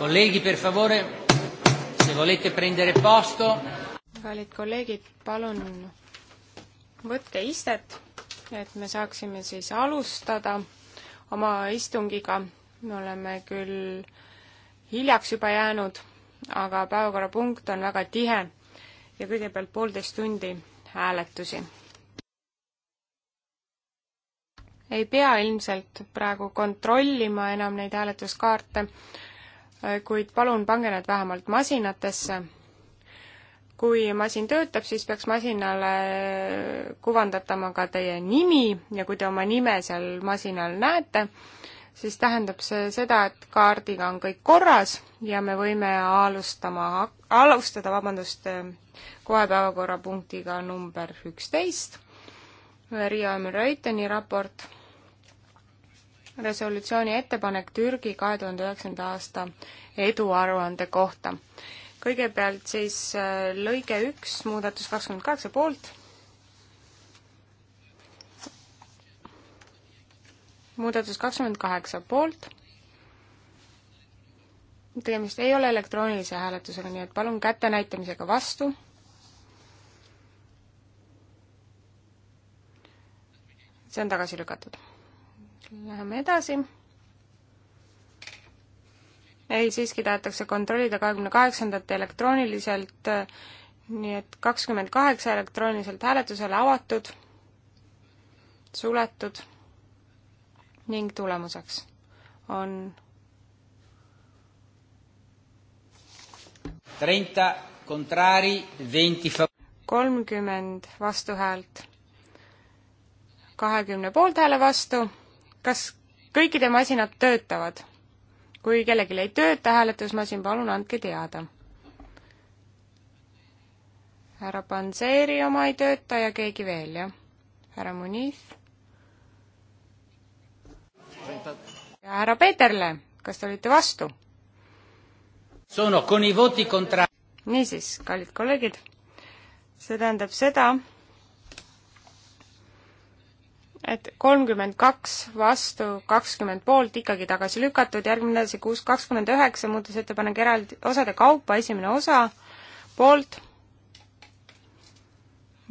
Colleghi, per favore, se volete prendere posto. kallid kolleegid, palun võtke istet, et me saaksime siis alustada oma istungiga. me oleme küll hiljaks juba jäänud, aga päevakorrapunkt on väga tihe ja kõigepealt poolteist tundi hääletusi. ei pea ilmselt praegu kontrollima enam neid hääletuskaarte, Äh, kuid palun pange need vähemalt masinatesse. kui masin töötab, siis peaks masinale kuvandatama ka teie nimi ja kui te oma nime seal masinal näete, siis tähendab see seda, et kaardiga on kõik korras ja me võime alustama, alustada, vabandust, äh, kohe päevakorrapunktiga number üksteist, Riia Müreiteni raport resolutsiooni ettepanek Türgi kahe tuhande üheksanda aasta eduaruande kohta. kõigepealt siis äh, lõige üks, muudatus kakskümmend kaheksa poolt, muudatus kakskümmend kaheksa poolt, tegemist ei ole elektroonilise hääletusega, nii et palun käte näitamisega vastu see on tagasi lükatud läheme edasi. ei, siiski tahetakse kontrollida kahekümne kaheksandat elektrooniliselt, nii et kakskümmend kaheksa elektrooniliselt hääletusele avatud, suletud ning tulemuseks on kolmkümmend vastuhäält kahekümne poolthääle vastu kas kõikide masinad töötavad? kui kellelgi ei tööta hääletusmasin, palun andke teada. härra Panseeri oma ei tööta ja keegi veel, jah? härra Muniz? ja härra Peeterle, kas te olite vastu? niisiis, kallid kolleegid, see tähendab seda, et kolmkümmend kaks vastu, kakskümmend poolt ikkagi tagasi lükatud, järgmine asi kuus kakskümmend üheksa, muudatusettepanek eraldi osade kaupa, esimene osa poolt,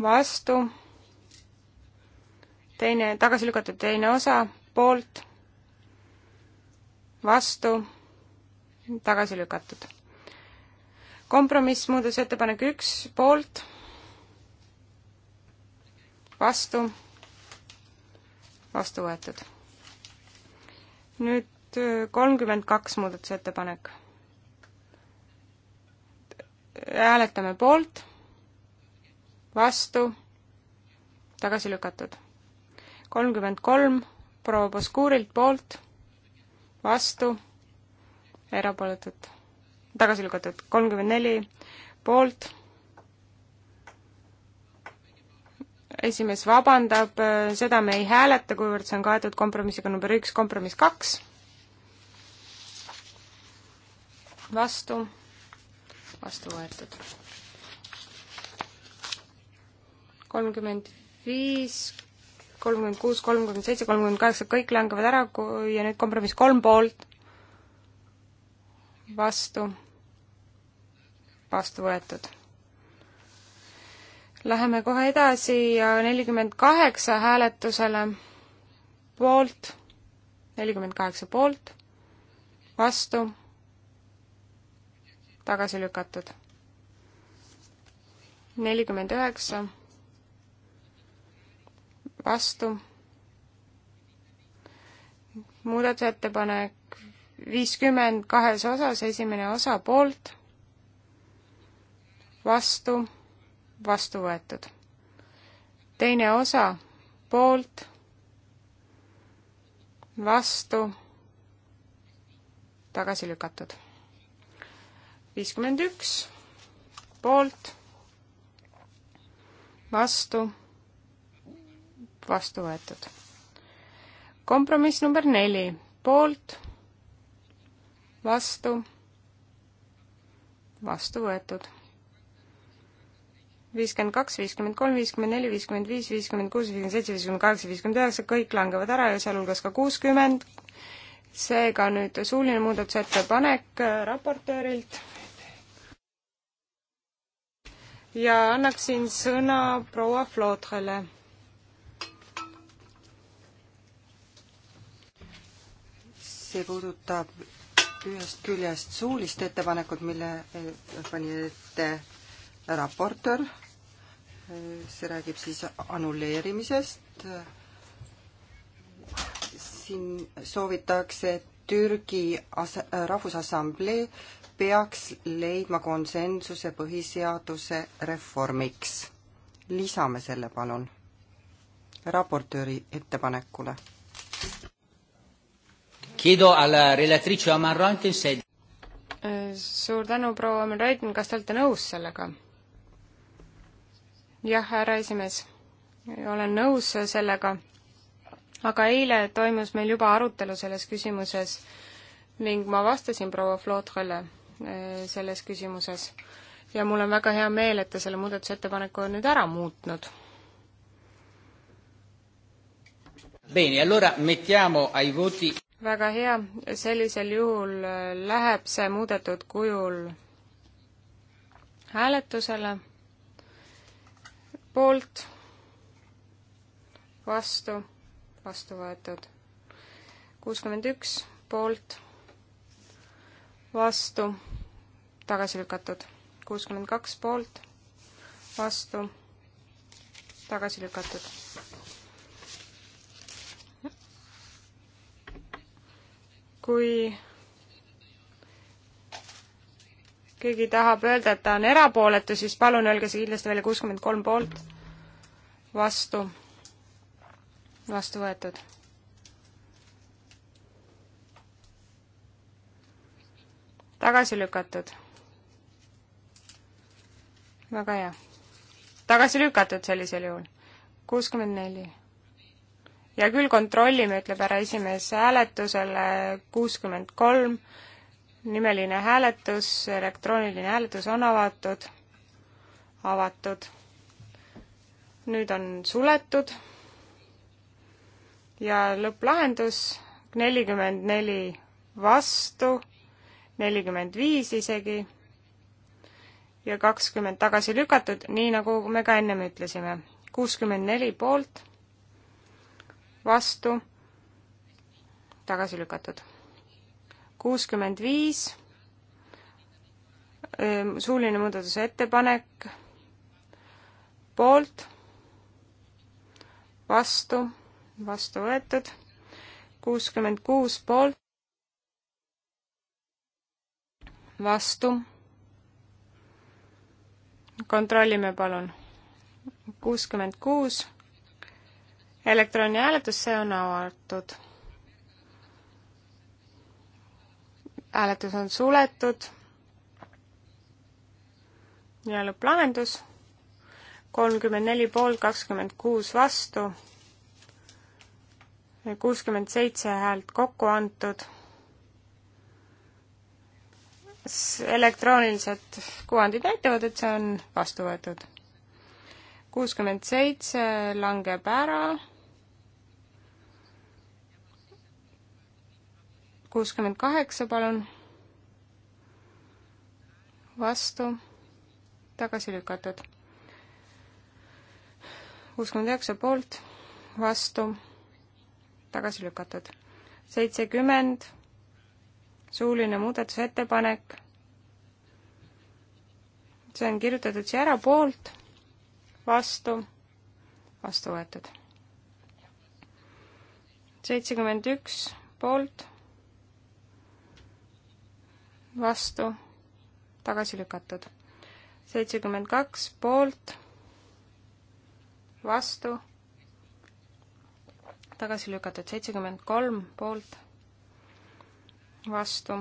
vastu, teine, tagasi lükatud teine osa poolt, vastu, tagasi lükatud. kompromiss, muudatusettepanek üks, poolt, vastu vastu võetud. nüüd äh, kolmkümmend kaks muudatusettepanek. hääletame poolt, vastu, tagasi lükatud. kolmkümmend kolm proua Boskuurilt poolt, vastu, erapooletud, tagasi lükatud. kolmkümmend neli poolt esimees vabandab, seda me ei hääleta, kuivõrd see on kaetud kompromissiga number üks, kompromiss kaks. vastu, vastu võetud. kolmkümmend viis, kolmkümmend kuus, kolmkümmend seitse, kolmkümmend kaheksa, kõik langevad ära kui, ja nüüd kompromiss kolm poolt, vastu, vastu võetud Läheme kohe edasi ja nelikümmend kaheksa hääletusele poolt, nelikümmend kaheksa poolt, vastu, tagasi lükatud. nelikümmend üheksa, vastu, muudatusettepanek viiskümmend kahes osas, esimene osa poolt, vastu vastu võetud. teine osa poolt, vastu, tagasi lükatud. viiskümmend üks poolt, vastu, vastu võetud. kompromiss number neli poolt, vastu, vastu võetud viiskümmend kaks, viiskümmend kolm, viiskümmend neli, viiskümmend viis, viiskümmend kuus, viiskümmend seitse, viiskümmend kaheksa, viiskümmend üheksa, kõik langevad ära ja sealhulgas ka kuuskümmend. seega nüüd suuline muudatusettepanek äh, raportöörilt. ja annaksin sõna proua Flotrele. see puudutab ühest küljest suulist ettepanekut, mille äh, pani ette raportöör, see räägib siis annuleerimisest. siin soovitakse, et Türgi as-, Rahvusassamblee peaks leidma konsensuse põhiseaduse reformiks. lisame selle palun raportööri ettepanekule. Chiedo alla relatrice Oman Reuten se suur tänu, proua Oman Reuten, kas te olete nõus sellega? jah, härra esimees, olen nõus sellega, aga eile toimus meil juba arutelu selles küsimuses ning ma vastasin proua Flotrele eh, selles küsimuses. ja mul on väga hea meel, et ta selle muudatusettepaneku on nüüd ära muutnud. Allora väga hea, sellisel juhul eh, läheb see muudetud kujul hääletusele poolt, vastu, vastu võetud. kuuskümmend üks poolt, vastu, tagasi lükatud. kuuskümmend kaks poolt, vastu, tagasi lükatud. kui keegi tahab öelda, et ta on erapooletu, siis palun öelge see kindlasti välja, kuuskümmend kolm poolt, vastu, vastu võetud. tagasi lükatud. väga hea. tagasi lükatud sellisel juhul. kuuskümmend neli. hea küll, kontrollime, ütleb härra esimees, hääletusele kuuskümmend kolm nimeline hääletus, elektrooniline hääletus on avatud, avatud. nüüd on suletud ja lõpplahendus nelikümmend neli vastu, nelikümmend viis isegi ja kakskümmend tagasi lükatud, nii nagu me ka ennem ütlesime. kuuskümmend neli poolt, vastu, tagasi lükatud kuuskümmend viis, ehm, suuline muudatusettepanek, poolt, vastu, vastu võetud, kuuskümmend kuus poolt, vastu, kontrollime palun, kuuskümmend kuus, elektrooniline hääletus, see on avatud hääletus on suletud ja lõpplahendus kolmkümmend neli poolt, kakskümmend kuus vastu, kuuskümmend seitse häält kokku antud. elektroonilised kuvandid näitavad, et see on vastu võetud. kuuskümmend seitse langeb ära kuuskümmend kaheksa, palun. vastu, tagasi lükatud. kuuskümmend üheksa poolt, vastu, tagasi lükatud. seitsekümmend, suuline muudatusettepanek. see on kirjutatud siia ära, poolt, vastu, vastu võetud. seitsekümmend üks poolt vastu, tagasi lükatud. seitsekümmend kaks poolt, vastu, tagasi lükatud. seitsekümmend kolm poolt, vastu,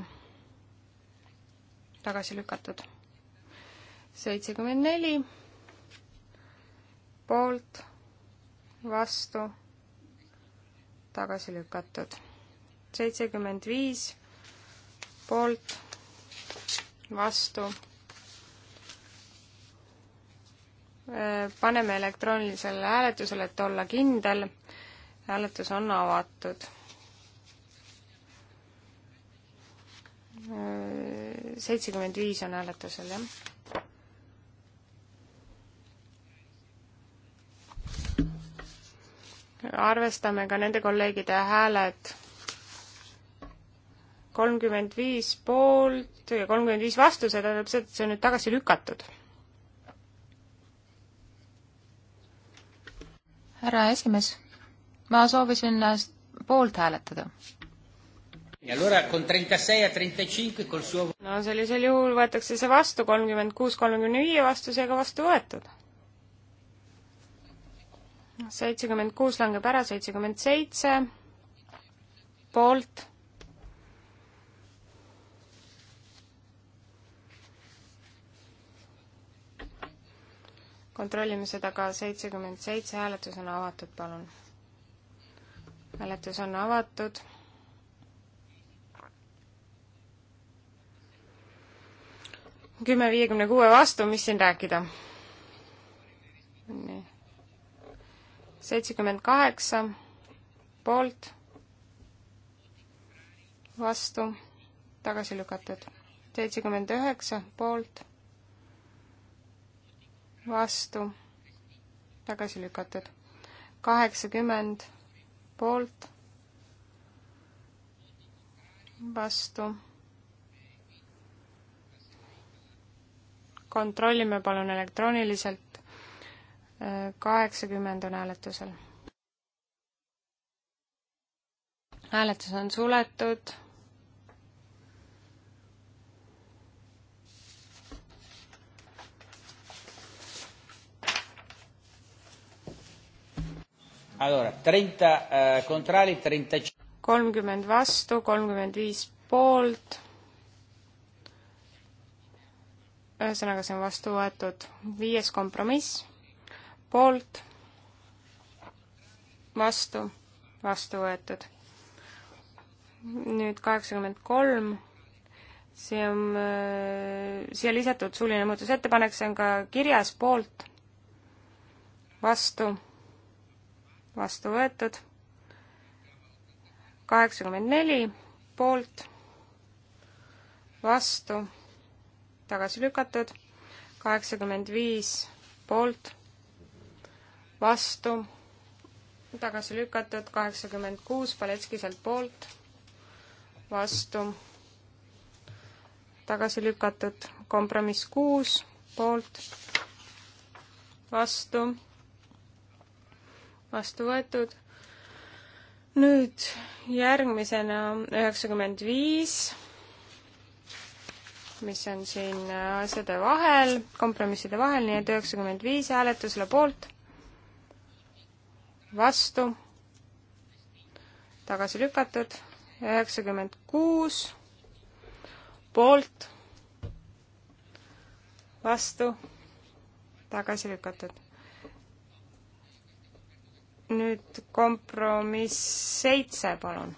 tagasi lükatud. seitsekümmend neli poolt, vastu, tagasi lükatud. seitsekümmend viis poolt vastu. paneme elektroonilisele hääletusele, et olla kindel. hääletus on avatud. seitsekümmend viis on hääletusel, jah. arvestame ka nende kolleegide hääled kolmkümmend viis poolt ja kolmkümmend viis vastu, see tähendab seda, et see on nüüd tagasi lükatud. härra esimees, ma soovisin poolt hääletada. no sellisel juhul võetakse see vastu, kolmkümmend kuus kolmekümne viie vastusega vastu võetud. seitsekümmend kuus langeb ära, seitsekümmend seitse poolt kontrollime seda ka, seitsekümmend seitse, hääletus on avatud, palun. hääletus on avatud. kümme viiekümne kuue vastu, mis siin rääkida? nii. seitsekümmend kaheksa poolt, vastu, tagasi lükatud. seitsekümmend üheksa poolt vastu, tagasi lükatud. kaheksakümmend poolt, vastu. kontrollime palun elektrooniliselt. kaheksakümmend on hääletusel. hääletus on suletud Allora, 30 eh, contrari, 35. kolmkümmend vastu, kolmkümmend viis poolt. ühesõnaga, see on vastu võetud. viies kompromiss, poolt, vastu, vastu võetud. nüüd kaheksakümmend kolm, see on, äh, siia lisatud suuline muudatusettepanek, see on ka kirjas poolt, vastu vastu võetud. kaheksakümmend neli poolt, vastu, tagasi lükatud. kaheksakümmend viis poolt, vastu, tagasi lükatud. kaheksakümmend kuus Paletski sealt poolt, vastu, tagasi lükatud. kompromiss kuus poolt, vastu vastu võetud. nüüd järgmisena üheksakümmend viis, mis on siin asjade vahel, kompromisside vahel, nii et üheksakümmend viis hääletusele poolt, vastu, tagasi lükatud, üheksakümmend kuus poolt, vastu, tagasi lükatud nüüd kompromiss seitse, palun.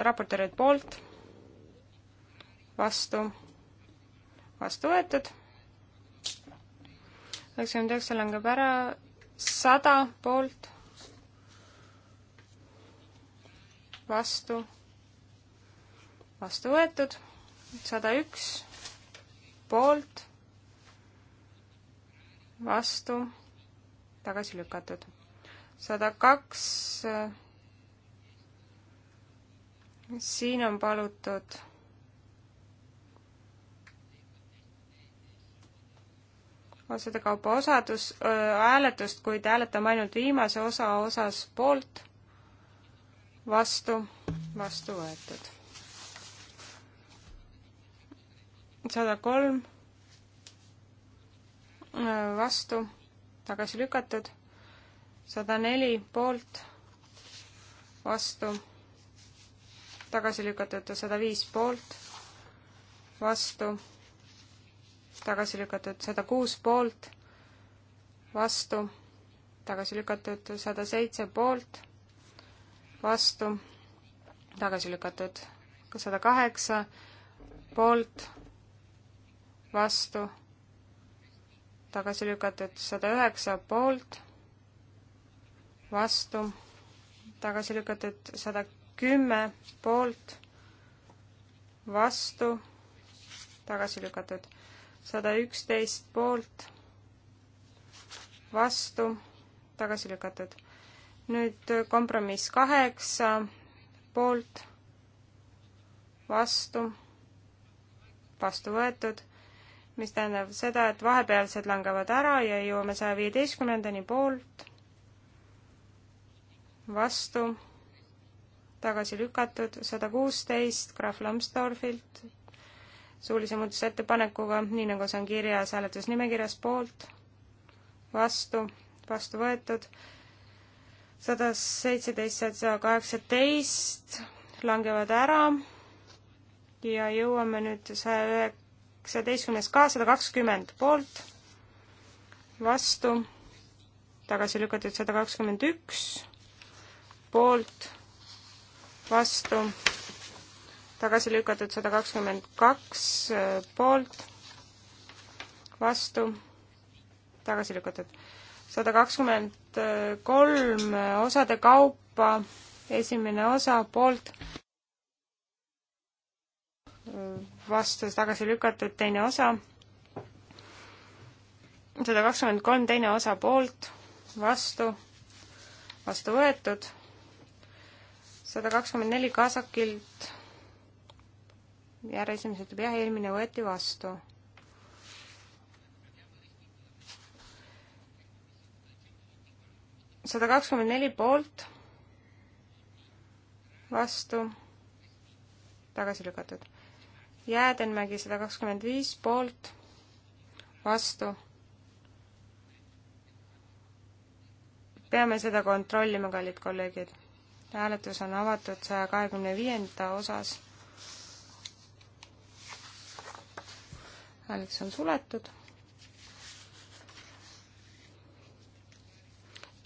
raportöörid poolt, vastu, vastu võetud, üheksakümmend üheksa langeb ära, sada poolt, vastu, vastu võetud, sada üks poolt, vastu tagasi lükatud. sada kaks, äh, siin on palutud osade kaupa osadus, äh, hääletust, kuid hääletame ainult viimase osa osas poolt, vastu, vastu võetud. sada kolm, äh, vastu tagasi lükatud, sada neli poolt, vastu, tagasi lükatud, sada viis poolt, vastu, tagasi lükatud, sada kuus poolt, vastu, tagasi lükatud, sada seitse poolt, vastu, tagasi lükatud, sada kaheksa poolt, vastu tagasi lükatud sada üheksa poolt, vastu, tagasi lükatud sada kümme poolt, vastu, tagasi lükatud sada üksteist poolt, vastu, tagasi lükatud. nüüd kompromiss kaheksa poolt, vastu, vastu võetud mis tähendab seda, et vahepealsed langevad ära ja jõuame saja viieteistkümnendani poolt, vastu, tagasi lükatud, sada kuusteist Graf Lambsdorfilt, suulise muudatusettepanekuga, nii nagu see on kirjas hääletusnimekirjas, poolt, vastu, vastu võetud, sada seitseteist, sada kaheksateist langevad ära ja jõuame nüüd saja ühe, kaheksateistkümnes ka sada kakskümmend poolt, vastu, tagasi lükatud sada kakskümmend üks, poolt, vastu, tagasi lükatud sada kakskümmend kaks, poolt, vastu, tagasi lükatud sada kakskümmend kolm osade kaupa, esimene osa poolt vastus tagasi lükatud, teine osa, sada kakskümmend kolm, teine osa poolt, vastu, vastu võetud, sada kakskümmend neli Kasakilt, järje esimene ütleb jah, eelmine võeti vastu sada kakskümmend neli poolt, vastu, tagasi lükatud. Jäädenmägi sada kakskümmend viis poolt, vastu. peame seda kontrollima, kallid kolleegid. hääletus on avatud saja kahekümne viienda osas. hääletus on suletud.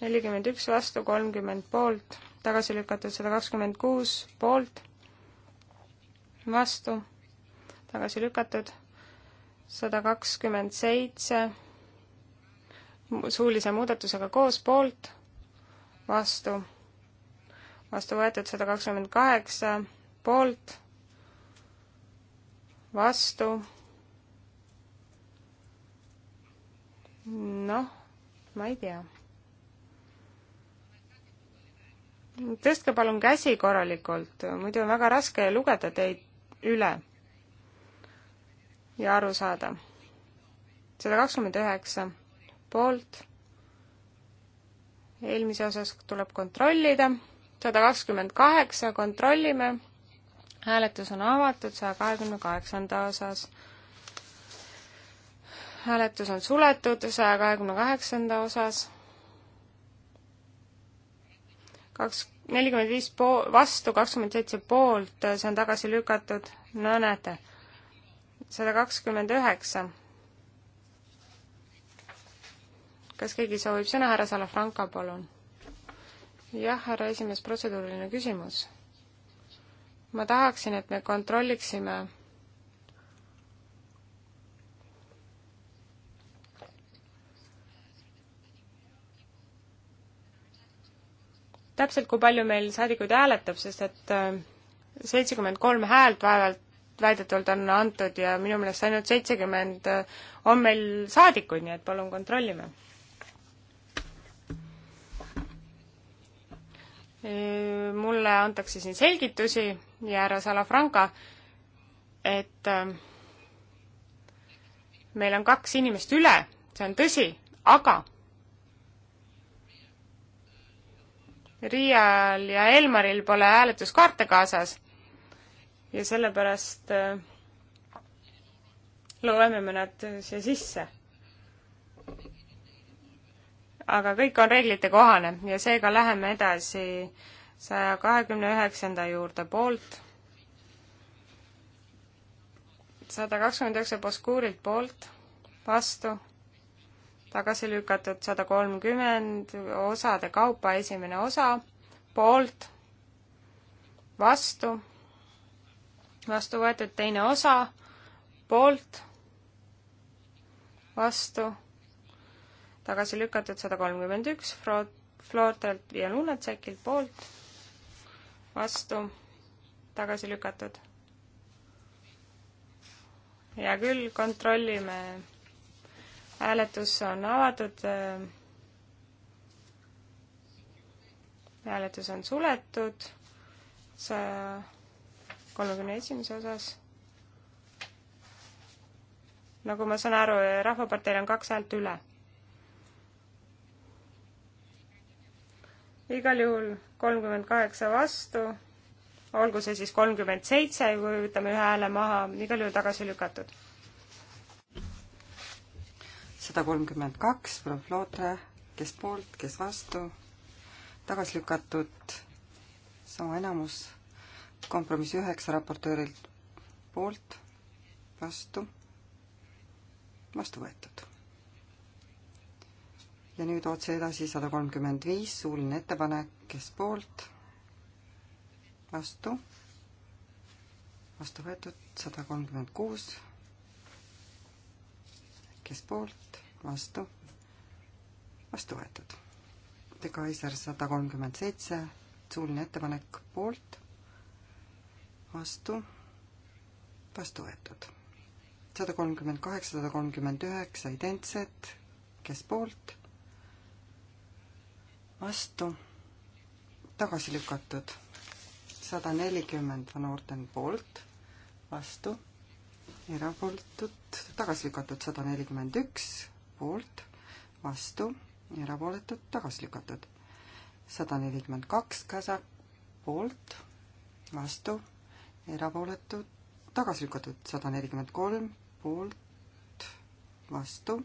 nelikümmend üks vastu, kolmkümmend poolt, tagasi lükatud sada kakskümmend kuus poolt, vastu tagasi lükatud, sada kakskümmend seitse suulise muudatusega koos poolt, vastu, vastu võetud sada kakskümmend kaheksa poolt, vastu, noh, ma ei tea tõstke palun käsi korralikult, muidu on väga raske lugeda teid üle ja aru saada. sada kakskümmend üheksa poolt, eelmise osas tuleb kontrollida, sada kakskümmend kaheksa, kontrollime, hääletus on avatud saja kahekümne kaheksanda osas. hääletus on suletud saja kahekümne kaheksanda osas kaks, nelikümmend viis po-, vastu, kakskümmend seitse poolt, see on tagasi lükatud, no näete sada kakskümmend üheksa. kas keegi soovib sõna, härra Salafranca, palun? jah, härra esimees, protseduuriline küsimus. ma tahaksin, et me kontrolliksime täpselt, kui palju meil saadikuid hääletab, sest et äh, seitsekümmend kolm häält vaevalt väidetavalt on antud ja minu meelest ainult seitsekümmend on meil saadikuid, nii et palun kontrollime. mulle antakse siin selgitusi ja härra Salafranca, et äh, meil on kaks inimest üle, see on tõsi, aga Riial ja Elmaril pole hääletuskaarte kaasas ja sellepärast äh, loeme me nad siia sisse. aga kõik on reeglite kohane ja seega läheme edasi saja kahekümne üheksanda juurde poolt, sada kakskümmend üheksa Boskuurilt poolt, vastu, tagasi lükatud sada kolmkümmend osade kaupa esimene osa, poolt, vastu vastu võetud teine osa, poolt, vastu, tagasi lükatud sada kolmkümmend üks, Flortelt ja Lunatsekilt poolt, vastu, tagasi lükatud. hea küll, kontrollime. hääletus on avatud. hääletus on suletud. sa kolmekümne esimese osas. nagu ma saan aru, Rahvaparteil on kaks häält üle. igal juhul kolmkümmend kaheksa vastu, olgu see siis kolmkümmend seitse, kui võtame ühe hääle maha, igal juhul tagasi lükatud. sada kolmkümmend kaks, proua Flootre, kes poolt, kes vastu, tagasi lükatud sama enamus kompromiss üheksa raportöörilt poolt, vastu, vastu võetud. ja nüüd otse edasi sada kolmkümmend viis, suuline ettepanek, kes poolt, vastu, vastu võetud, sada kolmkümmend kuus, kes poolt, vastu, vastu võetud. De Kaiser sada kolmkümmend seitse, suuline ettepanek poolt vastu, vastu võetud. sada kolmkümmend kaheksa, sada kolmkümmend üheksa identsed, kes poolt, vastu, tagasi lükatud. sada nelikümmend Van Orden poolt, vastu, erapooletud, tagasi lükatud sada nelikümmend üks poolt, vastu, erapooletud, tagasi lükatud. sada nelikümmend kaks Kasak poolt, vastu erapooletud, tagasi lükatud sada nelikümmend kolm, poolt, vastu,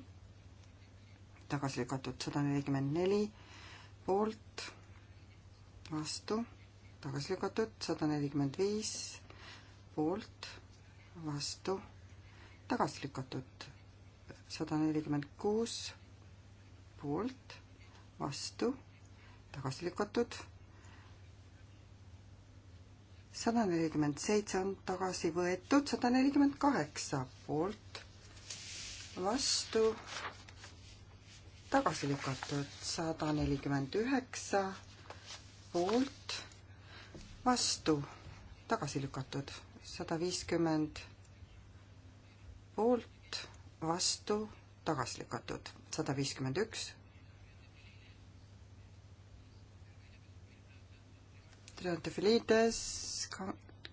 tagasi lükatud sada nelikümmend neli, poolt, vastu, tagasi lükatud sada nelikümmend viis, poolt, vastu, tagasi lükatud sada nelikümmend kuus, poolt, vastu, tagasi lükatud sada nelikümmend seitse on tagasi võetud, sada nelikümmend kaheksa poolt, vastu, tagasi lükatud, sada nelikümmend üheksa poolt, vastu, tagasi lükatud, sada viiskümmend poolt, vastu, tagasi lükatud, sada viiskümmend üks Triantafilides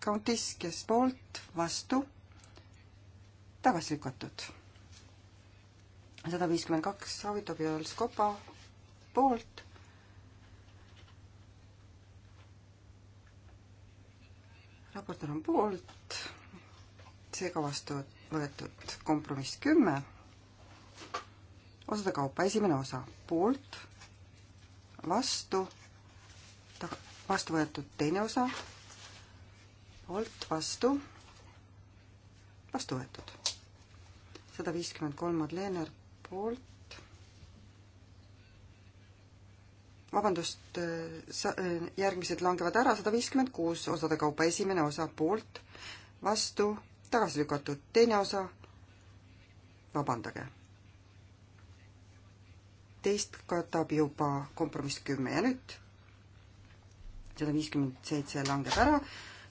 Countis, kes poolt, vastu, tagasi lükatud. sada viiskümmend kaks Savitobjõel Skopa poolt. raportöör on poolt, seega vastu võetud kompromiss kümme, osade kaupa esimene osa poolt, vastu, ta-, vastu võetud teine osa, poolt, vastu, vastu võetud. sada viiskümmend kolm Madlener poolt, vabandust, äh, sa-, äh, järgmised langevad ära, sada viiskümmend kuus osade kaupa, esimene osa poolt, vastu, tagasi lükatud, teine osa, vabandage teist katab juba kompromiss kümme ja nüüd sada viiskümmend seitse langeb ära,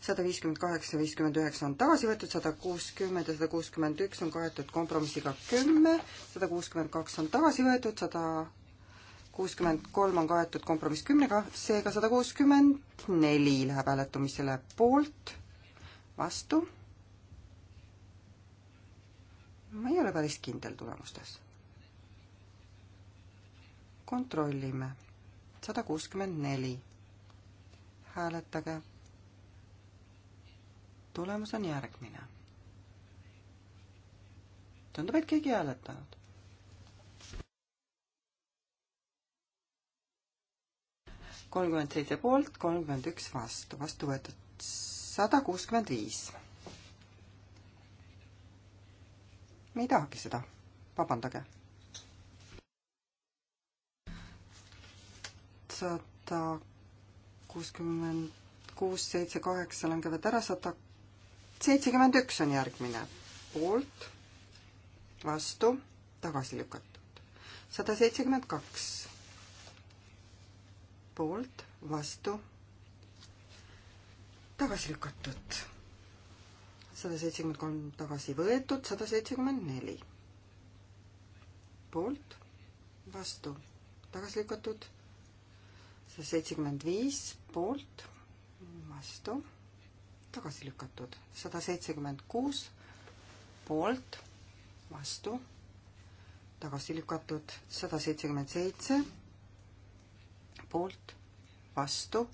sada viiskümmend kaheksa, viiskümmend üheksa on tagasi võetud, sada kuuskümmend ja sada kuuskümmend üks on kaetud kompromissiga kümme, sada kuuskümmend kaks on tagasi võetud, sada kuuskümmend kolm on kaetud kompromiss kümnega, seega sada kuuskümmend neli läheb hääletamisele poolt, vastu. ma ei ole päris kindel tulemustes. kontrollime. sada kuuskümmend neli hääletage. tulemus on järgmine. tundub, et keegi ei hääletanud. kolmkümmend seitse poolt, kolmkümmend üks vastu, vastu võetud sada kuuskümmend viis. me ei tahagi seda, vabandage. sada kuuskümmend kuus, seitse, kaheksa langevad ära, sada seitsekümmend üks on järgmine. poolt, vastu, tagasi lükatud. sada seitsekümmend kaks. poolt, vastu, tagasi lükatud. sada seitsekümmend kolm tagasi võetud, sada seitsekümmend neli. poolt, vastu, tagasi lükatud sada seitsekümmend viis poolt, vastu, tagasi lükatud. sada seitsekümmend kuus poolt, vastu, tagasi lükatud. sada seitsekümmend seitse poolt, vastu,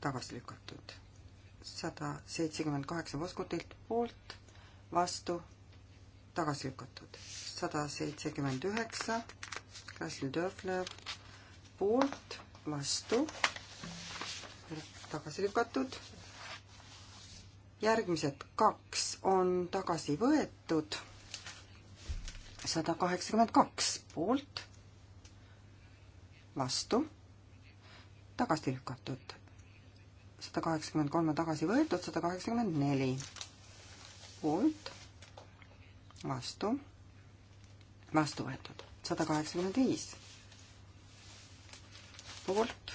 tagasi lükatud. sada seitsekümmend kaheksa Voskutilt poolt, vastu, tagasi lükatud. sada seitsekümmend üheksa Krasnodõvlev poolt, vastu, tagasi lükatud. järgmised kaks on tagasi võetud. sada kaheksakümmend kaks poolt, vastu, tagasi lükatud. sada kaheksakümmend kolm on tagasi võetud, sada kaheksakümmend neli poolt, vastu, vastu võetud, sada kaheksakümmend viis poolt,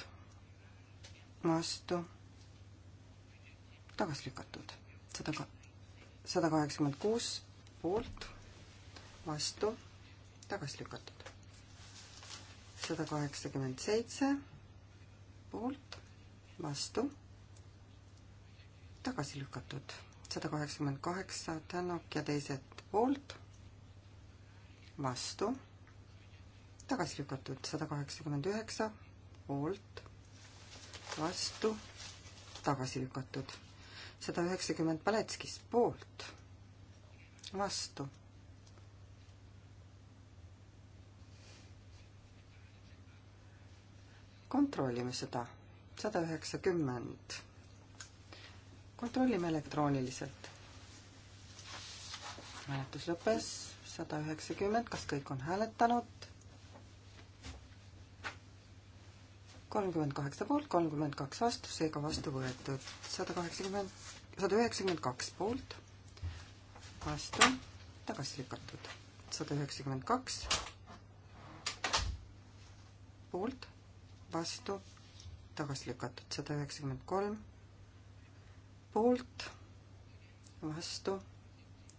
vastu, tagasi lükatud. sada ka-, sada kaheksakümmend kuus poolt, vastu, tagasi lükatud. sada kaheksakümmend seitse poolt, vastu, tagasi lükatud. sada kaheksakümmend kaheksa Tänak ja teised poolt, vastu, tagasi lükatud. sada kaheksakümmend üheksa poolt, vastu, tagasi lükatud. sada üheksakümmend Paletskis poolt, vastu. kontrollime seda, sada üheksakümmend. kontrollime elektrooniliselt. hääletus lõppes sada üheksakümmend, kas kõik on hääletanud? kolmkümmend kaheksa poolt, kolmkümmend kaks vastu, seega vastu võetud sada kaheksakümmend, sada üheksakümmend kaks poolt, vastu, tagasi lükatud sada üheksakümmend kaks poolt, vastu, tagasi lükatud sada üheksakümmend kolm poolt, vastu,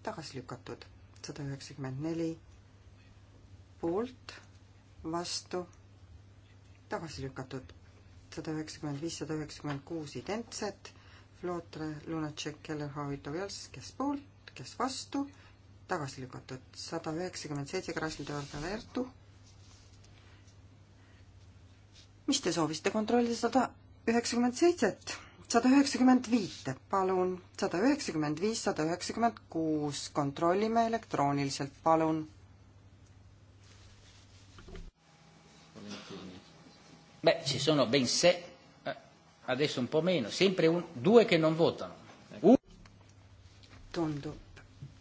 tagasi lükatud sada üheksakümmend neli poolt, vastu tagasi lükatud. sada üheksakümmend viis, sada üheksakümmend kuus identsed, Flotre, Lunacek, Keller, Haavitov-Jals, kes poolt, kes vastu, tagasi lükatud. sada üheksakümmend seitse, Krasnodar-Kalertu. mis te soovisite kontrollida sada üheksakümmend seitset? sada üheksakümmend viite, palun, sada üheksakümmend viis, sada üheksakümmend kuus, kontrollime elektrooniliselt, palun Beh, ci sono ben sei, eh, adesso un po' meno, sempre un, due che non votano. Un... Tundub,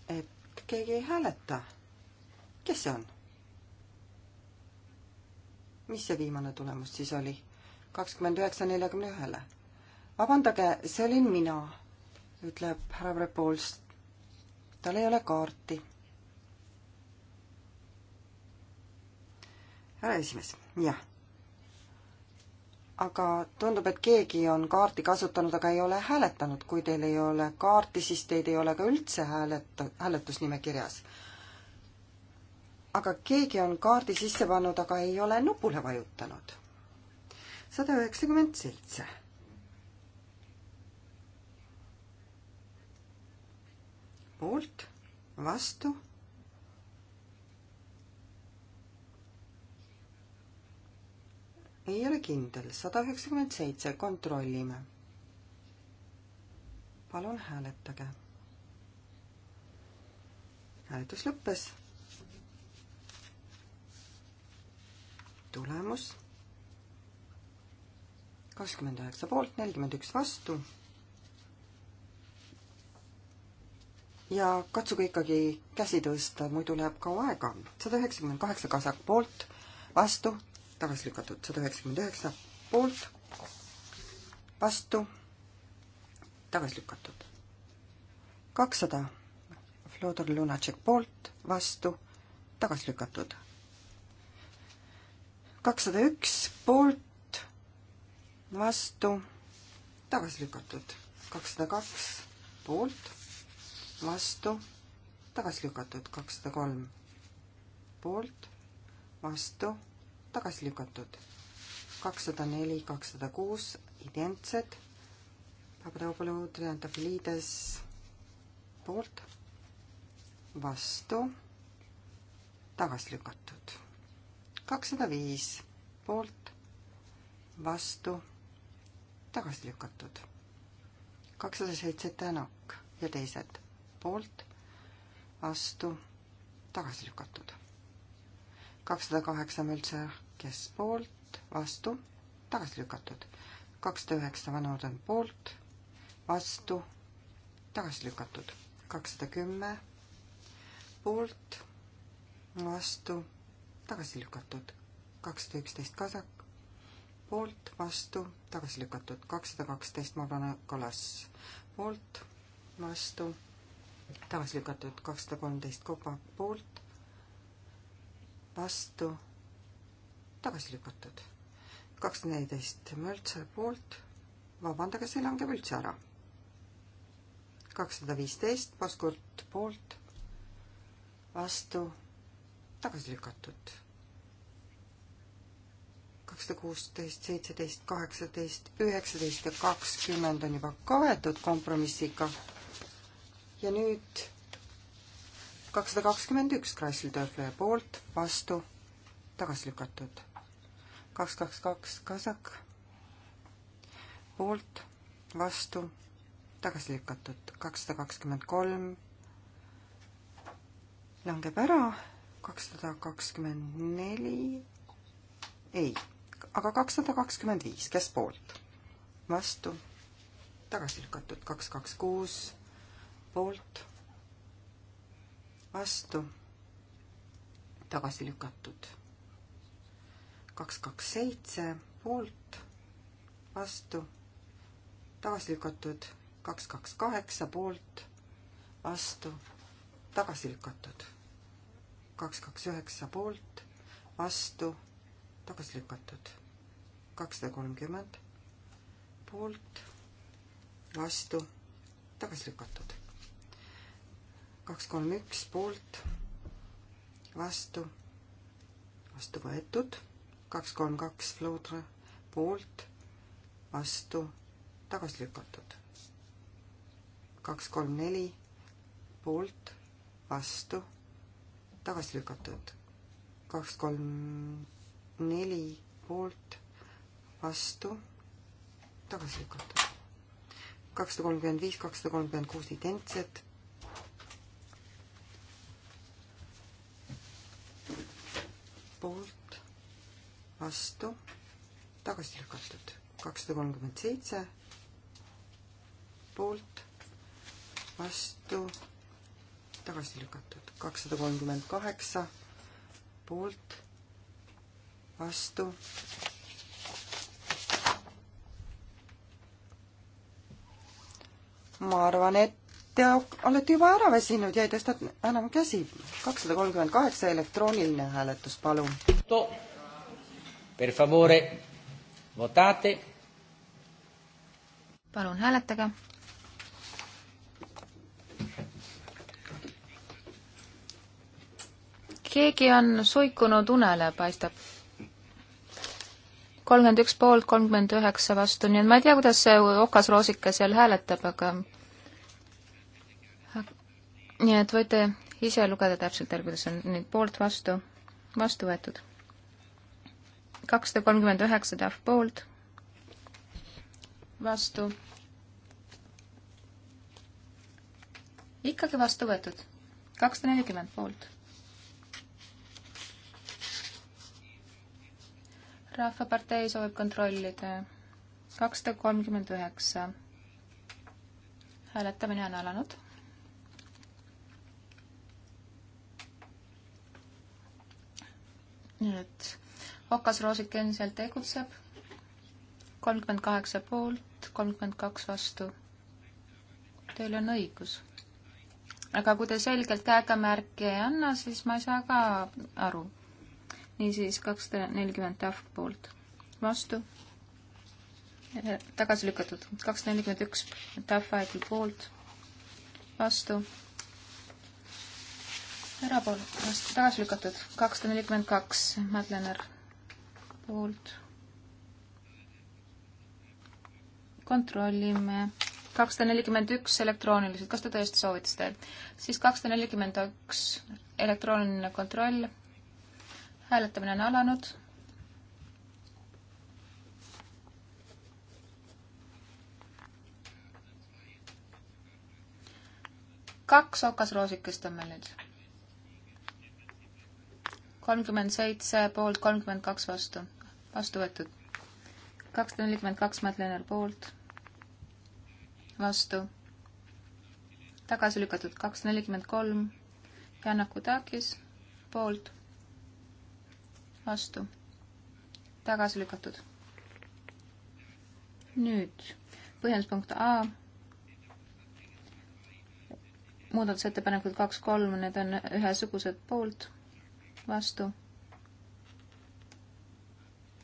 et eh, keegi ei hääleta. kes see on? mis see viimane tulemus siis oli? kakskümmend üheksa neljakümne ühele. vabandage, see olin mina, ütleb härra Prepolst. tal ei ole kaarti. härra esimees, jah aga tundub, et keegi on kaarti kasutanud, aga ei ole hääletanud. kui teil ei ole kaarti, siis teid ei ole ka üldse hääleta-, hääletusnimekirjas. aga keegi on kaardi sisse pannud, aga ei ole nupule vajutanud. sada üheksakümmend seitse. poolt, vastu ei ole kindel, sada üheksakümmend seitse, kontrollime. palun hääletage. hääletus lõppes. tulemus kakskümmend üheksa poolt, nelikümmend üks vastu. ja katsuge ikkagi käsi tõsta, muidu läheb kaua aega. sada üheksakümmend kaheksa kasak poolt, vastu tagasi lükatud sada üheksakümmend üheksa poolt, vastu, tagasi lükatud. kakssada Flodor Lunatšek poolt, vastu, tagasi lükatud. kakssada üks poolt, vastu, tagasi lükatud. kakssada kaks poolt, vastu, tagasi lükatud. kakssada kolm poolt, vastu tagasi lükatud. kakssada neli, kakssada kuus, identsed. Papadopoulou tähendab liides poolt, vastu, tagasi lükatud. kakssada viis poolt, vastu, tagasi lükatud. kakssada seitse tänak ja teised poolt, vastu, tagasi lükatud. kakssada kaheksa mültse kes poolt, vastu, tagasi lükatud. kakssada üheksa vanad on poolt, vastu, tagasi lükatud. kakssada kümme poolt, vastu, tagasi lükatud. kakssada üksteist kasak, poolt, vastu, tagasi lükatud. kakssada kaksteist Morgana Kalas, poolt, vastu, tagasi lükatud. kakssada kolmteist Kopa, poolt, vastu tagasi lükatud. kaks neliteist Möltser poolt, vabandage, see langeb üldse ära. kakssada viisteist Poskurt poolt, vastu, tagasi lükatud. kakssada kuusteist, seitseteist, kaheksateist, üheksateist ja kakskümmend on juba kaetud kompromissiga. ja nüüd kakssada kakskümmend üks Kreisel-Dörfler poolt, vastu, tagasi lükatud kaks, kaks, kaks kasak poolt, vastu, tagasi lükatud, kakssada kakskümmend kolm langeb ära, kakssada kakskümmend neli, ei, aga kakssada kakskümmend viis, kes poolt? vastu, tagasi lükatud, kaks, kaks, kuus poolt, vastu, tagasi lükatud kaks, kaks, seitse poolt, vastu, tagasi lükatud, kaks, kaks, kaheksa poolt, vastu, tagasi lükatud, kaks, kaks, üheksa poolt, vastu, tagasi lükatud, kakssada kolmkümmend poolt, vastu, tagasi lükatud, kaks, kolm, üks poolt, vastu, vastu võetud kaks, kolm, kaks Flodra poolt, vastu, tagasi lükatud. kaks, kolm, neli poolt, vastu, tagasi lükatud. kaks, kolm, neli poolt, vastu, tagasi lükatud. kakssada kolmkümmend viis, kakssada kolmkümmend kuus identsed poolt, vastu, tagasi lükatud. kakssada kolmkümmend seitse poolt, vastu, tagasi lükatud. kakssada kolmkümmend kaheksa poolt, vastu, ma arvan, et te olete juba ära väsinud ja ei tõsta enam käsi. kakssada kolmkümmend kaheksa elektrooniline hääletus, palun. Per favore, votate. palun hääletage. keegi on suikunud unele, paistab. kolmkümmend üks poolt, kolmkümmend üheksa vastu, nii et ma ei tea, kuidas see okasroosika seal hääletab, aga nii et võite ise lugeda täpselt, kuidas on nüüd poolt vastu, vastu võetud kakssada kolmkümmend üheksa tahv poolt, vastu. ikkagi vastu võetud, kakssada nelikümmend poolt. rahvapartei soovib kontrollida kakssada kolmkümmend üheksa. hääletamine on alanud nüüd Okas-Roosiken seal tegutseb. kolmkümmend kaheksa poolt, kolmkümmend kaks vastu. Teil on õigus. aga kui te selgelt käega märki ei anna, siis ma ei saa ka aru. niisiis kakssada nelikümmend tahv poolt, vastu. tagasi lükatud, kakssada nelikümmend üks tahv aegl poolt, vastu erapool-, tagasi lükatud, kakssada nelikümmend kaks, Madlener poolt. kontrollime kakssada nelikümmend üks elektrooniliselt, kas te tõesti soovite seda? siis kakssada nelikümmend üks elektrooniline kontroll. hääletamine on alanud. kaks okasroosikest on meil nüüd kolmkümmend seitse poolt, kolmkümmend kaks vastu. vastu võetud. kakssada nelikümmend kaks Matt Lennar poolt, vastu. tagasi lükatud kakssada nelikümmend kolm Janaku Takis poolt, vastu. tagasi lükatud nüüd põhjenduspunkt A. muudatusettepanekud kaks, kolm, need on ühesugused poolt, vastu,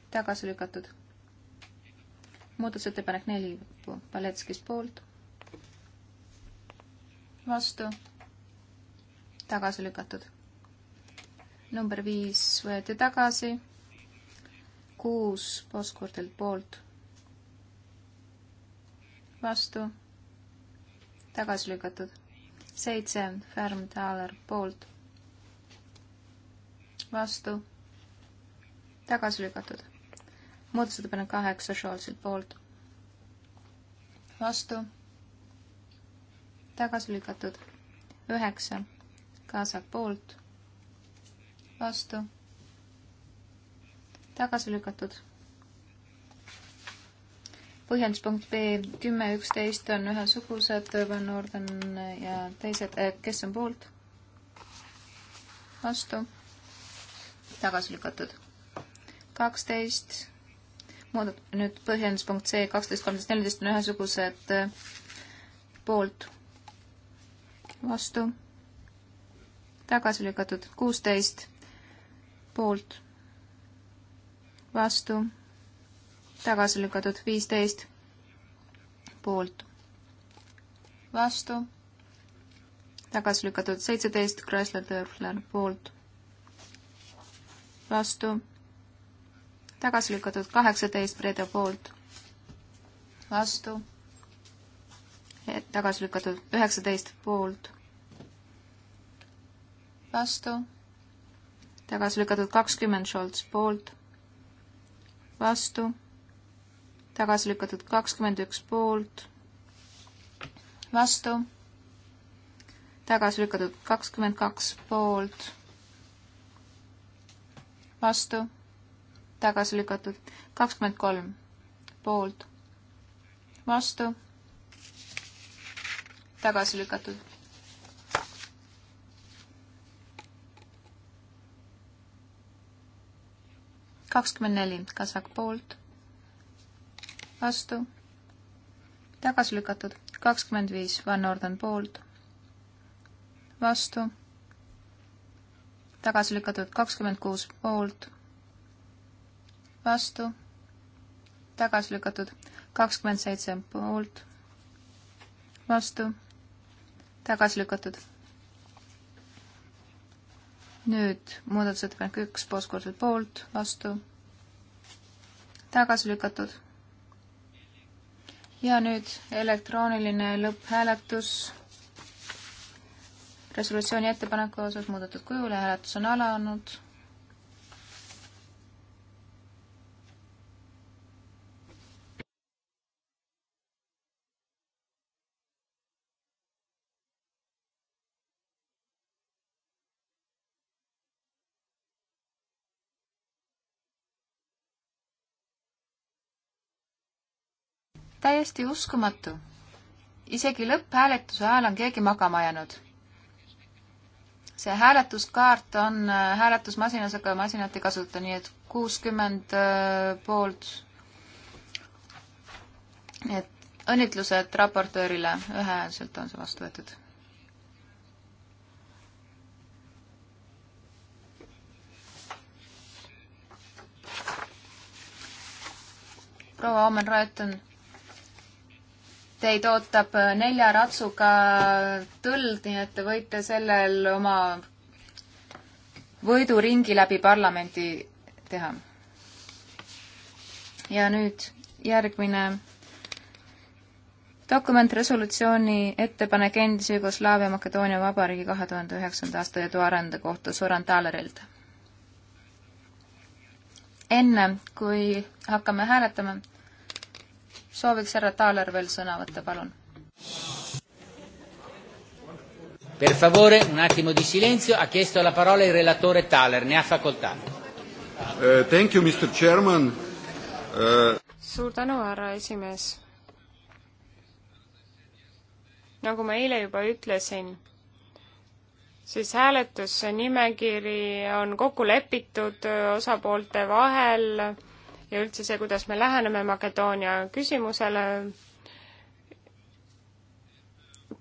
tagasi lükatud. muudatusettepanek neli, Paletskis poolt, vastu, tagasi lükatud. number viis võeti tagasi, kuus Postkordilt poolt, vastu, tagasi lükatud. seitse Färm-Thaler poolt vastu, tagasi lükatud. muudatusettepanek kaheksa Scholzilt poolt, vastu, tagasi lükatud. üheksa Kaasak poolt, vastu, tagasi lükatud põhjenduspunkt B kümme, üksteist on ühesugused, Van Orden ja teised, eh, kes on poolt? vastu? tagasi lükatud. kaksteist, muudat-, nüüd põhjenduspunkt C, kaksteist, kolmteist, neliteist on ühesugused äh, poolt, vastu, tagasi lükatud, kuusteist, poolt, vastu, tagasi lükatud, viisteist, poolt, vastu tagasi lükatud seitseteist Chrysler Dörfler poolt, vastu, tagasi lükatud kaheksateist Breda poolt, vastu, tagasi lükatud üheksateist poolt, vastu, tagasi lükatud kakskümmend Scholz poolt, vastu, tagasi lükatud kakskümmend üks poolt, vastu tagasi lükatud kakskümmend kaks poolt, vastu, tagasi lükatud. kakskümmend kolm poolt, vastu, tagasi lükatud. kakskümmend neli kasak poolt, vastu, tagasi lükatud. kakskümmend viis Van Orden poolt, vastu tagasi lükatud kakskümmend kuus poolt, vastu, tagasi lükatud kakskümmend seitse poolt, vastu, tagasi lükatud. nüüd muudatusettepanek üks, postkorduv poolt, vastu, tagasi lükatud. ja nüüd elektrooniline lõpphääletus resolutsiooni ettepaneku osas muudetud kujul ja hääletus on alanud. täiesti uskumatu. isegi lõpphääletuse ajal on keegi magama jäänud see hääletuskaart on äh, hääletusmasinas, aga masinat ei kasuta, nii et kuuskümmend äh, poolt. nii et õnnitlused raportöörile, ühehäälselt on see vastu võetud. proua Omen Raeton teid ootab nelja ratsuga tõld, nii et te võite sellel oma võiduringi läbi parlamendi teha. ja nüüd järgmine dokument resolutsiooni ettepanek endise Jugoslaavia Makedoonia Vabariigi kahe tuhande üheksanda aasta eduarende kohta Soran Talerilt. enne, kui hakkame hääletama, sooviks härra Taaler veel sõna võtta, palun. Per favore, un attimo di silenzio, ha chiesto la parola il relatore Thaler, ne ha facoltà. Uh, thank you, Mr Chairman uh.... suur tänu, härra esimees. nagu ma eile juba ütlesin, siis hääletusnimekiri on kokku lepitud eh, osapoolte vahel ja üldse see, kuidas me läheneme Makedoonia küsimusele.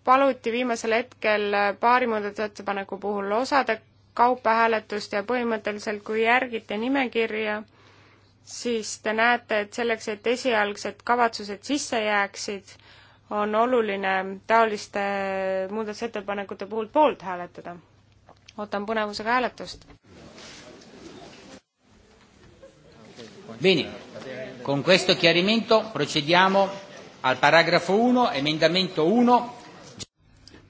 paluti viimasel hetkel paari muudatusettepaneku puhul osade kaupa hääletust ja põhimõtteliselt kui järgite nimekirja, siis te näete, et selleks, et esialgsed kavatsused sisse jääksid, on oluline taoliste muudatusettepanekute puhul poolt hääletada. ootan põnevusega hääletust. Bene, con questo chiarimento procediamo al paragrafo 1, emendamento 1.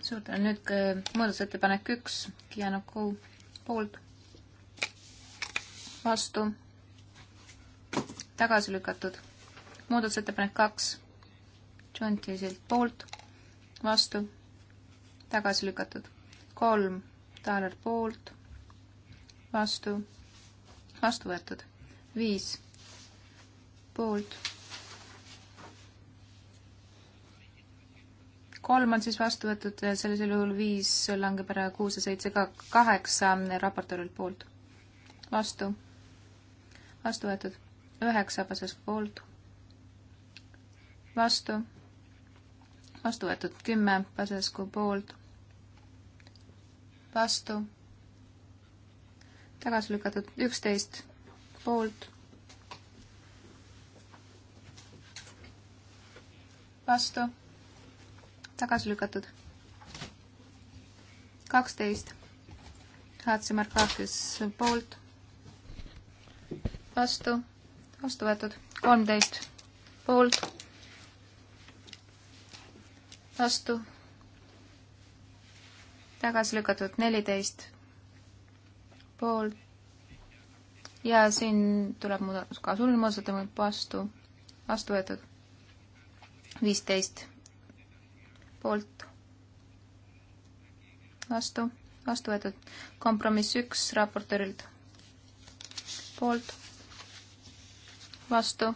suur tänu, nüüd äh, muudatusettepanek üks, Kianaku poolt, vastu, tagasi lükatud. muudatusettepanek kaks, John Tiisilt poolt, vastu, tagasi lükatud. kolm, Taaler poolt, vastu, vastu võetud. viis poolt. kolm on siis vastu võetud, sellisel juhul viis langeb ära, kuus ja seitse ka, kaheksa raportöörilt poolt. vastu. vastu võetud. üheksa passes poolt. vastu. vastu võetud. kümme passes kui poolt. vastu tagasi lükatud üksteist poolt, vastu, tagasi lükatud. kaksteist, Hatsimarkakis poolt, vastu, vastu võetud, kolmteist, poolt, vastu, tagasi lükatud, neliteist, poolt, ja siin tuleb muudatus ka sulmuosadele vastu, vastu võetud viisteist poolt, vastu, vastu võetud. kompromiss üks raportöörilt poolt, vastu,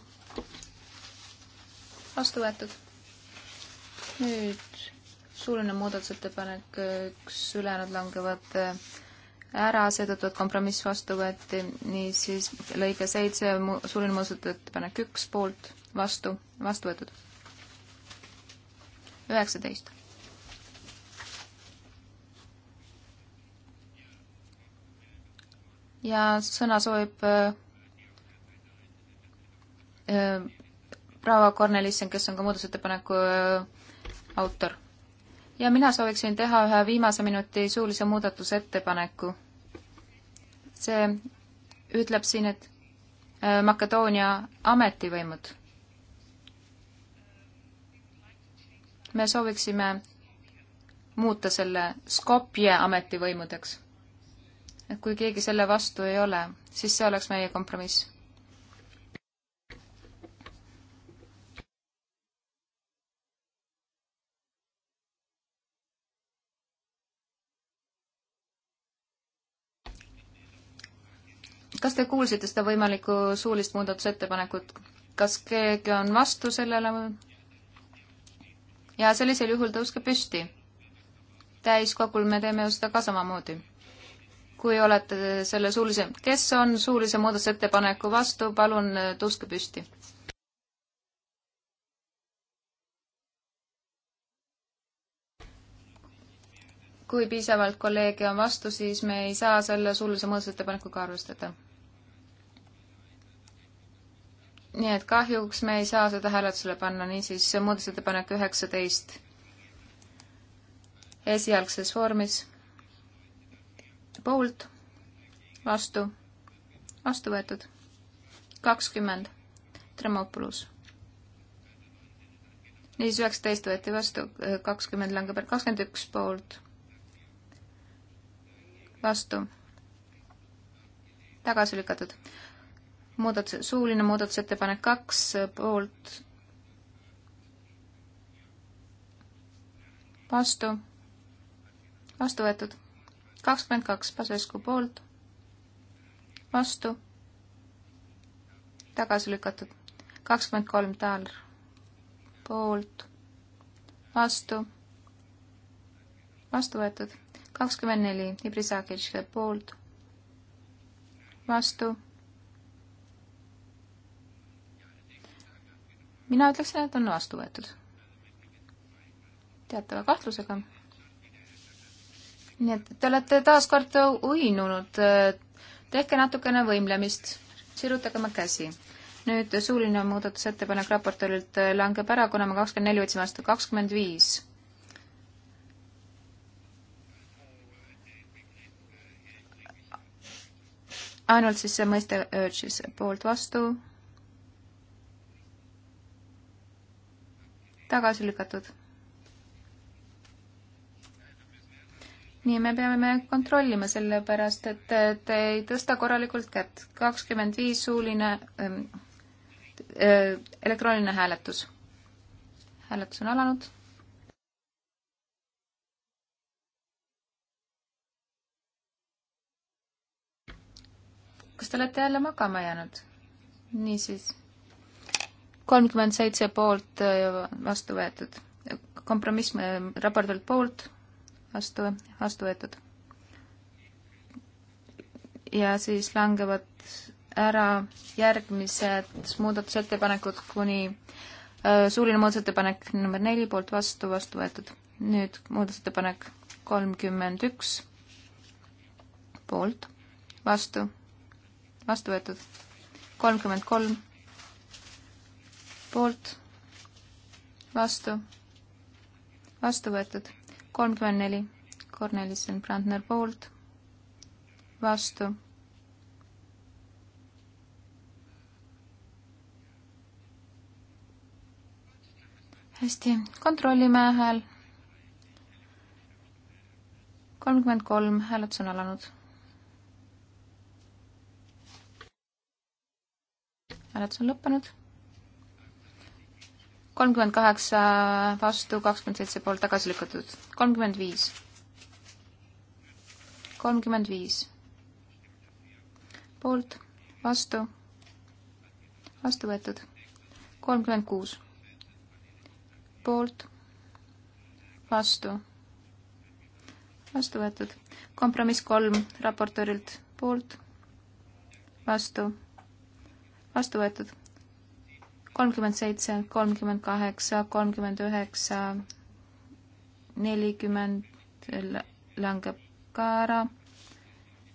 vastu võetud. nüüd suuline muudatusettepanek, üks ülejäänud langevad ära, seetõttu, et kompromiss vastu võeti, niisiis lõige seitse, suuline muudatusettepanek üks poolt, vastu, vastu võetud üheksateist. ja sõna soovib äh, äh, proua Kornelissen, kes on ka muudatusettepaneku äh, autor. ja mina sooviksin teha ühe viimase minuti suulise muudatusettepaneku. see ütleb siin, et Makedoonia ametivõimud me sooviksime muuta selle Skopje ametivõimudeks. et kui keegi selle vastu ei ole, siis see oleks meie kompromiss. kas te kuulsite seda võimalikku suulist muudatusettepanekut? kas keegi on vastu sellele või? ja sellisel juhul tõuske püsti. täiskogul me teeme ju seda ka samamoodi. kui olete selle suulise, kes on suulise muudatusettepaneku vastu, palun äh, tõuske püsti. kui piisavalt kolleege on vastu, siis me ei saa selle suulise muudatusettepanekuga arvestada nii et kahjuks me ei saa seda hääletusele panna, niisiis muudatusettepanek üheksateist esialgses vormis. poolt, vastu, vastu võetud. kakskümmend, Tremopolus. niisiis üheksateist võeti vastu, kakskümmend langeb ära, kakskümmend üks poolt, vastu, tagasi lükatud muudatus, suuline muudatusettepanek kaks äh, poolt, vastu, vastu võetud. kakskümmend kaks Pasescu poolt, vastu, tagasi lükatud. kakskümmend kolm Taal poolt, vastu, vastu võetud. kakskümmend neli Ibrisakitš poolt, vastu mina ütleksin, et on vastu võetud. teatava kahtlusega. nii et te olete taaskord uinunud. tehke natukene võimlemist, sirutage oma käsi. nüüd suuline muudatusettepanek raportöörilt langeb ära, kuna me kakskümmend neli võtsime vastu, kakskümmend viis ainult siis see mõiste urges poolt vastu, tagasi lükatud. nii, me peame kontrollima, sellepärast et te ei tõsta korralikult kätt. kakskümmend viis suuline äh, äh, elektrooniline hääletus. hääletus on alanud kas te olete jälle magama jäänud? niisiis, kolmkümmend seitse poolt äh, vastu võetud. kompromiss raportilt poolt vastu, vastu võetud. ja siis langevad ära järgmised muudatusettepanekud kuni äh, suuline muudatusettepanek number neli poolt vastu, vastu võetud. nüüd muudatusettepanek kolmkümmend üks poolt, vastu, vastu võetud. kolmkümmend kolm poolt, vastu, vastu võetud. kolmkümmend neli, Kornelissen, Brandner poolt, vastu. hästi, kontrollime hääl. kolmkümmend kolm, hääletus on alanud hääletus on lõppenud kolmkümmend kaheksa vastu, kakskümmend seitse poolt tagasi lükatud. kolmkümmend viis. kolmkümmend viis. poolt, vastu, vastu võetud. kolmkümmend kuus. poolt, vastu, vastu võetud. kompromiss kolm raportöörilt poolt, vastu, vastu võetud kolmkümmend seitse, kolmkümmend kaheksa, kolmkümmend üheksa, nelikümmend langeb ka ära,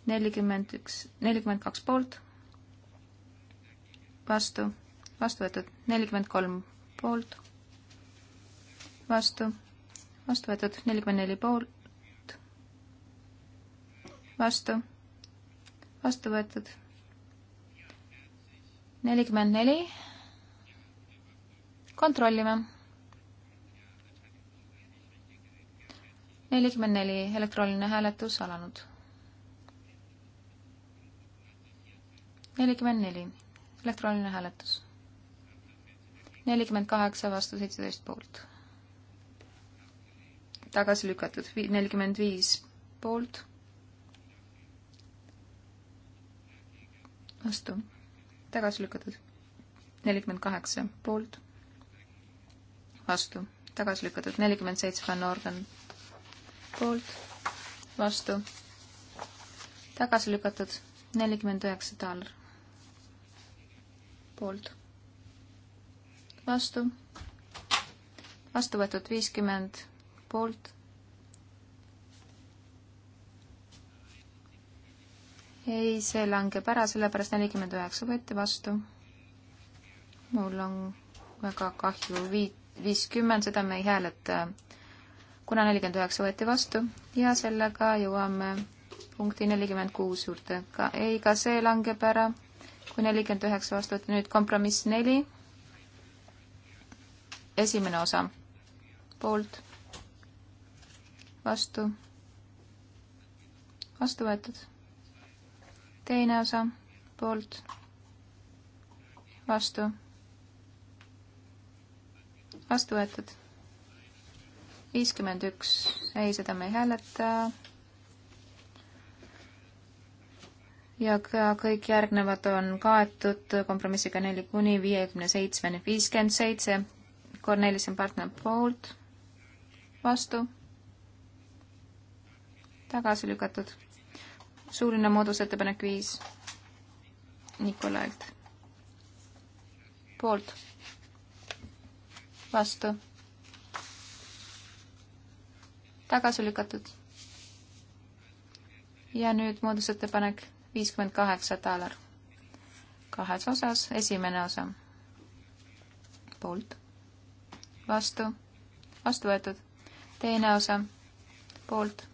nelikümmend üks, nelikümmend kaks poolt, vastu, vastu võetud, nelikümmend kolm poolt, vastu, vastu võetud, nelikümmend neli poolt, vastu, vastu võetud, nelikümmend neli kontrollime. nelikümmend neli, elektrooniline hääletus alanud. nelikümmend neli, elektrooniline hääletus. nelikümmend kaheksa vastu seitseteist poolt. tagasi lükatud, nelikümmend viis poolt. vastu, tagasi lükatud, nelikümmend kaheksa poolt vastu, tagasi lükatud nelikümmend seitse Van Orden poolt, vastu, tagasi lükatud nelikümmend üheksa Taler poolt, vastu, vastu võetud viiskümmend poolt ei, see langeb ära, sellepärast nelikümmend üheksa võeti vastu. mul on väga kahju, viit viiskümmend, seda me ei hääleta, kuna nelikümmend üheksa võeti vastu ja sellega jõuame punkti nelikümmend kuus juurde. ka, ei, ka see langeb ära, kui nelikümmend üheksa vastu võeti. nüüd kompromiss neli, esimene osa, poolt, vastu, vastu võetud. teine osa, poolt, vastu vastu võetud. viiskümmend üks, ei, seda me ei hääleta. ja ka kõik järgnevad on kaetud kompromissiga neli kuni viiekümne seitsmeni, viiskümmend seitse, Cornelis on partner poolt, vastu, tagasi lükatud. suuline moodusettepanek viis Nikolailt, poolt vastu, tagasi lükatud. ja nüüd muudusettepanek viiskümmend kaheksa taalar. kahes osas, esimene osa. poolt, vastu, vastu võetud. teine osa, poolt,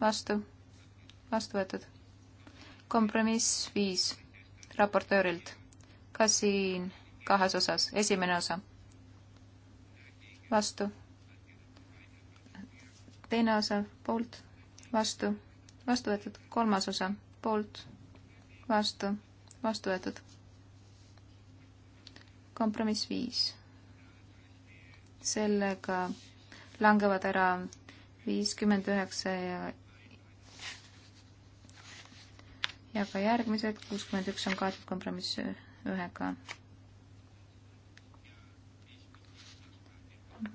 vastu, vastu võetud. kompromiss viis raportöörilt. ka siin kahes osas, esimene osa. vastu. teine osa, poolt, vastu, vastu võetud, kolmas osa, poolt, vastu, vastu võetud. kompromiss viis. sellega langevad ära viiskümmend üheksa ja ja ka järgmised, kuuskümmend üks on kaetud kompromiss ühega.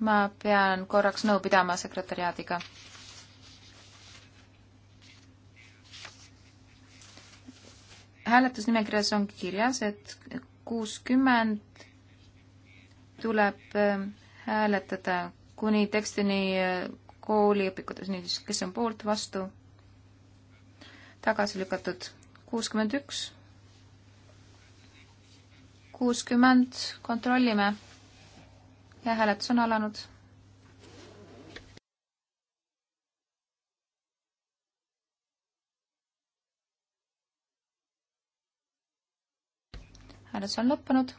ma pean korraks nõu pidama sekretäriaadiga. hääletusnimekirjas on kirjas, et kuuskümmend tuleb äh, hääletada kuni tekstini äh, kooliõpikutes, niisiis, kes on poolt, vastu, tagasi lükatud kuuskümmend üks, kuuskümmend, kontrollime ja hääletus on alanud. hääletus on lõppenud.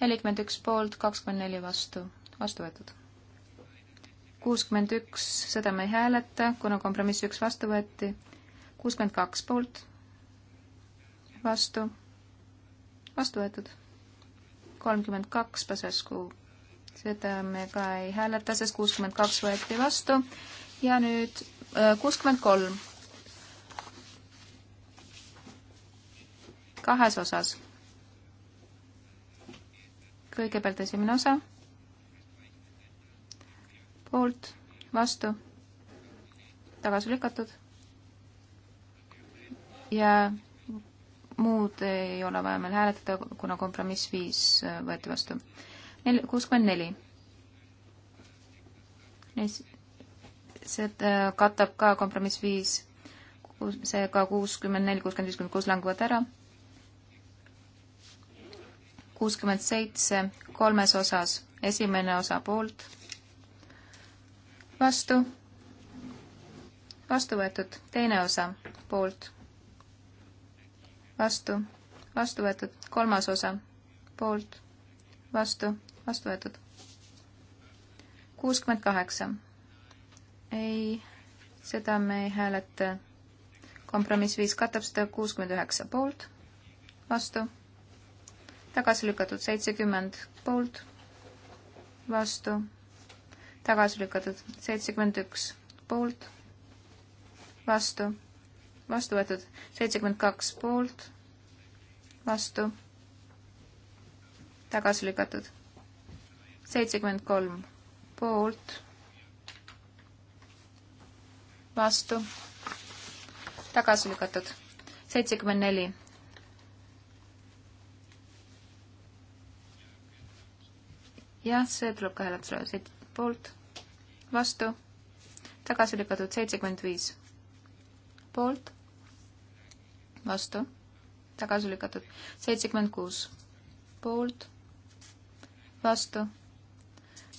nelikümmend üks poolt, kakskümmend neli vastu, vastu võetud. kuuskümmend üks, seda me ei hääleta, kuna kompromiss üks vastu võeti. kuuskümmend kaks poolt, vastu, vastu võetud. kolmkümmend kaks Pasescu seda me ka ei hääleta, sest kuuskümmend kaks võeti vastu ja nüüd äh, kuuskümmend kolm. kahes osas. kõigepealt esimene osa. poolt, vastu, tagasi lükatud. ja muud ei ole vaja meil hääletada, kuna kompromiss viis võeti vastu nel-, kuuskümmend neli. seda äh, katab ka kompromiss viis, seega kuuskümmend neli, kuuskümmend viis, kuuskümmend kuus langevad ära. kuuskümmend seitse kolmes osas, esimene osa poolt, vastu, vastu võetud, teine osa poolt, vastu, vastu võetud, kolmas osa poolt, vastu, vastu võetud. kuuskümmend kaheksa. ei, seda me ei hääleta. kompromiss viis katab seda kuuskümmend üheksa poolt, vastu, tagasi lükatud seitsekümmend poolt, vastu, tagasi lükatud seitsekümmend üks poolt, vastu, vastu võetud seitsekümmend kaks poolt, vastu, tagasi lükatud seitsekümmend kolm poolt, vastu, tagasi lükatud, seitsekümmend neli. jah, see tuleb ka hääletusele, seit-, poolt, vastu, tagasi lükatud, seitsekümmend viis. poolt, vastu, tagasi lükatud, seitsekümmend kuus. poolt, vastu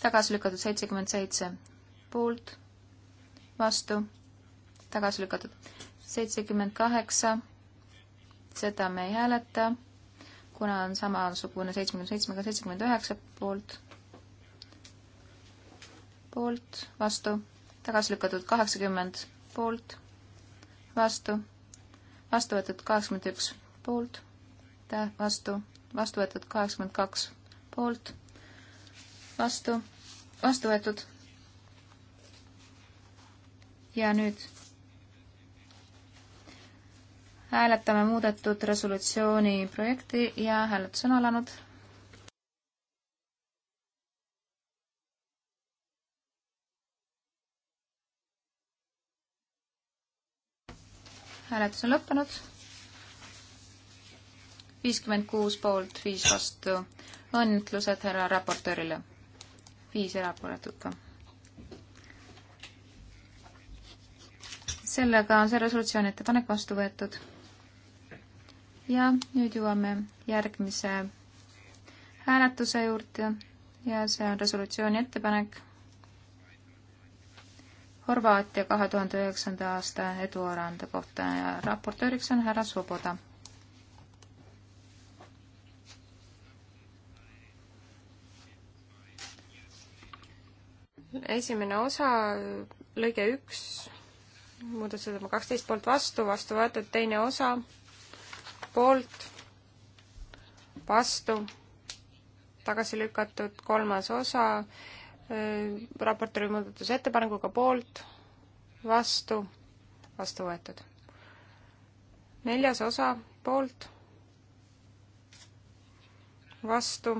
tagasi lükatud seitsekümmend seitse poolt, vastu, tagasi lükatud seitsekümmend kaheksa, seda me ei hääleta, kuna on samasugune seitsmekümne seitsmega seitsekümmend üheksa poolt, poolt, vastu, tagasi lükatud kaheksakümmend poolt, vastu, vastu võetud kaheksakümmend üks poolt, vastu, vastu võetud kaheksakümmend kaks poolt, vastu vastu võetud. ja nüüd hääletame muudetud resolutsiooni projekti ja hääletus on alanud. hääletus on lõppenud. viiskümmend kuus poolt, viis vastu. õnnitlused härra raportöörile viis erapooletut ka. sellega on see resolutsiooni ettepanek vastu võetud. ja nüüd jõuame järgmise hääletuse juurde ja see on resolutsiooni ettepanek Horvaatia kahe tuhande üheksanda aasta eduarande kohta ja raportööriks on härra Svoboda esimene osa, lõige üks, muudatusettepanek kaksteist poolt vastu, vastu võetud teine osa, poolt, vastu, tagasi lükatud kolmas osa, raportööri muudatusettepanekuga poolt, vastu, vastu võetud. neljas osa, poolt, vastu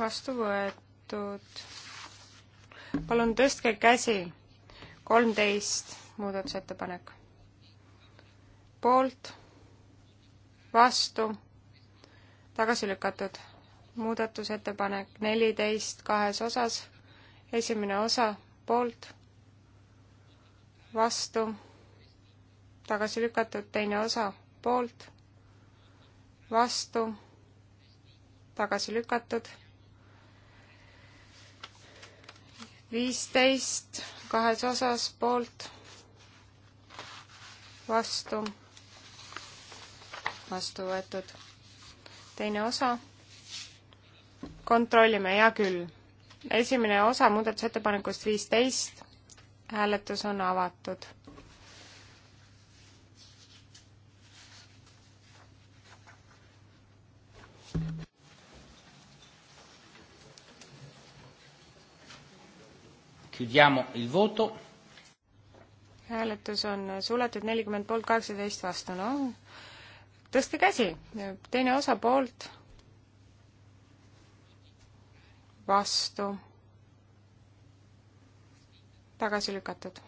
vastu võetud. palun tõstke käsi. kolmteist muudatusettepanek. poolt, vastu, tagasi lükatud. muudatusettepanek neliteist kahes osas. esimene osa poolt, vastu, tagasi lükatud, teine osa poolt, vastu tagasi lükatud viisteist kahes osas poolt, vastu, vastu võetud. teine osa, kontrollime, hea küll. esimene osa muudatusettepanekust viisteist, hääletus on avatud Chiudiamo il voto. hääletus on suletud nelikümmend poolt, kaheksateist vastu, no tõstke käsi, teine osa poolt, vastu, tagasi lükatud.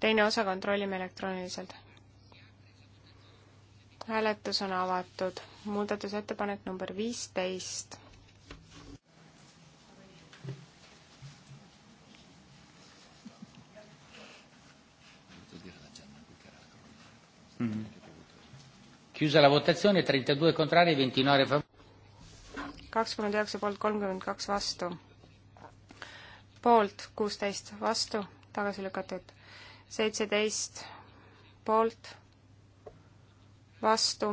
teine osa kontrollime elektrooniliselt. hääletus on avatud, muudatusettepanek number viisteist Chiusa la votazione, 32 contrari, 29 fav-. kakskümmend üheksa poolt, kolmkümmend kaks vastu. poolt kuusteist, vastu, tagasi lükatud. seitseteist poolt, vastu,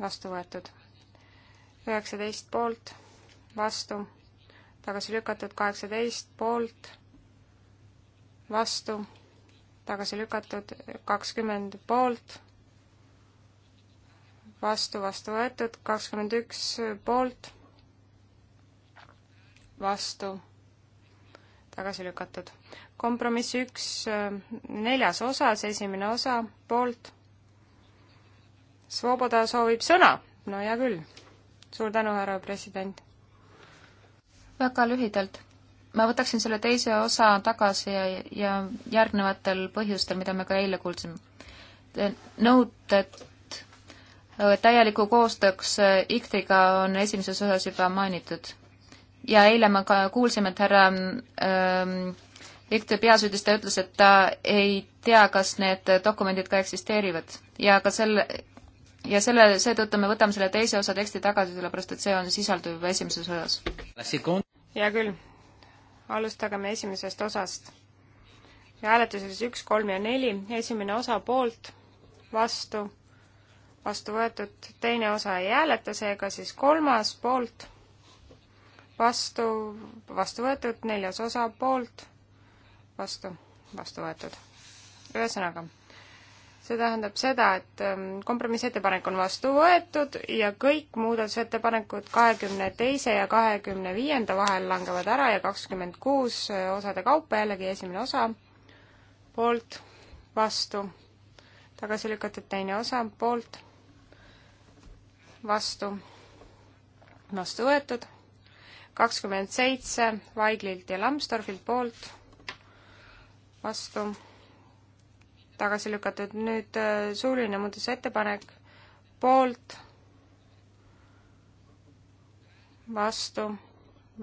vastu võetud. üheksateist poolt, vastu, tagasi lükatud. kaheksateist poolt, vastu, tagasi lükatud. kakskümmend poolt vastu, vastu võetud, kakskümmend üks poolt, vastu, tagasi lükatud. kompromiss üks neljas osas, esimene osa poolt. Svoboda soovib sõna, no hea küll. suur tänu, härra president. väga lühidalt ma võtaksin selle teise osa tagasi ja, ja järgnevatel põhjustel, mida me ka eile kuulsime. nõuded Äh, täieliku koostööks äh, IKTRiga on esimeses osas juba mainitud. ja eile me ka kuulsime, et härra ähm, IKTRi peasüüdistaja ütles, et ta ei tea, kas need dokumendid ka eksisteerivad ja ka selle ja selle, seetõttu me võtame selle teise osa teksti tagasi, sellepärast et see on sisalduv juba esimeses osas. hea küll, alustageme esimesest osast. hääletuses üks, kolm ja neli, esimene osa poolt, vastu vastu võetud, teine osa ei hääleta, seega siis kolmas poolt, vastu, vastu võetud, neljas osa poolt, vastu, vastu võetud. ühesõnaga, see tähendab seda, et ähm, kompromissettepanek on vastu võetud ja kõik muudatusettepanekud kahekümne teise ja kahekümne viienda vahel langevad ära ja kakskümmend kuus äh, osade kaupa jällegi esimene osa, poolt, vastu, tagasi lükatud teine osa, poolt vastu, vastu võetud, kakskümmend seitse Vaiglilt ja Lambsdorfilt poolt, vastu, tagasi lükatud, nüüd äh, suuline muudatusettepanek, poolt, vastu,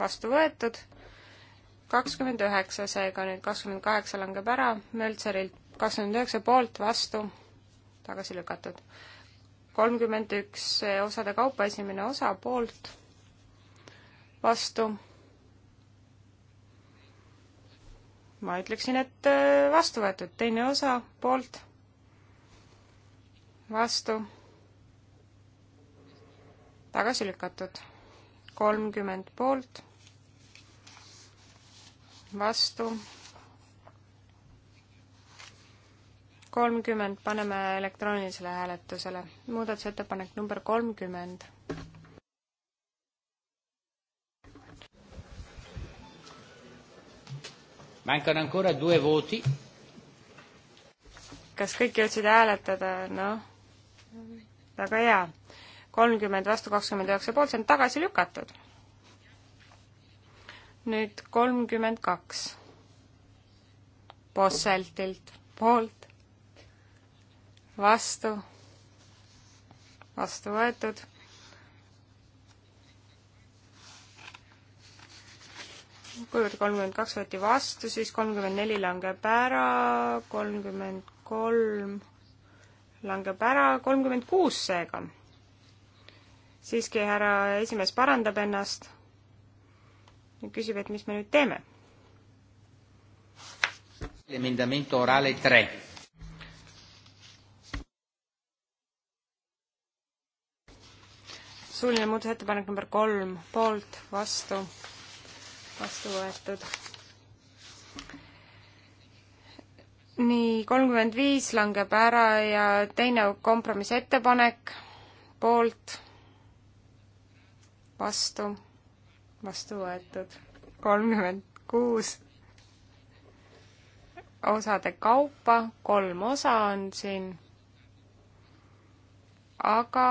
vastu võetud, kakskümmend üheksa, seega nüüd kakskümmend kaheksa langeb ära, Möltserilt kakskümmend üheksa poolt, vastu, tagasi lükatud kolmkümmend üks osade kaupa esimene osa poolt, vastu. ma ütleksin, et äh, vastu võetud, teine osa poolt, vastu, tagasi lükatud, kolmkümmend poolt, vastu kolmkümmend paneme elektroonilisele hääletusele. muudatusettepanek number kolmkümmend. Mancano ancora due voti. kas kõik jõudsid hääletada, noh, väga hea. kolmkümmend vastu kakskümmend üheksa poolt, see on tagasi lükatud. nüüd kolmkümmend kaks. Posseltilt poolt vastu, vastu võetud. kuivõrd kolmkümmend kaks võeti vastu, siis kolmkümmend neli langeb ära, kolmkümmend kolm langeb ära, kolmkümmend kuus seega. siiski härra esimees parandab ennast ja küsib, et mis me nüüd teeme. emendamento orale tre suuline muudatusettepanek number kolm, poolt, vastu, vastu võetud. nii, kolmkümmend viis langeb ära ja teine kompromissettepanek, poolt, vastu, vastu võetud. kolmkümmend kuus osade kaupa, kolm osa on siin, aga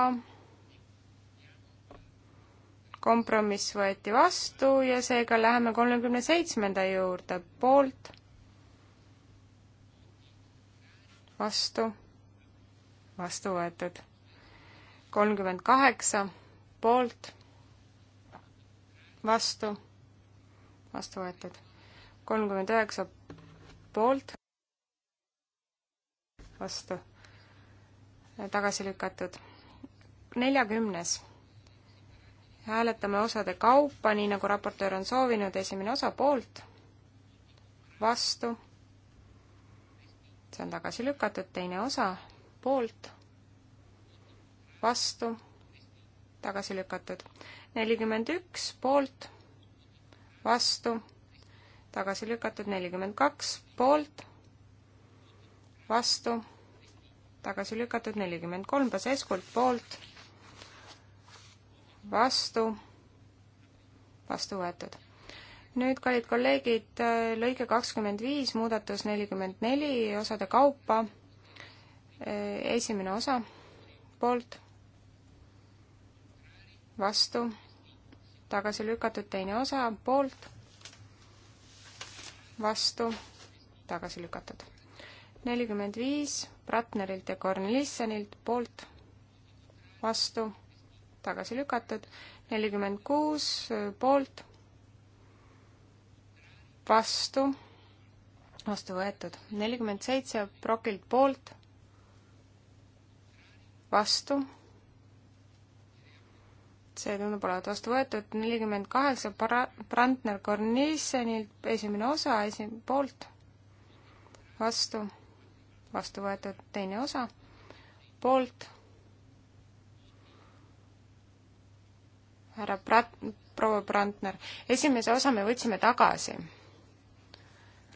kompromiss võeti vastu ja seega läheme kolmekümne seitsmenda juurde, poolt, vastu, vastu võetud. kolmkümmend kaheksa, poolt, vastu, vastu võetud. kolmkümmend üheksa, poolt, vastu, tagasi lükatud. neljakümnes hääletame osade kaupa, nii nagu raportöör on soovinud, esimene osa poolt, vastu, see on tagasi lükatud, teine osa poolt, vastu, tagasi lükatud, nelikümmend üks poolt, vastu, tagasi lükatud, nelikümmend kaks poolt, vastu, tagasi lükatud, nelikümmend kolm, Paseskult poolt vastu, vastu võetud. nüüd, kallid kolleegid, lõige kakskümmend viis, muudatus nelikümmend neli, osade kaupa, esimene osa, poolt, vastu, tagasi lükatud teine osa, poolt, vastu, tagasi lükatud. nelikümmend viis, Ratnerilt ja Kornelissonilt, poolt, vastu tagasi lükatud, nelikümmend kuus poolt, vastu, vastu võetud, nelikümmend seitse prokilt poolt, vastu, see tundub olevat vastu võetud, nelikümmend kaheksa para-, Brandner Kornissenilt esimene osa, esi-, poolt, vastu, vastu võetud teine osa, poolt härra Prat-, proua Brandner, esimese osa me võtsime tagasi.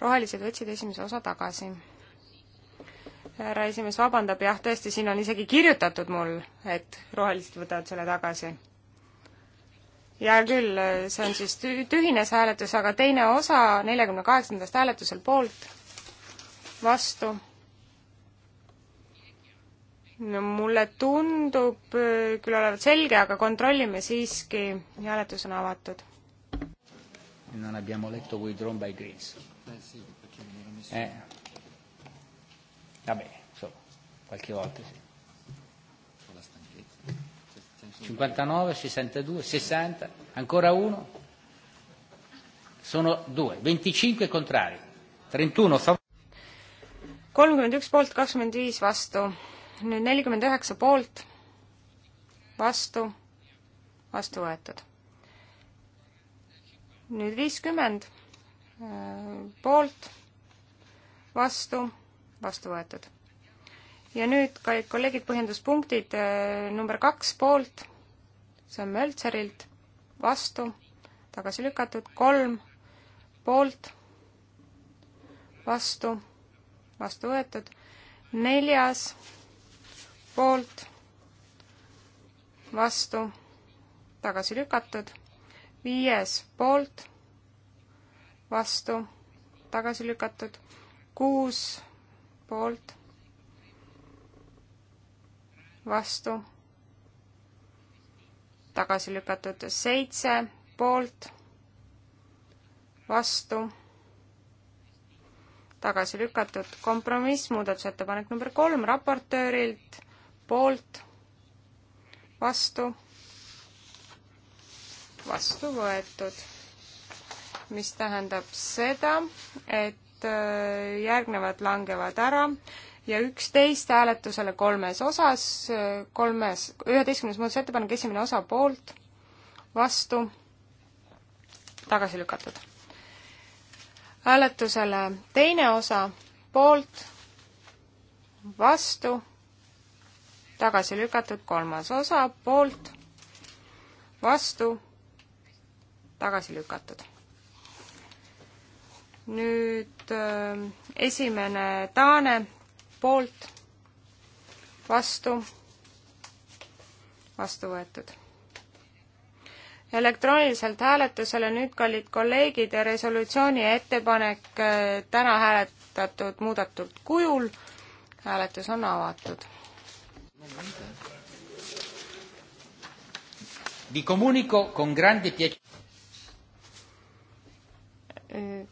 rohelised võtsid esimese osa tagasi. härra esimees vabandab, jah, tõesti, siin on isegi kirjutatud mul, et rohelised võtavad selle tagasi. hea küll, see on siis tühines hääletus, aga teine osa neljakümne kaheksandast hääletusel poolt, vastu no mulle tundub äh, küll olevat selge, aga kontrollime siiski, hääletus on avatud. Non abbiamo letto withdrawn by Greens. Eh sì, perché non l'ho messo. Eh. Vabbè, insomma, qualche volta sì. 59, 62, 60, ancora uno. Sono due, 25 contrari, 31 favorevoli. kolmkümmend üks poolt, kakskümmend viis vastu nüüd nelikümmend üheksa poolt, vastu, vastu võetud. nüüd viiskümmend äh, poolt, vastu, vastu võetud. ja nüüd, kallid kolleegid, põhjenduspunktid äh, number kaks poolt, see on Möltserilt, vastu, tagasi lükatud, kolm poolt, vastu, vastu võetud, neljas poolt, vastu, tagasi lükatud, viies poolt, vastu, tagasi lükatud, kuus poolt, vastu, tagasi lükatud, seitse poolt, vastu tagasi lükatud kompromiss, muudatusettepanek number kolm raportöörilt poolt, vastu, vastu võetud. mis tähendab seda, et äh, järgnevad langevad ära ja üksteist hääletusele kolmes osas, kolmes, üheteistkümnes muudatusettepanek, esimene osa poolt, vastu, tagasi lükatud. hääletusele teine osa poolt, vastu tagasi lükatud, kolmas osa poolt, vastu, tagasi lükatud. nüüd äh, esimene Taane poolt, vastu, vastu võetud elektrooniliselt hääletusele nüüd, kallid kolleegid, resolutsiooni ettepanek äh, täna hääletatud muudetud kujul. hääletus on avatud Vi comunico con grande piacere. Eh,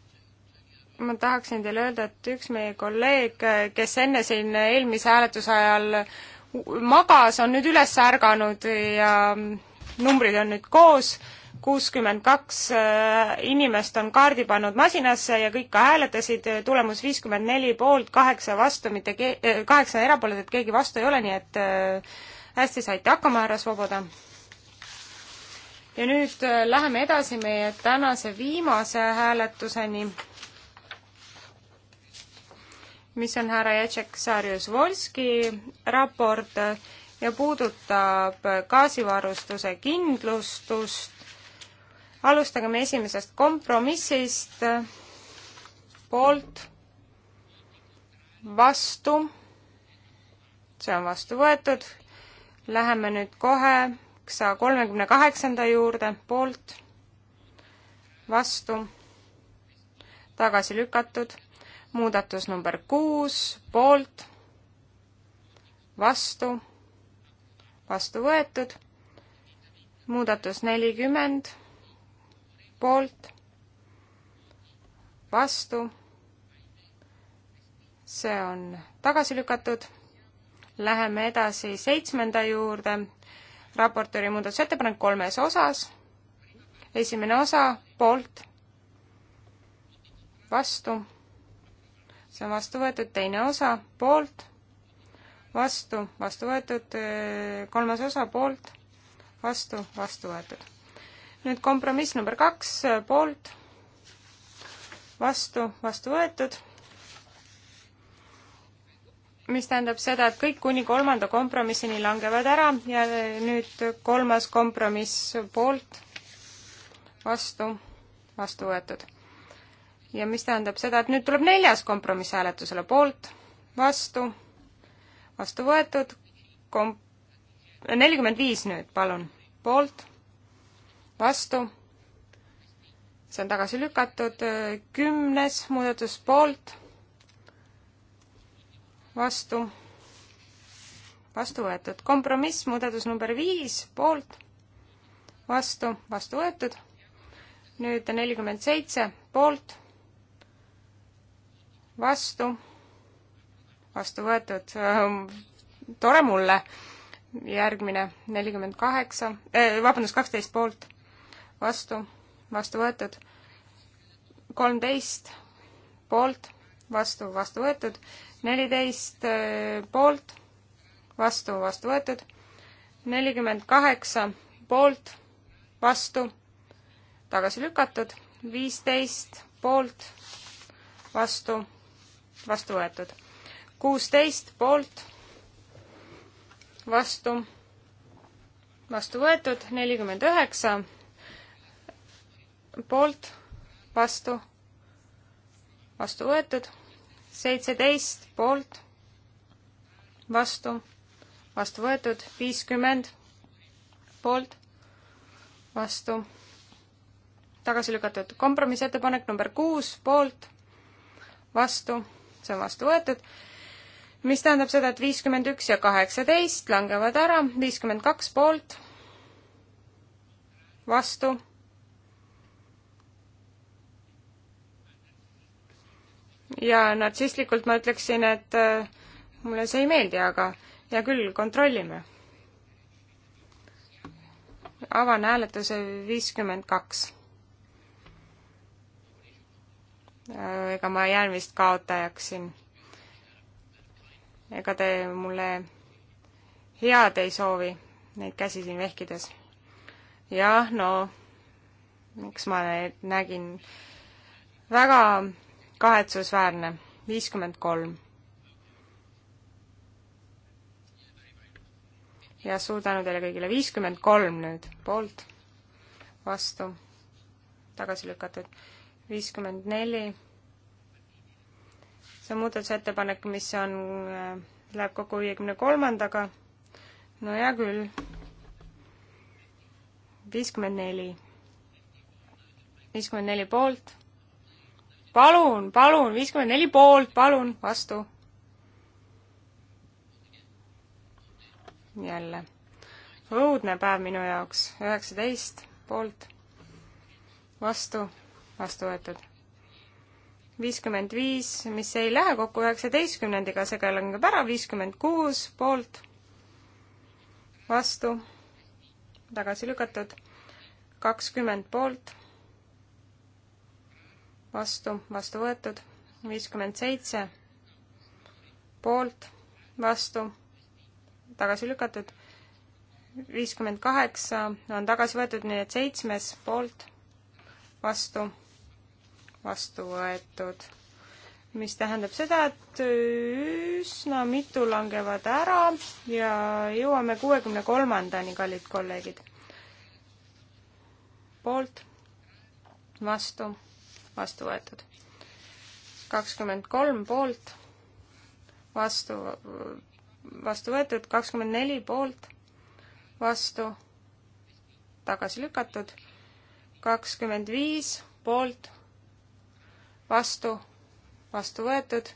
ma tahaksin teile öelda, et üks meie kolleeg, kes enne siin eelmise hääletuse ajal magas, on nüüd üles ärganud ja numbrid on nüüd koos kuuskümmend kaks äh, inimest on kaardi pannud masinasse ja kõik ka hääletasid, tulemus viiskümmend neli poolt, kaheksa vastu, mitte ke-, äh, kaheksa erapooletut, keegi vastu ei ole, nii et äh, hästi saite hakkama, härra Svoboda. ja nüüd läheme edasi meie tänase viimase hääletuseni, mis on härra Jacek Sarjus-Volski raport ja puudutab gaasivarustuse kindlustust alustagem esimesest kompromissist, poolt, vastu, see on vastu võetud, läheme nüüd kohe saja kolmekümne kaheksanda juurde, poolt, vastu, tagasi lükatud, muudatus number kuus, poolt, vastu, vastu võetud, muudatus nelikümmend poolt, vastu, see on tagasi lükatud. Läheme edasi seitsmenda juurde, raportööri muudatusettepanek kolmes osas. esimene osa poolt, vastu, see on vastu võetud, teine osa poolt, vastu, vastu võetud, kolmas osa poolt, vastu, vastu võetud nüüd kompromiss number kaks, poolt, vastu, vastu võetud, mis tähendab seda, et kõik kuni kolmanda kompromissini langevad ära ja nüüd kolmas kompromiss poolt, vastu, vastu võetud. ja mis tähendab seda, et nüüd tuleb neljas kompromiss hääletusele poolt, vastu, vastu võetud, komp-, nelikümmend viis nüüd, palun, poolt vastu, see on tagasi lükatud, kümnes muudatus poolt, vastu, vastu võetud, kompromiss, muudatus number viis, poolt, vastu, vastu võetud, nüüd nelikümmend seitse, poolt, vastu, vastu võetud, tore mulle järgmine nelikümmend kaheksa, eh, vabandust, kaksteist poolt vastu, vastu võetud. kolmteist poolt, vastu, vastu võetud. neliteist äh, poolt, vastu, vastu võetud. nelikümmend kaheksa poolt, vastu, tagasi lükatud. viisteist poolt, vastu, vastu võetud. kuusteist poolt, vastu, vastu võetud. nelikümmend üheksa poolt, vastu, vastu võetud, seitseteist poolt, vastu, vastu võetud, viiskümmend poolt, vastu, tagasi lükatud. kompromissettepanek number kuus poolt, vastu, see on vastu võetud, mis tähendab seda, et viiskümmend üks ja kaheksateist langevad ära, viiskümmend kaks poolt, vastu ja natsistlikult ma ütleksin, et äh, mulle see ei meeldi, aga hea küll, kontrollime. avan hääletuse viiskümmend kaks. Äh, ega ma jään vist kaotajaks siin. ega te mulle head ei soovi, neid käsi siin vehkides. jah, no, miks ma neid nägin väga kahetsusväärne, viiskümmend kolm. ja suur tänu teile kõigile, viiskümmend kolm nüüd poolt, vastu, tagasi lükatud, viiskümmend neli. see on muudatusettepanek, mis on, äh, läheb kokku viiekümne kolmandaga. no hea küll. viiskümmend neli, viiskümmend neli poolt palun, palun, viiskümmend neli poolt, palun, vastu. jälle. õudne päev minu jaoks, üheksateist poolt, vastu, vastu võetud. viiskümmend viis, mis ei lähe kokku üheksateistkümnendiga, seega langeb ära, viiskümmend kuus poolt, vastu, tagasi lükatud, kakskümmend poolt vastu, vastu võetud, viiskümmend seitse poolt, vastu, tagasi lükatud, viiskümmend kaheksa on tagasi võetud, nii et seitsmes poolt, vastu, vastu võetud. mis tähendab seda, et üsna mitu langevad ära ja jõuame kuuekümne kolmandani, kallid kolleegid. poolt, vastu vastu võetud. kakskümmend kolm poolt, vastu, vastu võetud, kakskümmend neli poolt, vastu, tagasi lükatud, kakskümmend viis poolt, vastu, vastu võetud,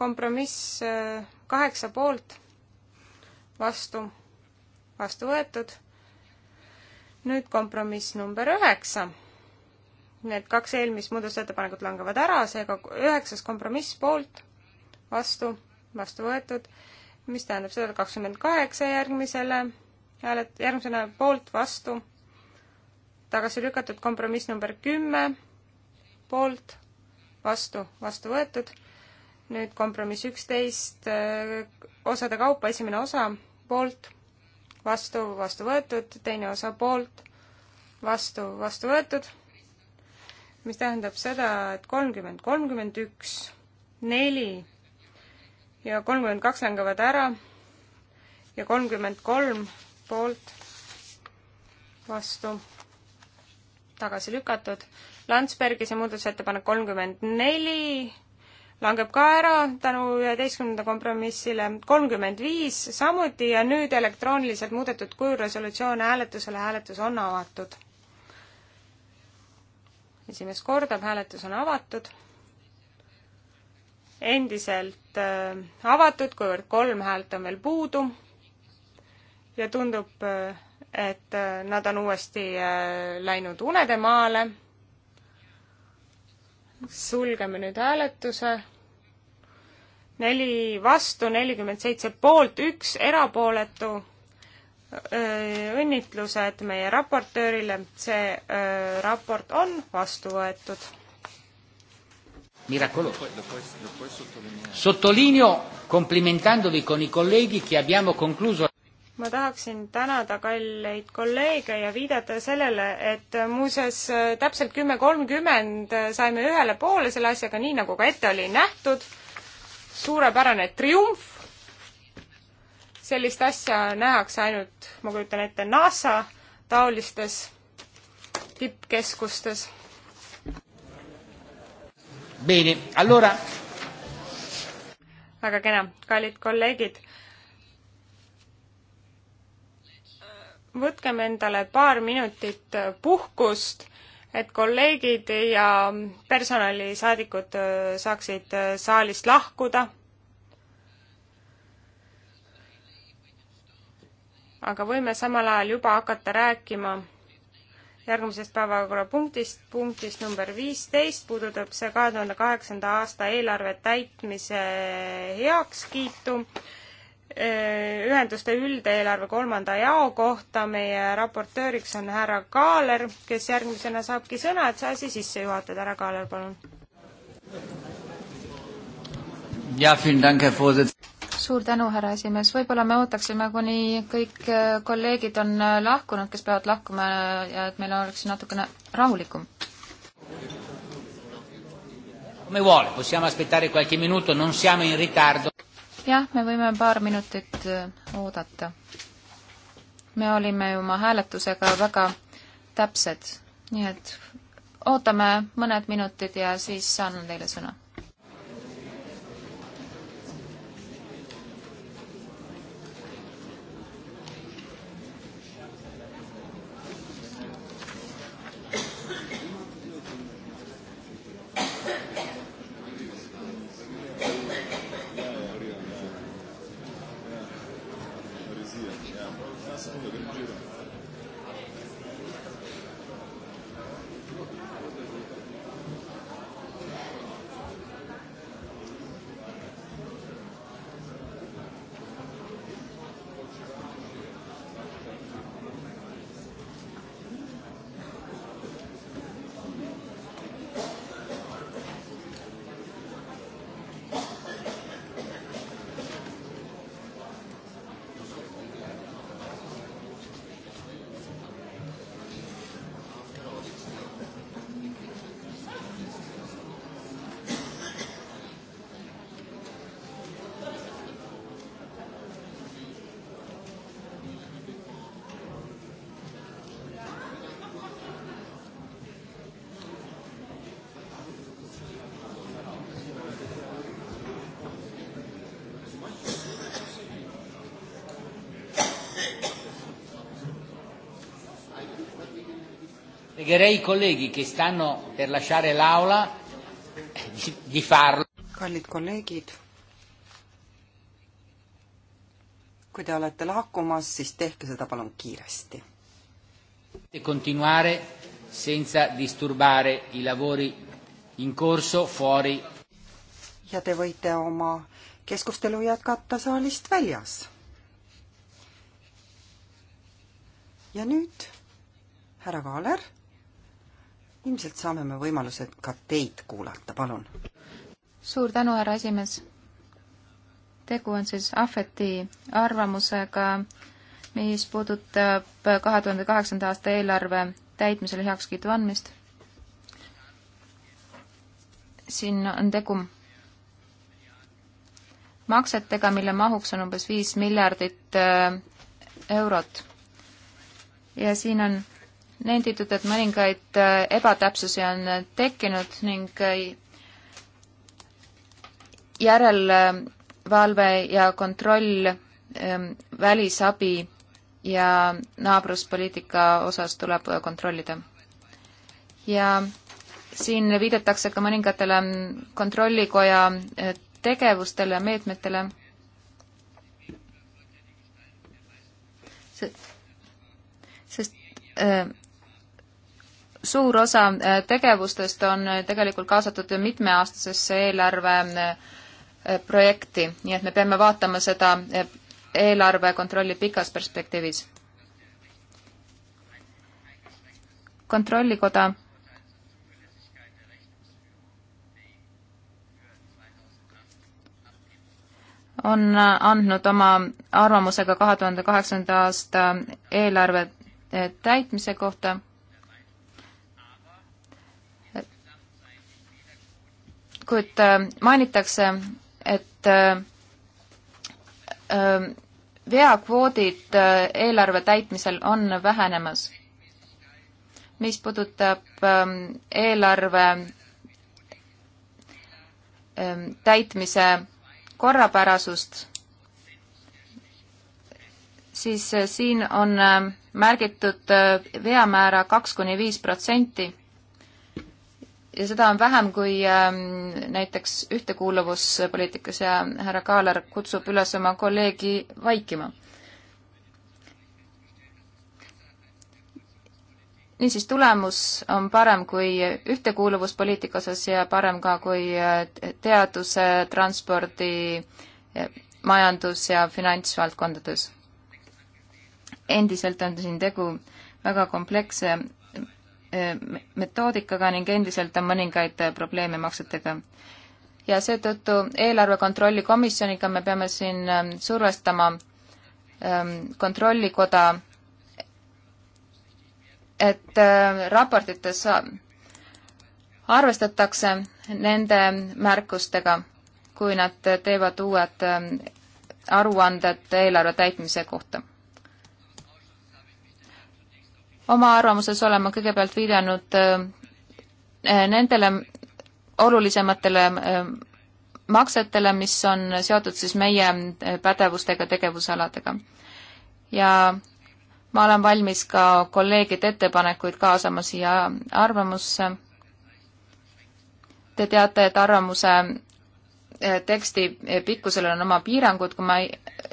kompromiss kaheksa poolt, vastu, vastu võetud, nüüd kompromiss number üheksa need kaks eelmist muudatusettepanekut langevad ära, seega üheksas kompromiss poolt, vastu, vastu võetud, mis tähendab seda, et kakskümmend kaheksa järgmisele hääled, järgmisena poolt, vastu, tagasi lükatud kompromiss number kümme, poolt, vastu, vastu võetud, nüüd kompromiss üksteist, äh, osade kaupa esimene osa, poolt, vastu, vastu võetud, teine osa poolt, vastu, vastu võetud mis tähendab seda, et kolmkümmend, kolmkümmend üks, neli ja kolmkümmend kaks langevad ära ja kolmkümmend kolm poolt, vastu, tagasi lükatud. Landsbergis ja muudatusettepanek kolmkümmend neli langeb ka ära tänu üheteistkümnenda kompromissile, kolmkümmend viis samuti ja nüüd elektrooniliselt muudetud kujul resolutsioon hääletusele, hääletus on avatud esimest korda, hääletus on avatud. endiselt äh, avatud, kuivõrd kolm häält on veel puudu. ja tundub, äh, et äh, nad on uuesti äh, läinud unede maale. sulgeme nüüd hääletuse neli vastu, nelikümmend seitse poolt, üks erapooletu Äh, õnnitlused meie raportöörile, see öö, äh, raport on vastu võetud. Sottolineo complimentandovi con i colleghi che abbiamo concluso ma tahaksin tänada kalleid kolleege ja viidata sellele, et muuseas äh, täpselt kümme kolmkümmend saime ühele poole selle asjaga, nii nagu ka ette oli nähtud. suurepärane triumf sellist asja nähakse ainult, ma kujutan ette, NASA taolistes tippkeskustes. Bene, allora. väga kena, kallid kolleegid. võtkem endale paar minutit puhkust, et kolleegid ja personalisaadikud äh, saaksid äh, saalist lahkuda aga võime samal ajal juba hakata rääkima järgmisest päevakorrapunktist, punktist number viisteist, puudutab see kahe tuhande kaheksanda aasta eelarve täitmise heakskiitu, e, ühenduste üldeelarve kolmanda jao kohta, meie raportööriks on härra Kaaler, kes järgmisena saabki sõna, et see asi sisse juhatada, härra Kaaler, palun suur tänu, härra esimees, võib-olla me ootaksime, kuni kõik äh, kolleegid on äh, lahkunud, kes peavad lahkuma ja et meil oleks natukene rahulikum. jah, me võime paar minutit äh, oodata. me olime oma hääletusega väga täpsed, nii et ootame mõned minutid ja siis annan teile sõna pregherei i colleghi che stanno per lasciare l'aula eh, di farlo. kallid kolleegid, kui te olete lahkumas, siis tehke seda palun kiiresti. Continuare senza disturbare i lavori in corso fuori. ja te võite oma keskustelu jätkata saalist väljas. ja nüüd härra Kaaler ilmselt saame me võimaluse ka teid kuulata, palun. suur tänu, härra esimees. tegu on siis Ahveti arvamusega, mis puudutab kahe tuhande kaheksanda aasta eelarve täitmisele heakskiidu andmist. siin on tegu maksetega, mille mahuks on umbes viis miljardit äh, eurot. ja siin on nenditud, et mõningaid äh, ebatäpsusi on äh, tekkinud ning äh, järelevalve ja kontroll ähm, välisabi ja naabruspoliitika osas tuleb kontrollida. ja siin viidatakse ka mõningatele mm, kontrollikoja tegevustele ja meetmetele. sest äh, suur osa äh, tegevustest on äh, tegelikult kaasatud mitmeaastasesse eelarve äh, projekti, nii et me peame vaatama seda eelarve kontrolli pikas perspektiivis. kontrollikoda on andnud oma arvamusega kahe tuhande kaheksanda aasta eelarve täitmise kohta kuid äh, mainitakse, et äh, äh, veakvoodid eelarve täitmisel on vähenemas. mis puudutab ähm, eelarve ähm, täitmise korrapärasust, siis siin on märgitud veamäära kaks kuni viis protsenti ja seda on vähem kui ähm, näiteks ühtekuuluvuspoliitikas ja härra Kaaler kutsub üles oma kolleegi vaikima. niisiis, tulemus on parem kui ühtekuuluvuspoliitika osas ja parem ka kui äh, teaduse, transpordi, majandus- ja finantsvaldkondades. endiselt on siin tegu väga kompleksse Ehm, metoodikaga ning endiselt on mõningaid äh, probleeme maksetega. ja seetõttu eelarve kontrolli komisjoniga me peame siin ähm, survestama ähm, kontrollikoda, et äh, raportites arvestatakse nende märkustega, kui nad teevad uued ähm, aruanded eelarve täitmise kohta oma arvamuses olen ma kõigepealt viidanud äh, äh, nendele olulisematele äh, maksetele, mis on seotud siis meie pädevustega, tegevusaladega. ja ma olen valmis ka kolleegide ettepanekuid kaasama siia arvamusse. Te teate, et arvamuse teksti pikkusel on oma piirangud, kui ma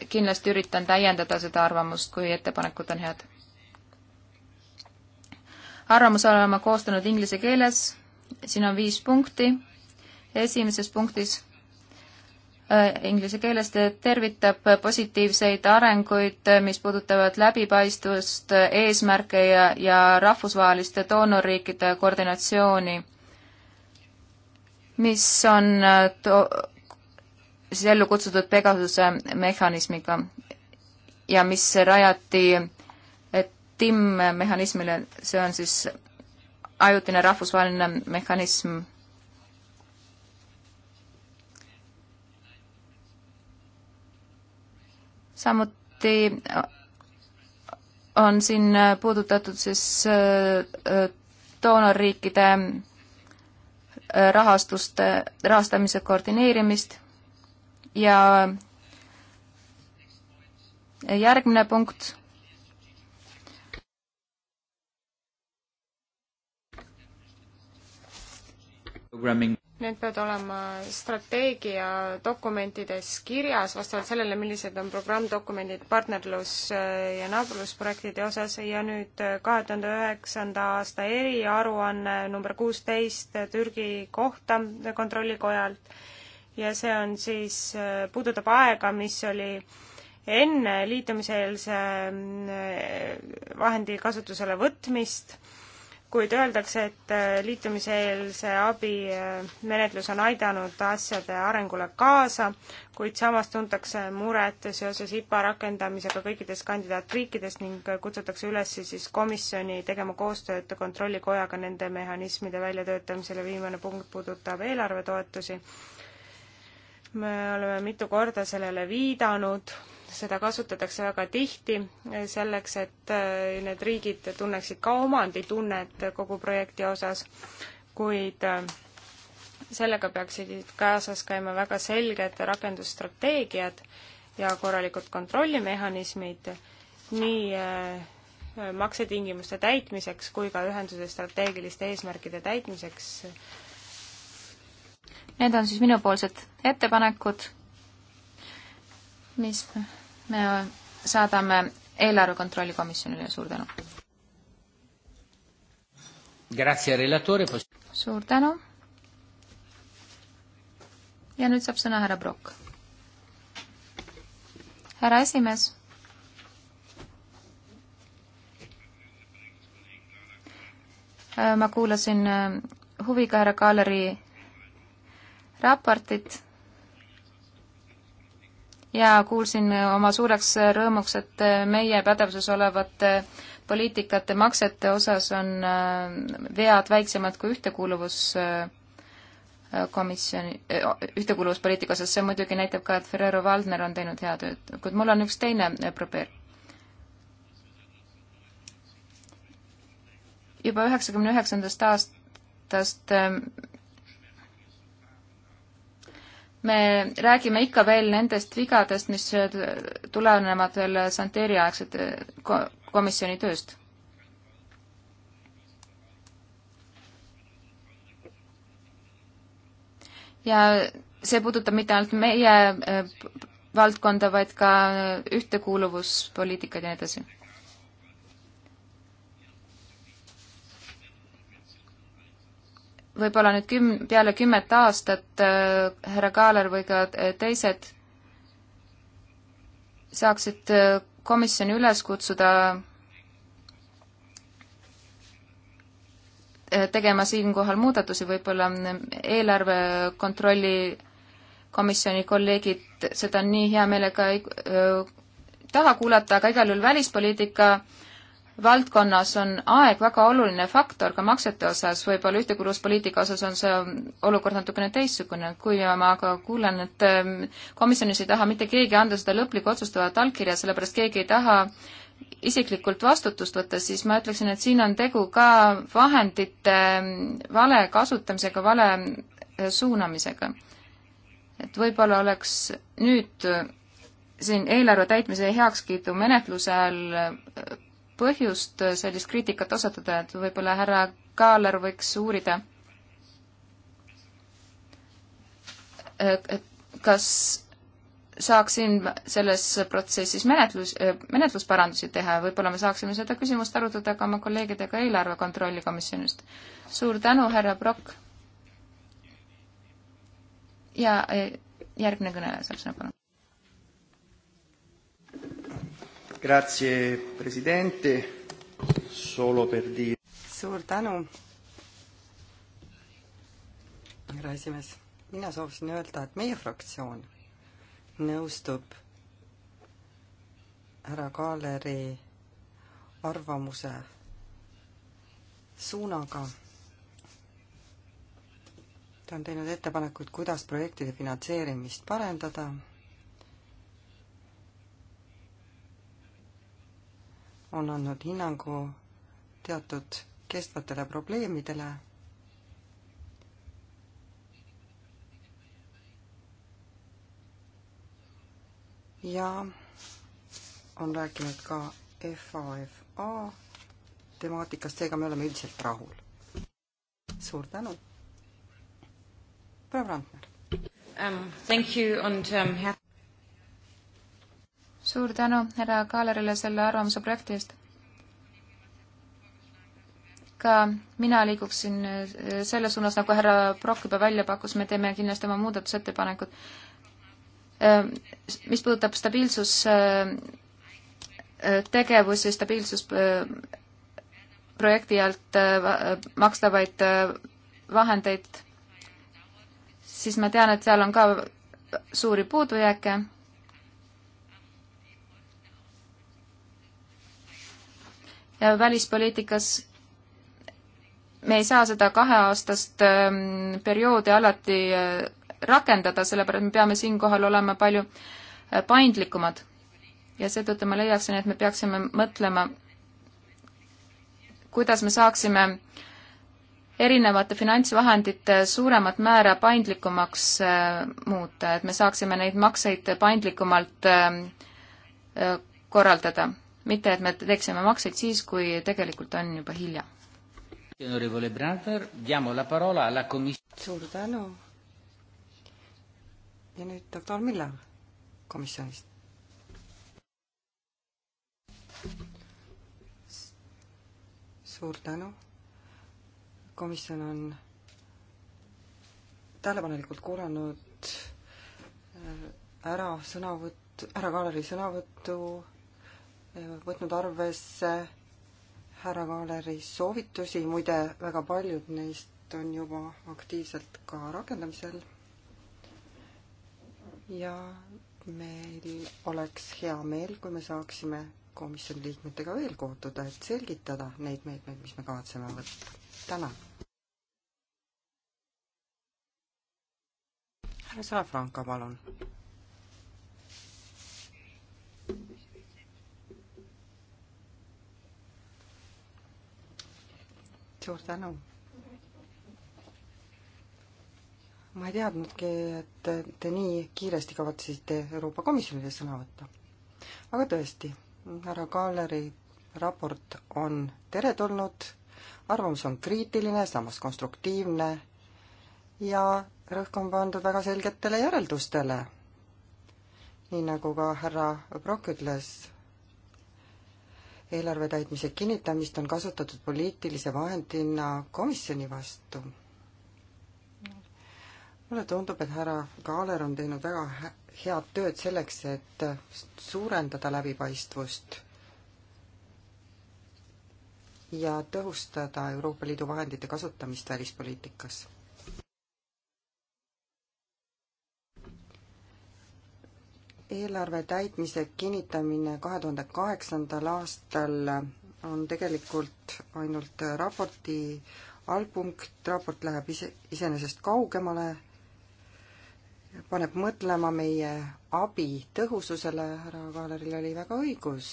kindlasti üritan täiendada seda arvamust, kui ettepanekud on head arvamuse olema koostanud inglise keeles, siin on viis punkti, esimeses punktis äh, inglise keeles tervitab positiivseid arenguid, äh, mis puudutavad läbipaistvust, äh, eesmärke ja, ja rahvusvaheliste doonorriikide koordinatsiooni, mis on to-, siis ellu kutsutud Pegasuse mehhanismiga ja mis rajati TIM mehhanismile, see on siis ajutine rahvusvaheline mehhanism. samuti on siin puudutatud siis äh, äh, doonorriikide äh, rahastuste, rahastamise koordineerimist ja järgmine punkt programming. Need peavad olema strateegiadokumentides kirjas vastavalt sellele, millised on programmdokumendid partnerlus- äh, ja naabrusprojektide osas ja nüüd äh, kahe tuhande üheksanda aasta eriaruanne number kuusteist äh, Türgi kohta Kontrollikojalt ja see on siis, puudutab aega, mis oli enne liitumiseelse vahendi kasutusele võtmist kuid öeldakse, et äh, liitumiseelse abi äh, menetlus on aidanud asjade arengule kaasa, kuid samas tuntakse muret seoses IPA rakendamisega kõikides kandidaatriikides ning kutsutakse üles siis komisjoni tegema koostööd Kontrollikojaga nende mehhanismide väljatöötamisel ja viimane punkt puudutab eelarvetoetusi me oleme mitu korda sellele viidanud seda kasutatakse väga tihti eh, selleks, et eh, need riigid tunneksid ka omanditunnet kogu projekti osas, kuid eh, sellega peaksid kaasas käima väga selged rakendusstrateegiad ja korralikud kontrollimehhanismid nii maksetingimuste täitmiseks kui ka ühenduse strateegiliste eesmärkide täitmiseks. Need on siis minupoolsed ettepanekud mis me saadame eelarve kontrolli komisjonile, suur tänu. suur tänu. ja nüüd saab sõna härra Brock. härra esimees äh, ma kuulasin äh, huviga härra Kaaleri raportit ja kuulsin oma suureks rõõmuks, et meie pädevuses olevate poliitikate maksete osas on äh, vead väiksemad kui ühtekuuluvuskomisjoni, äh, ühtekuuluvuspoliitika osas, see muidugi näitab ka, et Ferrero Valdner on teinud hea tööd, kuid mul on üks teine äh, probleem. juba üheksakümne üheksandast aastast me räägime ikka veel nendest vigadest, mis tulenevad veel Santeri aegsete komisjoni tööst. ja see puudutab mitte ainult meie eh, valdkonda, vaid ka ühtekuuluvuspoliitikat ja nii edasi võib-olla nüüd küm-, peale kümmet aastat äh, härra Kaaler või ka äh, teised saaksid äh, komisjoni üles kutsuda äh, tegema siinkohal muudatusi, võib-olla mm, eelarve kontrolli komisjoni kolleegid seda nii hea meelega ei äh, taha kuulata, aga igal juhul välispoliitika äh, valdkonnas on aeg väga oluline faktor ka maksete osas, võib-olla ühtekuuluvuspoliitika osas on see olukord natukene teistsugune, kui ma aga kuulen, et ähm, komisjonis ei taha mitte keegi anda seda lõplikku otsustavat allkirja, sellepärast keegi ei taha isiklikult vastutust võtta, siis ma ütleksin, et siin on tegu ka vahendite ähm, vale kasutamisega, vale äh, suunamisega. et võib-olla oleks nüüd äh, siin eelarve täitmise heakskiidu menetluse all äh, põhjust sellist kriitikat osatada, et võib-olla härra Kaaler võiks uurida, et kas saaksin selles protsessis menetlus, menetlusparandusi teha ja võib-olla me saaksime seda küsimust arutada ka oma kolleegidega eelarve kontrolli komisjonist. suur tänu, härra Brock! ja eh, järgmine kõneleja saab sõna, palun. Grazie, presidente. Solo per dire. suur tänu, härra esimees. mina soovisin öelda, et meie fraktsioon nõustub härra Kaaleri arvamuse suunaga. ta on teinud ettepanekuid, kuidas projektide finantseerimist parendada on andnud hinnangu teatud kestvatele probleemidele. ja on rääkinud ka FAFA temaatikast, seega me oleme üldiselt rahul. suur tänu. proua Brandner um,. Thank you and um, suur tänu härra Kaalerile selle arvamuse projekti eest. ka mina liiguksin äh, selles suunas, nagu härra Prokk juba välja pakkus, me teeme kindlasti oma muudatusettepanekud. Äh, mis puudutab stabiilsus äh, tegevusi stabiilsusprojekti alt makstavaid vahendeid, siis ma tean, et seal on ka suuri puudujääke välispoliitikas me ei saa seda kaheaastast ähm, perioodi alati äh, rakendada, sellepärast me peame siinkohal olema palju äh, paindlikumad. ja seetõttu ma leiaksin, et me peaksime mõtlema, kuidas me saaksime erinevate finantsvahendite suuremat määra paindlikumaks äh, muuta, et me saaksime neid makseid paindlikumalt korraldada mitte, et me teeksime makseid siis, kui tegelikult on juba hilja. suur tänu. ja nüüd doktor Miller komisjonist. suur tänu. komisjon on tähelepanelikult kuulanud ära sõnavõtt, härra Kaalari sõnavõttu võtnud arvesse härra Kaaleri soovitusi, muide väga paljud neist on juba aktiivselt ka rakendamisel. ja meil oleks hea meel, kui me saaksime komisjoni liikmetega veel kohtuda, et selgitada neid meetmeid, mis me kavatseme võtta. tänan. härra Salafranca, palun suur tänu. ma ei teadnudki, et te nii kiiresti kavatsesite Euroopa Komisjonile sõna võtta. aga tõesti, härra Kaaleri raport on teretulnud, arvamus on kriitiline, samas konstruktiivne ja rõhk on pandud väga selgetele järeldustele. nii nagu ka härra Brock ütles, eelarve täitmise kinnitamist on kasutatud poliitilise vahendina komisjoni vastu. mulle tundub, et härra Kaaler on teinud väga head tööd selleks, et suurendada läbipaistvust ja tõhustada Euroopa Liidu vahendite kasutamist välispoliitikas eelarve täitmise kinnitamine kahe tuhande kaheksandal aastal on tegelikult ainult raporti allpunkt, raport läheb ise, iseenesest kaugemale, paneb mõtlema meie abi tõhususele, härra Kaaleril oli väga õigus.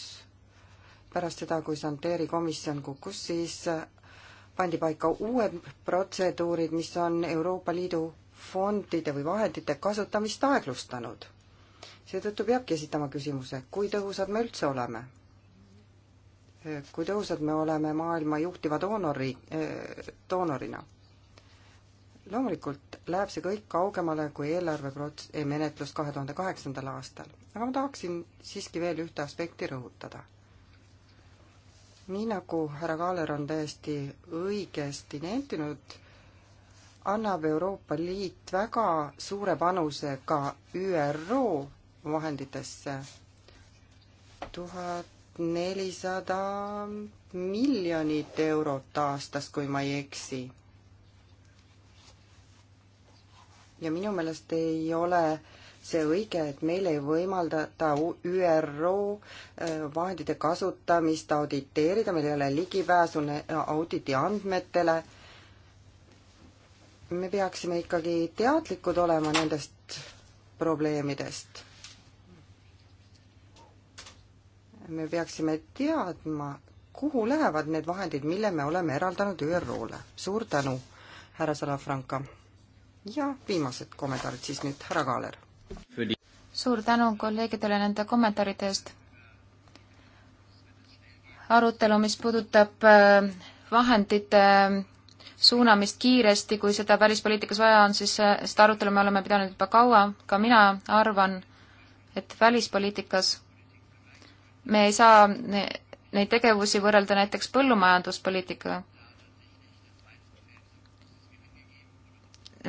pärast seda, kui Santeri komisjon kukkus, siis pandi paika uued protseduurid, mis on Euroopa Liidu fondide või vahendite kasutamist aeglustanud seetõttu peabki esitama küsimuse, kui tõhusad me üldse oleme? Äh, kui tõhusad me oleme maailma juhtiva doonori, äh, doonorina? loomulikult läheb see kõik kaugemale kui eelarveprots-, eh, menetlus kahe tuhande kaheksandal aastal, aga ma tahaksin siiski veel ühte aspekti rõhutada. nii nagu härra Kaaler on täiesti õigesti nentinud, annab Euroopa Liit väga suure panuse ka ÜRO vahenditesse. tuhat nelisada miljonit eurot aastas, kui ma ei eksi. ja minu meelest ei ole see õige, et meil ei võimaldata ÜRO äh, vahendite kasutamist auditeerida, meil ei ole ligipääsu auditi andmetele me peaksime ikkagi teadlikud olema nendest probleemidest. me peaksime teadma, kuhu lähevad need vahendid, mille me oleme eraldanud ÜRO-le. suur tänu, härra Salafranca. ja viimased kommentaarid siis nüüd, härra Kaaler. suur tänu kolleegidele nende kommentaaride eest. arutelu, mis puudutab äh, vahendite suunamist kiiresti, kui seda välispoliitikas vaja on, siis äh, seda arutelu me oleme pidanud juba kaua, ka mina arvan, et välispoliitikas me ei saa neid tegevusi võrrelda näiteks põllumajanduspoliitikaga.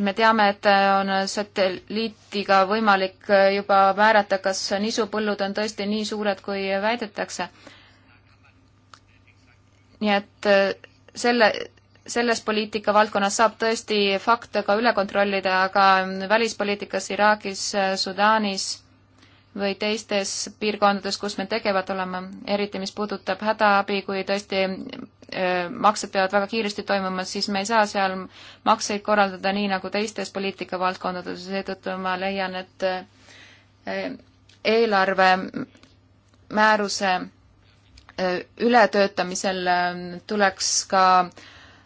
me teame, et äh, on satelliitiga võimalik äh, juba määrata, kas nisupõllud on tõesti nii suured, kui väidetakse. nii et selle, selles poliitikavaldkonnas saab tõesti fakte ka üle kontrollida, aga välispoliitikas Iraagis, Sudaanis või teistes piirkondades, kus me tegevad oleme, eriti mis puudutab hädaabi, kui tõesti maksed peavad väga kiiresti toimuma, siis me ei saa seal makseid korraldada nii nagu teistes poliitikavaldkondades ja seetõttu ma leian, et eelarve määruse ületöötamisel tuleks ka äh,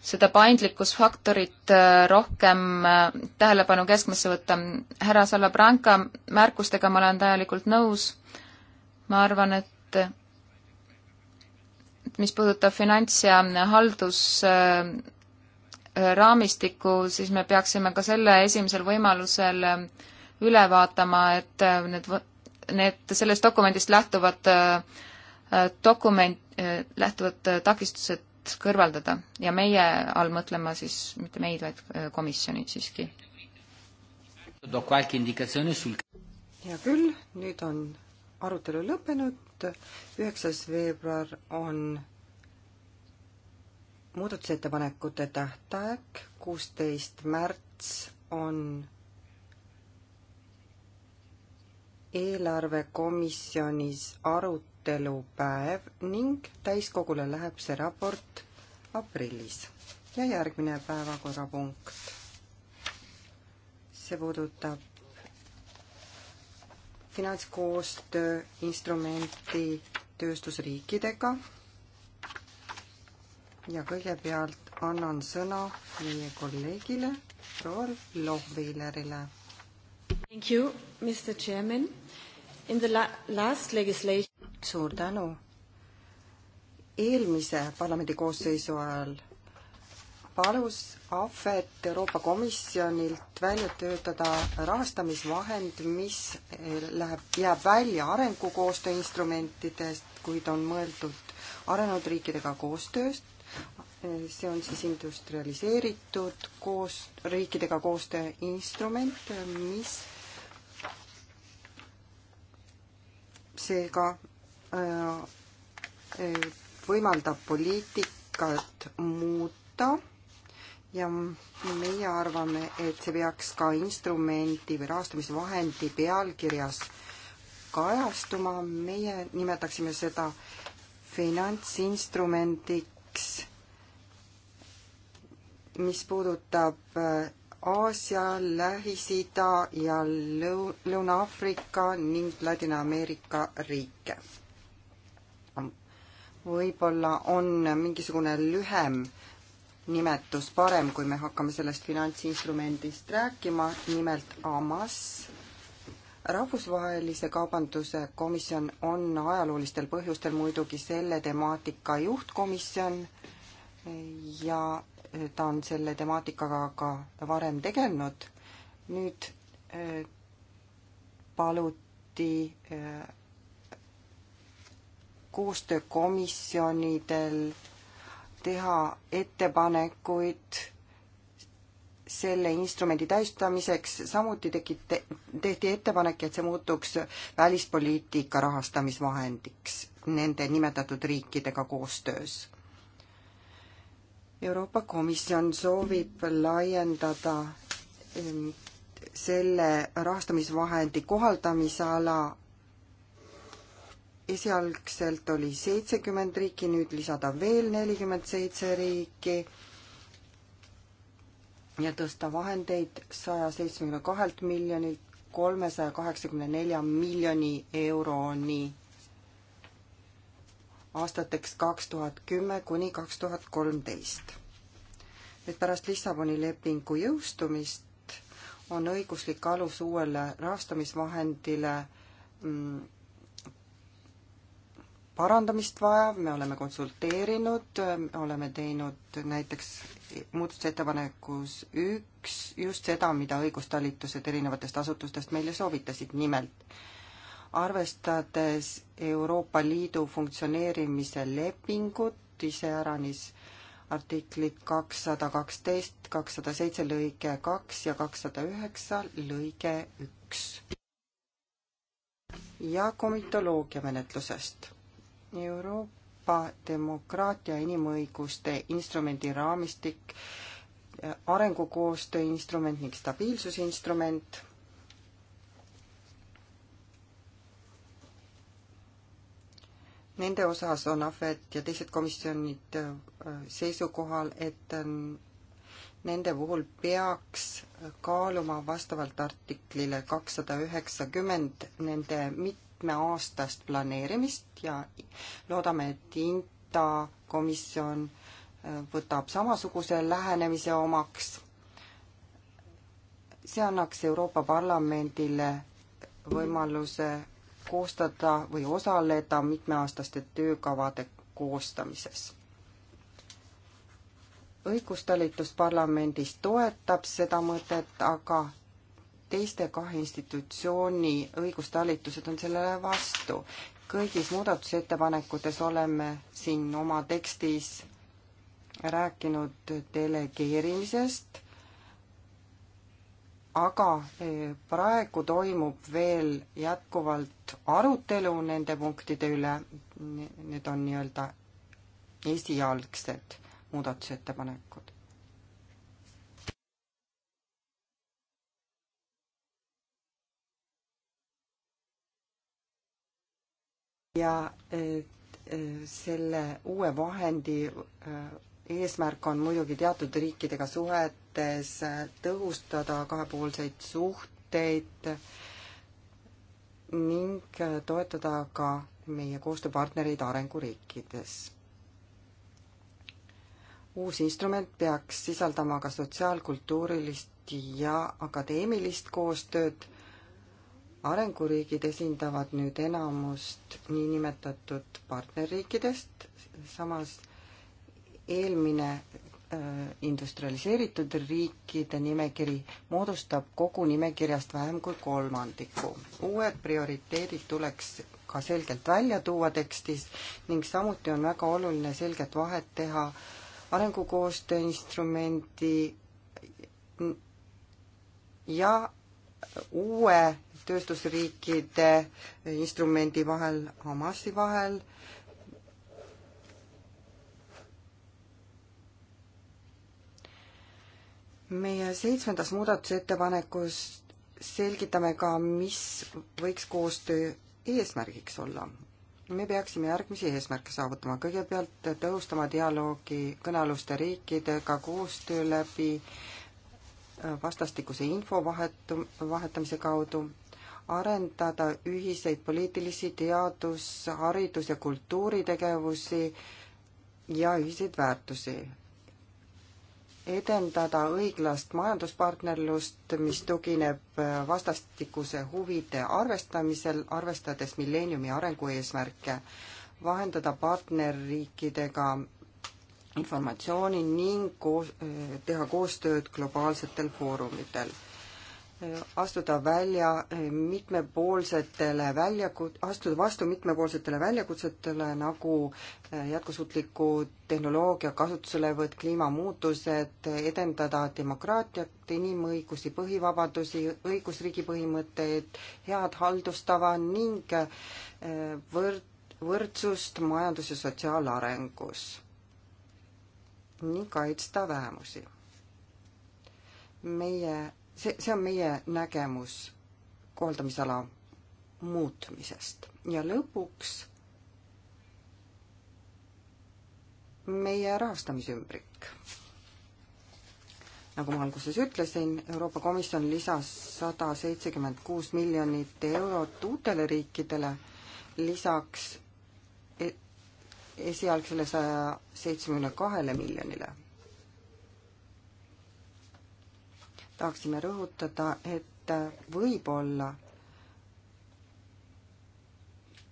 seda paindlikkusfaktorit äh, rohkem äh, tähelepanu keskmesse võtta. härra Salabranca märkustega ma olen täielikult nõus. ma arvan, et et mis puudutab finants- ja haldusraamistikku, siis me peaksime ka selle esimesel võimalusel üle vaatama, et äh, need, need sellest dokumendist lähtuvad dokument, lähtuvad takistused need kõrvaldada ja meie all mõtlema siis mitte meid, vaid äh, komisjonid siiski. hea küll, nüüd on arutelu lõppenud, üheksas veebruar on muudatusettepanekute tähtaeg, kuusteist märts on eelarvekomisjonis arut-, arutelupäev ning täiskogule läheb see raport aprillis. ja järgmine päevakorrapunkt. see puudutab finantskoostöö instrumenti tööstusriikidega. ja kõigepealt annan sõna meie kolleegile, proua Lohvilerile. Thank you, Mr Chairman. In the la last legislation suur tänu. eelmise parlamendikoosseisu ajal palus Ahvet Euroopa Komisjonilt välja töötada rahastamisvahend, mis läheb, jääb välja arengukoostöö instrumentidest, kuid on mõeldud arenenud riikidega koostööst. see on siis industrialiseeritud koos, riikidega koostöö instrument, mis seega Äh, äh, võimaldab poliitikat muuta ja meie arvame, et see peaks ka instrumendi või rahastamisvahendi pealkirjas kajastuma, meie nimetaksime seda finantsinstrumendiks, mis puudutab äh, Aasia, Lähis-Ida ja Lõu-, Lõuna-Aafrika ning Ladina-Ameerika riike võib-olla on mingisugune lühem nimetus parem, kui me hakkame sellest finantsinstrumendist rääkima, nimelt AMAS. rahvusvahelise kaubanduse komisjon on ajaloolistel põhjustel muidugi selle temaatika juhtkomisjon ja ta on selle temaatikaga ka varem tegelenud. nüüd äh, paluti äh, koostöökomisjonidel teha ettepanekuid selle instrumendi täistamiseks, samuti tekit-, tehti ettepanek, et see muutuks välispoliitika rahastamisvahendiks nende nimetatud riikidega koostöös. Euroopa Komisjon soovib laiendada selle rahastamisvahendi kohaldamise ala esialgselt oli seitsekümmend riiki, nüüd lisada veel nelikümmend seitse riiki ja tõsta vahendeid saja seitsmekümne kahelt miljonilt kolmesaja kaheksakümne nelja miljoni euroni aastateks kaks tuhat kümme kuni kaks tuhat kolmteist. nüüd pärast Lissaboni lepingu jõustumist on õiguslik alus uuele rahastamisvahendile mm, parandamist vajav, me oleme konsulteerinud, oleme teinud näiteks muudatusettepanekus üks just seda, mida õigustalitused erinevatest asutustest meile soovitasid, nimelt arvestades Euroopa Liidu funktsioneerimise lepingut, iseäranis artiklid kakssada kaksteist, kakssada seitse lõige kaks ja kakssada üheksa lõige üks. ja komitoloogia menetlusest Euroopa demokraatia inimõiguste instrumendi raamistik, arengukoostöö instrument ning stabiilsusinstrument nende osas on Ahvet ja teised komisjonid äh, seisukohal, et nende puhul peaks kaaluma vastavalt artiklile kakssada üheksakümmend nende mit-, mitmeaastast planeerimist ja loodame, et INTA komisjon äh, võtab samasuguse lähenemise omaks. see annaks Euroopa Parlamendile võimaluse koostada või osaleda mitmeaastaste töökavade koostamises õigustalitus parlamendis toetab seda mõtet, aga teiste kahe institutsiooni õigustalitused on sellele vastu. kõigis muudatusettepanekutes oleme siin oma tekstis rääkinud delegeerimisest, aga e, praegu toimub veel jätkuvalt arutelu nende punktide üle, need on nii-öelda esialgsed muudatusettepanekud. ja selle uue vahendi äh, eesmärk on muidugi teatud riikidega suhetes äh, tõhustada kahepoolseid suhteid ning äh, toetada ka meie koostööpartnereid arenguriikides. uus instrument peaks sisaldama ka sotsiaalkultuurilist ja akadeemilist koostööd arenguriigid esindavad nüüd enamust niinimetatud partnerriikidest, samas eelmine äh, industrialiseeritud riikide nimekiri moodustab kogu nimekirjast vähem kui kolmandiku. uued prioriteedid tuleks ka selgelt välja tuua tekstis ning samuti on väga oluline selget vahet teha arengukoostöö instrumendi ja uue tööstusriikide instrumendi vahel, Hamasi vahel. meie seitsmendas muudatusettepanekus selgitame ka, mis võiks koostöö eesmärgiks olla. me peaksime järgmisi eesmärke saavutama, kõigepealt tõhustama dialoogi kõnealuste riikidega koostöö läbi äh, vastastikuse info vahetu-, vahetamise kaudu, arendada ühiseid poliitilisi teadus, haridus- ja kultuuritegevusi ja ühiseid väärtusi. edendada õiglast majanduspartnerlust, mis tugineb äh, vastastikuse huvide arvestamisel, arvestades milleeniumi arengueesmärke, vahendada partnerriikidega informatsiooni ning koos, eh, teha koostööd globaalsetel foorumitel, eh, astuda välja eh, mitmepoolsetele väljakut-, astuda vastu mitmepoolsetele väljakutsetele, nagu jätkusuutliku tehnoloogia kasutuselevõtt, kliimamuutused, edendada demokraatiat, inimõigusi, põhivabadusi, õigusriigi põhimõtteid, head haldustava ning võrd-, võrdsust majandus- ja sotsiaalarengus ning kaitsta vähemusi. meie, see, see on meie nägemus kohaldamisala muutmisest ja lõpuks meie rahastamisümbrik. nagu ma alguses ütlesin, Euroopa Komisjon lisas sada seitsekümmend kuus miljonit eurot uutele riikidele, lisaks esialgsele saja seitsmekümne kahele miljonile. tahaksime rõhutada, et võib-olla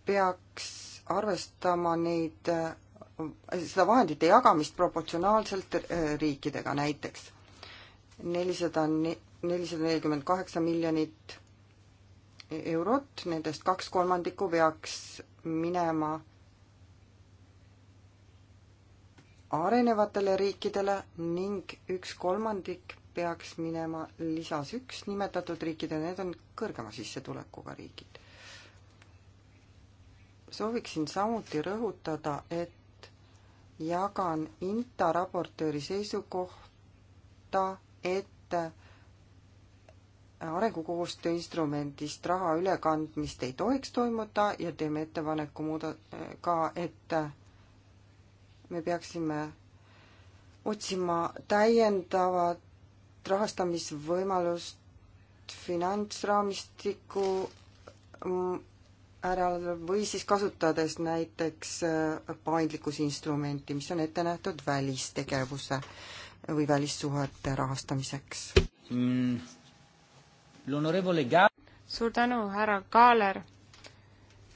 peaks arvestama neid, seda vahendite jagamist proportsionaalselt riikidega näiteks. nelisada, nelisada nelikümmend kaheksa miljonit eurot, nendest kaks kolmandikku peaks minema arenevatele riikidele ning üks kolmandik peaks minema lisas üks nimetatud riikidele, need on kõrgema sissetulekuga riigid. sooviksin samuti rõhutada, et jagan INTA raportööri seisukohta, et arengukoostöö instrumendist raha ülekandmist ei tohiks toimuda ja teeme ettepaneku muuda ka, et me peaksime otsima täiendavat rahastamisvõimalust finantsraamistiku mm, ära või siis kasutades näiteks äh, paindlikkusinstrumenti, mis on ette nähtud välistegevuse või välissuhete rahastamiseks mm.. suur tänu, härra Kaaler,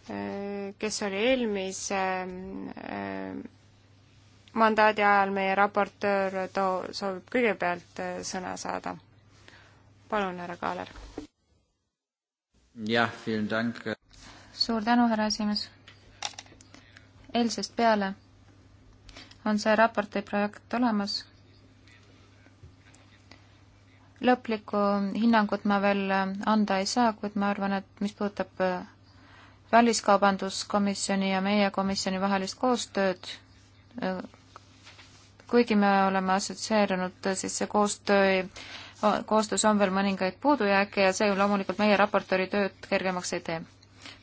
äh, kes oli eelmise äh, mandaadi ajal meie raportöör too soovib kõigepealt äh, sõna saada. palun, härra Kaaler. jah, suur tänu, härra esimees. eilsest peale on see raporti projekt olemas lõplikku hinnangut ma veel äh, anda ei saa, kuid ma arvan, et mis puudutab äh, väliskaubanduskomisjoni ja meie komisjoni vahelist koostööd kuigi me oleme assotsieerunud, äh, siis see koostöö, koostöös on veel mõningaid puudujääke ja see ju loomulikult meie raportööri tööd kergemaks ei tee.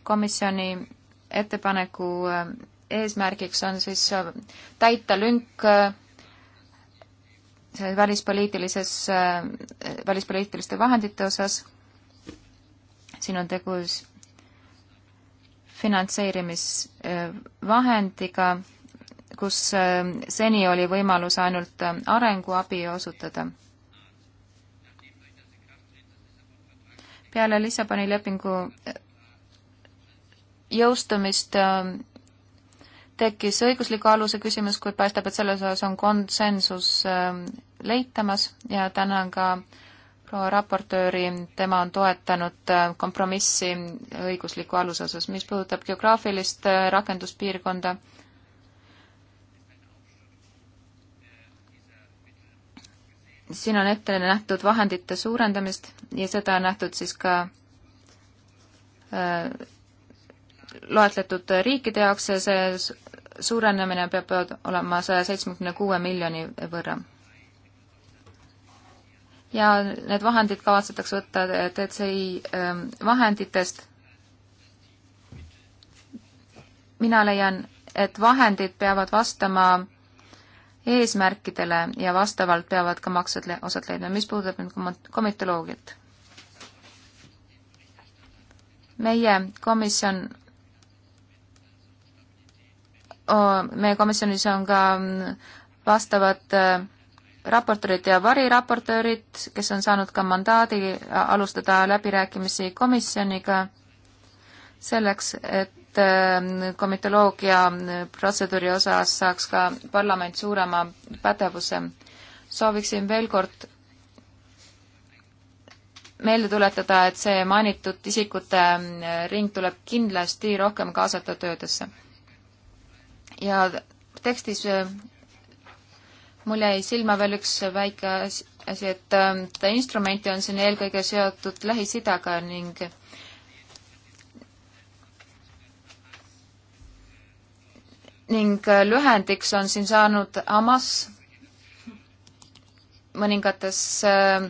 komisjoni ettepaneku äh, eesmärgiks on siis äh, täita lünk välispoliitilises, välispoliitiliste vahendite osas, siin on tegu siis finantseerimisvahendiga kus äh, seni oli võimalus ainult äh, arenguabi osutada. peale Lissaboni lepingu äh, jõustumist tekkis õigusliku aluse küsimus, kuid paistab, et selles osas on konsensus leitamas ja tänan ka proua raportööri, tema on toetanud kompromissi õigusliku aluse osas, mis puudutab geograafilist rakenduspiirkonda, siin on ette nähtud vahendite suurendamist ja seda on nähtud siis ka äh, loetletud riikide jaoks ja see suurenemine peab olema saja seitsmekümne kuue miljoni võrra. ja need vahendid kavatsetakse võtta DCI ähm, vahenditest. mina leian, et vahendid peavad vastama eesmärkidele ja vastavalt peavad ka maksed le osad leidma. mis puudutab nüüd komitoloogiat? meie komisjon, meie komisjonis on ka mm, vastavad äh, raportöörid ja variraportöörid, kes on saanud ka mandaadi alustada läbirääkimisi komisjoniga selleks, et et ähm, komitoloogia äh, protseduuri osas saaks ka parlament suurema pädevuse. sooviksin veel kord meelde tuletada, et see mainitud isikute ähm, ring tuleb kindlasti rohkem kaasata töödesse. ja tekstis äh, mul jäi silma veel üks väike asi, et seda ähm, instrumenti on siin eelkõige seotud Lähis-Idaga ning ning äh, lühendiks on siin saanud Hamas mõningates äh,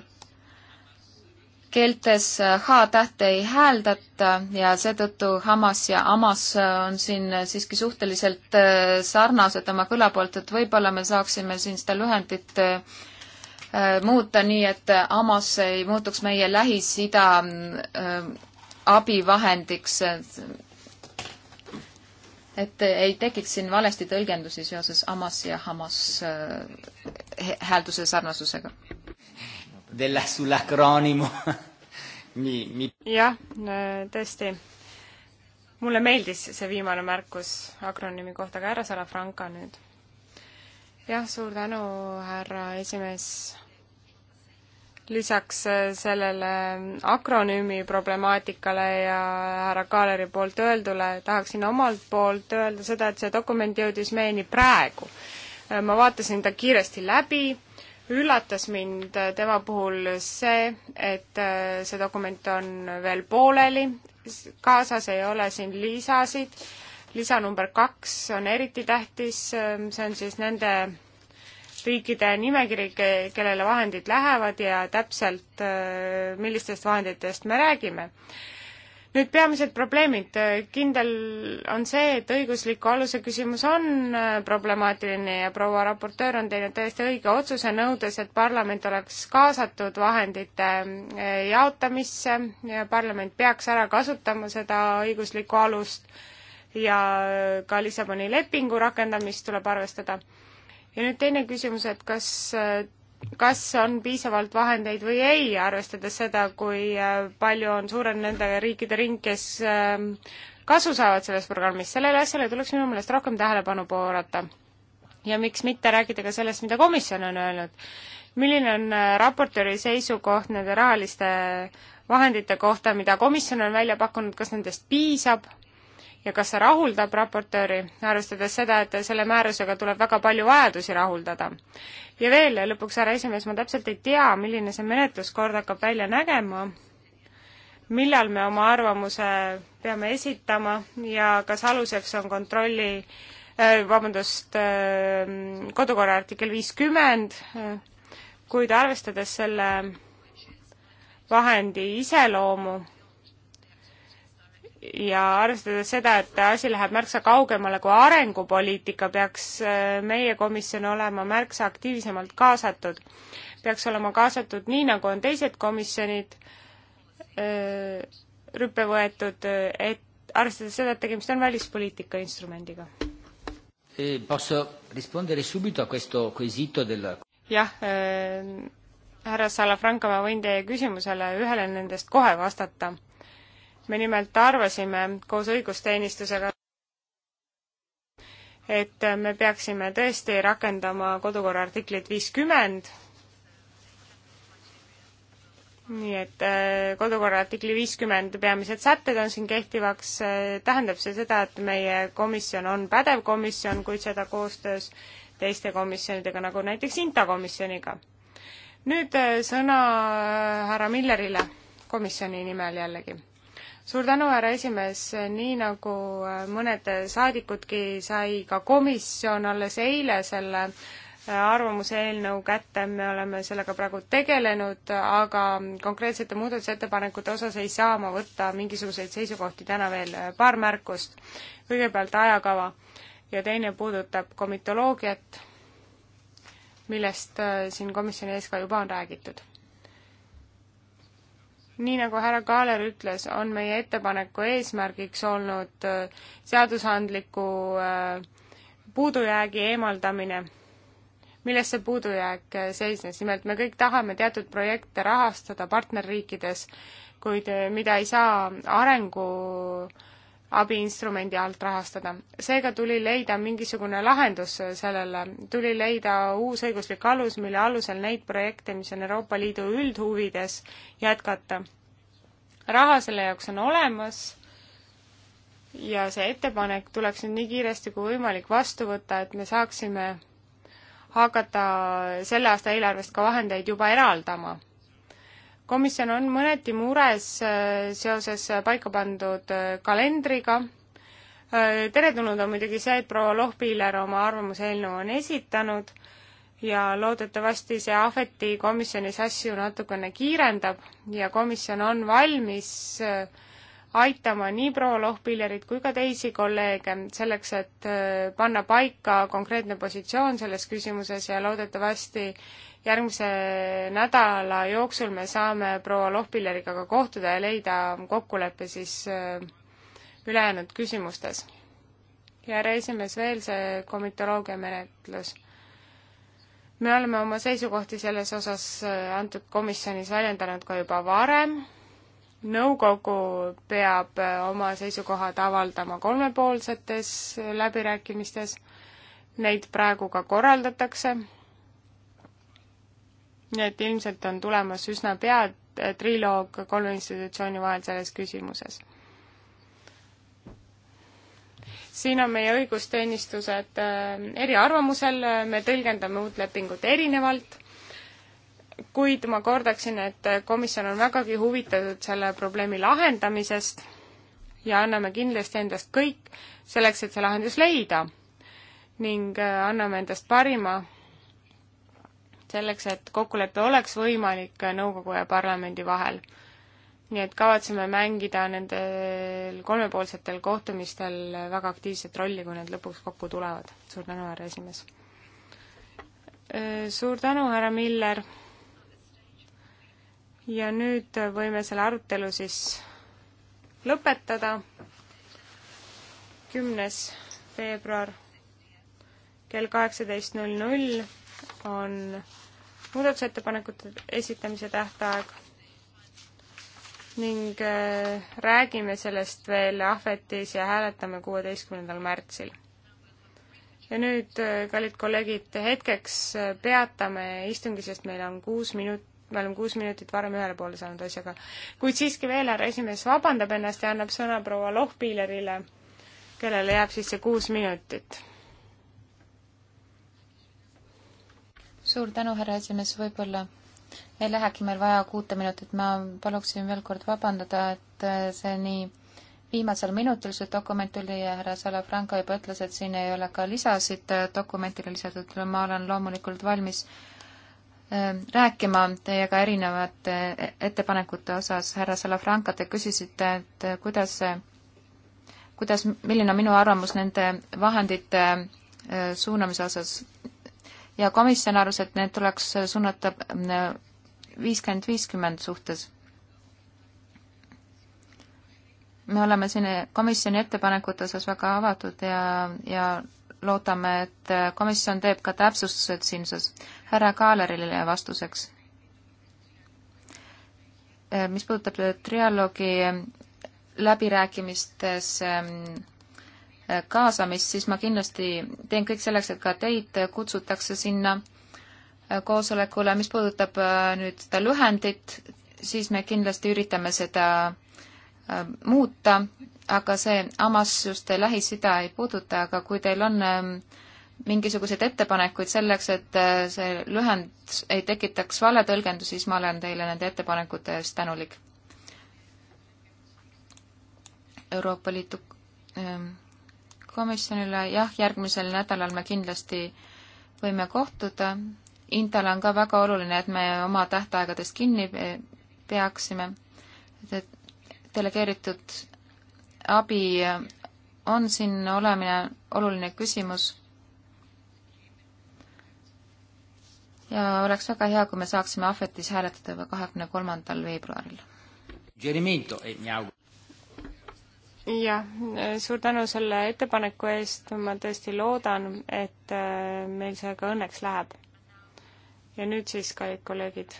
keeltes äh, H-tähte ei hääldata ja seetõttu Hamas ja Hamas on siin siiski suhteliselt sarnased oma kõla poolt, et võib-olla me saaksime siin seda lühendit muuta nii, et Hamas ei muutuks meie Lähis-Ida abivahendiks et ei tekiks siin valesti tõlgendusi seoses Hamas ja Hamas äh, häälduse sarnasusega. jah, äh, tõesti. mulle meeldis see viimane märkus akronüümi kohta, aga härra Salafranca nüüd. jah, suur tänu, härra esimees lisaks äh, sellele akronüümi problemaatikale ja härra Kaaleri poolt öeldule tahaksin omalt poolt öelda seda, et see dokument jõudis meieni praegu. Äh, ma vaatasin ta kiiresti läbi, üllatas mind äh, tema puhul see, et see dokument on veel pooleli, kaasas ei ole siin lisasid, lisa number kaks on eriti tähtis, see on siis nende riikide nimekiri, kellele vahendid lähevad ja täpselt äh, millistest vahenditest me räägime. nüüd peamised probleemid. kindel on see, et õigusliku aluse küsimus on äh, problemaatiline ja proua raportöör on teinud täiesti õige otsuse, nõudes, et parlament oleks kaasatud vahendite äh, jaotamisse ja parlament peaks ära kasutama seda õiguslikku alust ja ka Lissaboni lepingu rakendamist tuleb arvestada ja nüüd teine küsimus, et kas, kas on piisavalt vahendeid või ei, arvestades seda, kui äh, palju on suurenenud nende riikide ring, kes ähm, kasu saavad sellest programmist, sellele asjale tuleks minu meelest rohkem tähelepanu pöörata. ja miks mitte rääkida ka sellest, mida komisjon on öelnud. milline on äh, raportööri seisukoht nende rahaliste vahendite kohta, mida komisjon on välja pakkunud, kas nendest piisab ja kas see rahuldab raportööri, arvestades seda, et selle määrusega tuleb väga palju vajadusi rahuldada. ja veel lõpuks, härra esimees, ma täpselt ei tea, milline see menetluskord hakkab välja nägema, millal me oma arvamuse peame esitama ja kas aluseks on kontrolli äh, vabandust, äh, kodukorra artikkel viiskümmend, äh, kuid arvestades selle vahendi iseloomu, ja arvestades seda, et asi läheb märksa kaugemale kui arengupoliitika, peaks äh, meie komisjon olema märksa aktiivsemalt kaasatud. peaks olema kaasatud nii, nagu on teised komisjonid äh, rüppe võetud, äh, et arvestades seda, et tegemist on välispoliitika instrumendiga. Eh, jah, härra Salafranca, ma võin teie küsimusele ühele nendest kohe vastata me nimelt arvasime koos õigusteenistusega, et me peaksime tõesti rakendama kodukorra artiklit viiskümmend, nii et äh, kodukorra artikli viiskümmend peamised sätted on siin kehtivaks, äh, tähendab see seda, et meie komisjon on pädev komisjon, kuid seda koostöös teiste komisjonidega, nagu näiteks INTA komisjoniga. nüüd äh, sõna härra Millerile komisjoni nimel jällegi suur tänu, härra esimees, nii nagu äh, mõned saadikudki, sai ka komisjon alles eile selle äh, arvamuse eelnõu kätte, me oleme sellega praegu tegelenud, aga konkreetsete muudatusettepanekute osas ei saa ma võtta mingisuguseid seisukohti täna veel, äh, paar märkust. kõigepealt ajakava ja teine puudutab komitoloogiat, millest siin komisjoni ees ka juba on räägitud nii nagu härra Kaaler ütles, on meie ettepaneku eesmärgiks olnud äh, seadusandliku äh, puudujäägi eemaldamine. milles see puudujääk äh, seisnes, nimelt me kõik tahame teatud projekte rahastada partnerriikides, kuid mida ei saa arengu äh, abiinstrumendi alt rahastada. seega tuli leida mingisugune lahendus sellele, tuli leida uus õiguslik alus, mille alusel neid projekte, mis on Euroopa Liidu üldhuvides, jätkata. raha selle jaoks on olemas ja see ettepanek tuleks nüüd nii kiiresti kui võimalik vastu võtta, et me saaksime hakata selle aasta eelarvest ka vahendeid juba eraldama komisjon on mõneti mures äh, seoses äh, paika pandud äh, kalendriga. teretulnud on muidugi see, et proua Lohpiller oma arvamuse eelnõu on esitanud ja loodetavasti see Ahveti komisjonis asju natukene kiirendab ja komisjon on valmis aitama nii proua Lohpillerit kui ka teisi kolleege selleks, et panna paika konkreetne positsioon selles küsimuses ja loodetavasti järgmise nädala jooksul me saame proua Lohpilleriga ka kohtuda ja leida kokkuleppe siis äh, ülejäänud küsimustes. ja härra esimees, veel see komitoloogia menetlus. me oleme oma seisukohti selles osas äh, antud komisjonis väljendanud ka juba varem, nõukogu peab äh, oma seisukohad avaldama kolmepoolsetes läbirääkimistes, neid praegu ka korraldatakse nii et ilmselt on tulemas üsna pea äh, triloog kolme institutsiooni vahel selles küsimuses. siin on meie õigusteenistused äh, eriarvamusel, äh, me tõlgendame uut lepingut erinevalt, kuid ma kordaksin, et komisjon on vägagi huvitatud selle probleemi lahendamisest ja anname kindlasti endast kõik selleks, et see lahendus leida ning anname endast parima selleks, et kokkulepe oleks võimalik nõukogu ja parlamendi vahel. nii et kavatseme mängida nendel kolmepoolsetel kohtumistel väga aktiivset rolli, kui need lõpuks kokku tulevad. suur tänu, härra esimees! Äh, suur tänu, härra Miller! ja nüüd võime selle arutelu siis lõpetada. kümnes veebruar kell kaheksateist null null on muudatusettepanekute esitamise tähtaeg ning äh, räägime sellest veel ahvetis ja hääletame kuueteistkümnendal märtsil. ja nüüd, äh, kallid kolleegid, hetkeks äh, peatame istungi, sest meil on kuus minut-, me oleme kuus minutit varem ühele poole saanud asjaga. kuid siiski veel härra esimees vabandab ennast ja annab sõna proua Lohpiilerile, kellele jääb siis see kuus minutit suur tänu, härra esimees, võib-olla ei lähegi meil vaja kuute minutit, ma paluksin veel kord vabandada, et äh, see nii viimasel minutil see dokument tuli ja härra Salafranco juba ütles, et siin ei ole ka lisasid äh, dokumentile lisatud, ma olen loomulikult valmis äh, rääkima teiega erinevate ettepanekute osas, härra Salafranca, te küsisite, et kuidas see, kuidas, milline on minu arvamus nende vahendite suunamise osas ja komisjon arvas, et need tuleks suunata äh, viiskümmend viiskümmend suhtes. me oleme siin komisjoni ettepanekute osas väga avatud ja, ja loodame, et komisjon teeb ka täpsustused siin osas härra Kaalerile vastuseks. Äh, mis puudutab trialoogi läbirääkimistes ähm, kaasamist, siis ma kindlasti teen kõik selleks, et ka teid kutsutakse sinna äh, koosolekule. mis puudutab äh, nüüd seda lühendit, siis me kindlasti üritame seda äh, muuta, aga see Hamas just Lähis-Ida ei puuduta, aga kui teil on ähm, mingisuguseid ettepanekuid selleks, et see lühend ei tekitaks valetõlgendusi, siis ma olen teile nende ettepanekute eest tänulik. Euroopa Liidu ähm, komisjonile, jah, järgmisel nädalal me kindlasti võime kohtuda. Intal on ka väga oluline, et me oma tähtaegadest kinni peaksime. delegeeritud abi on siin olemine oluline küsimus. ja oleks väga hea, kui me saaksime ahvetis hääletada juba kahekümne kolmandal veebruaril jah, suur tänu selle ettepaneku eest, ma tõesti loodan, et äh, meil see ka õnneks läheb. ja nüüd siis, kallid kolleegid,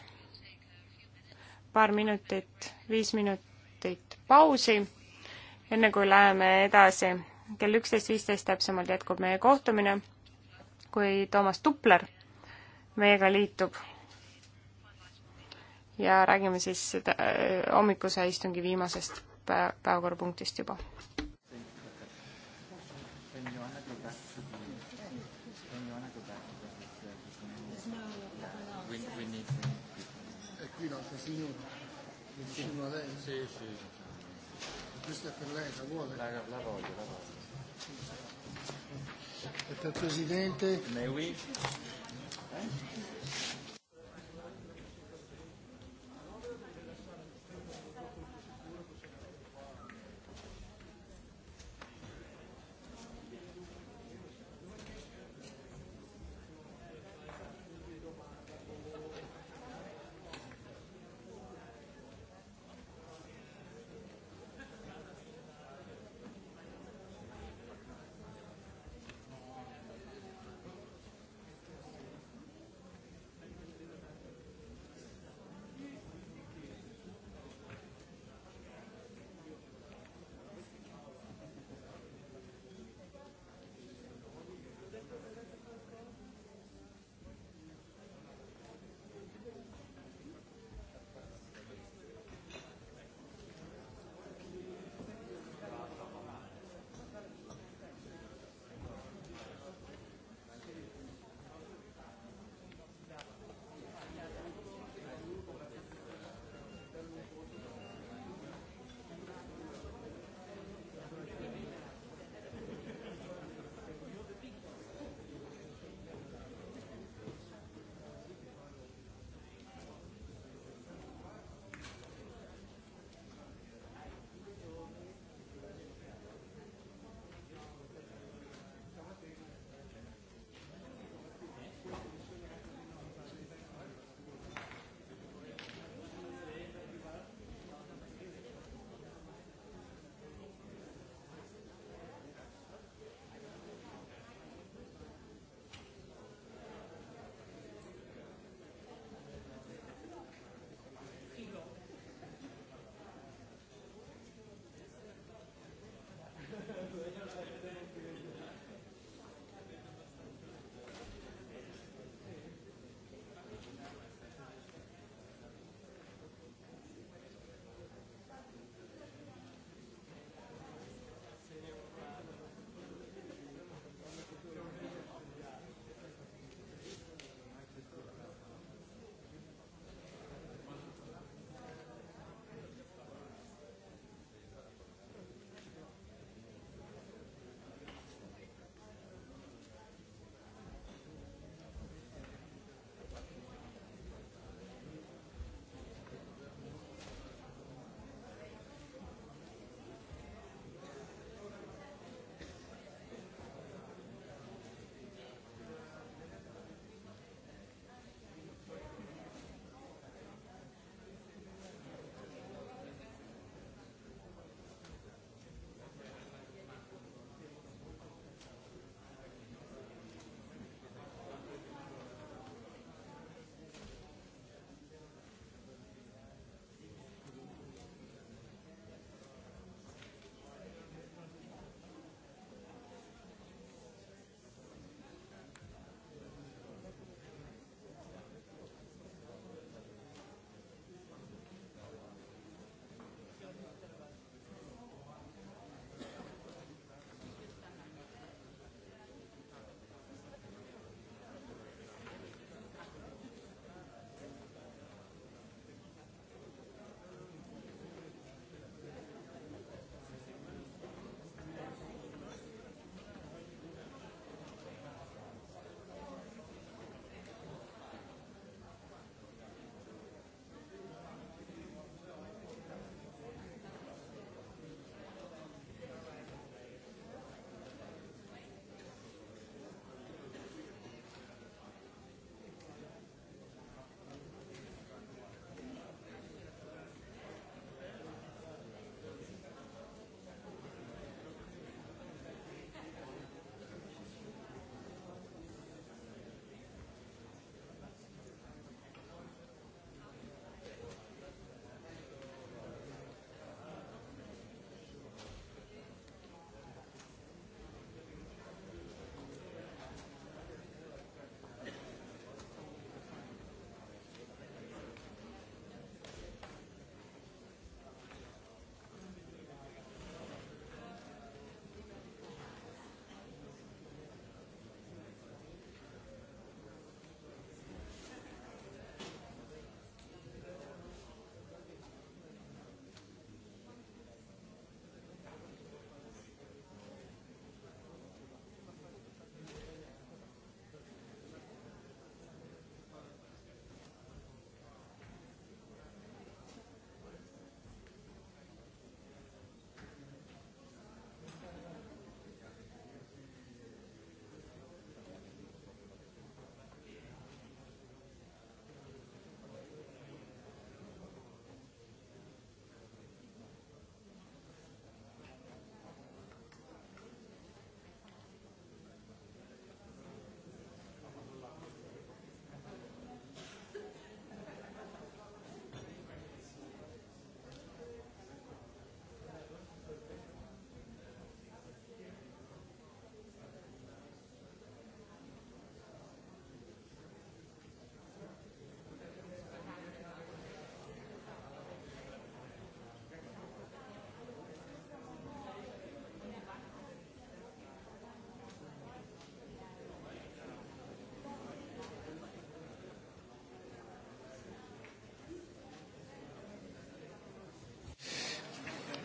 paar minutit, viis minutit pausi, enne kui läheme edasi. kell üksteist viisteist täpsemalt jätkub meie kohtumine, kui Toomas Tupler meiega liitub ja räägime siis seda äh, hommikuse istungi viimasest päevakorrapunktist juba. Questa è per lei, la vuole? La, la voglio, la voglio. Presidente. Mais oui. Eh?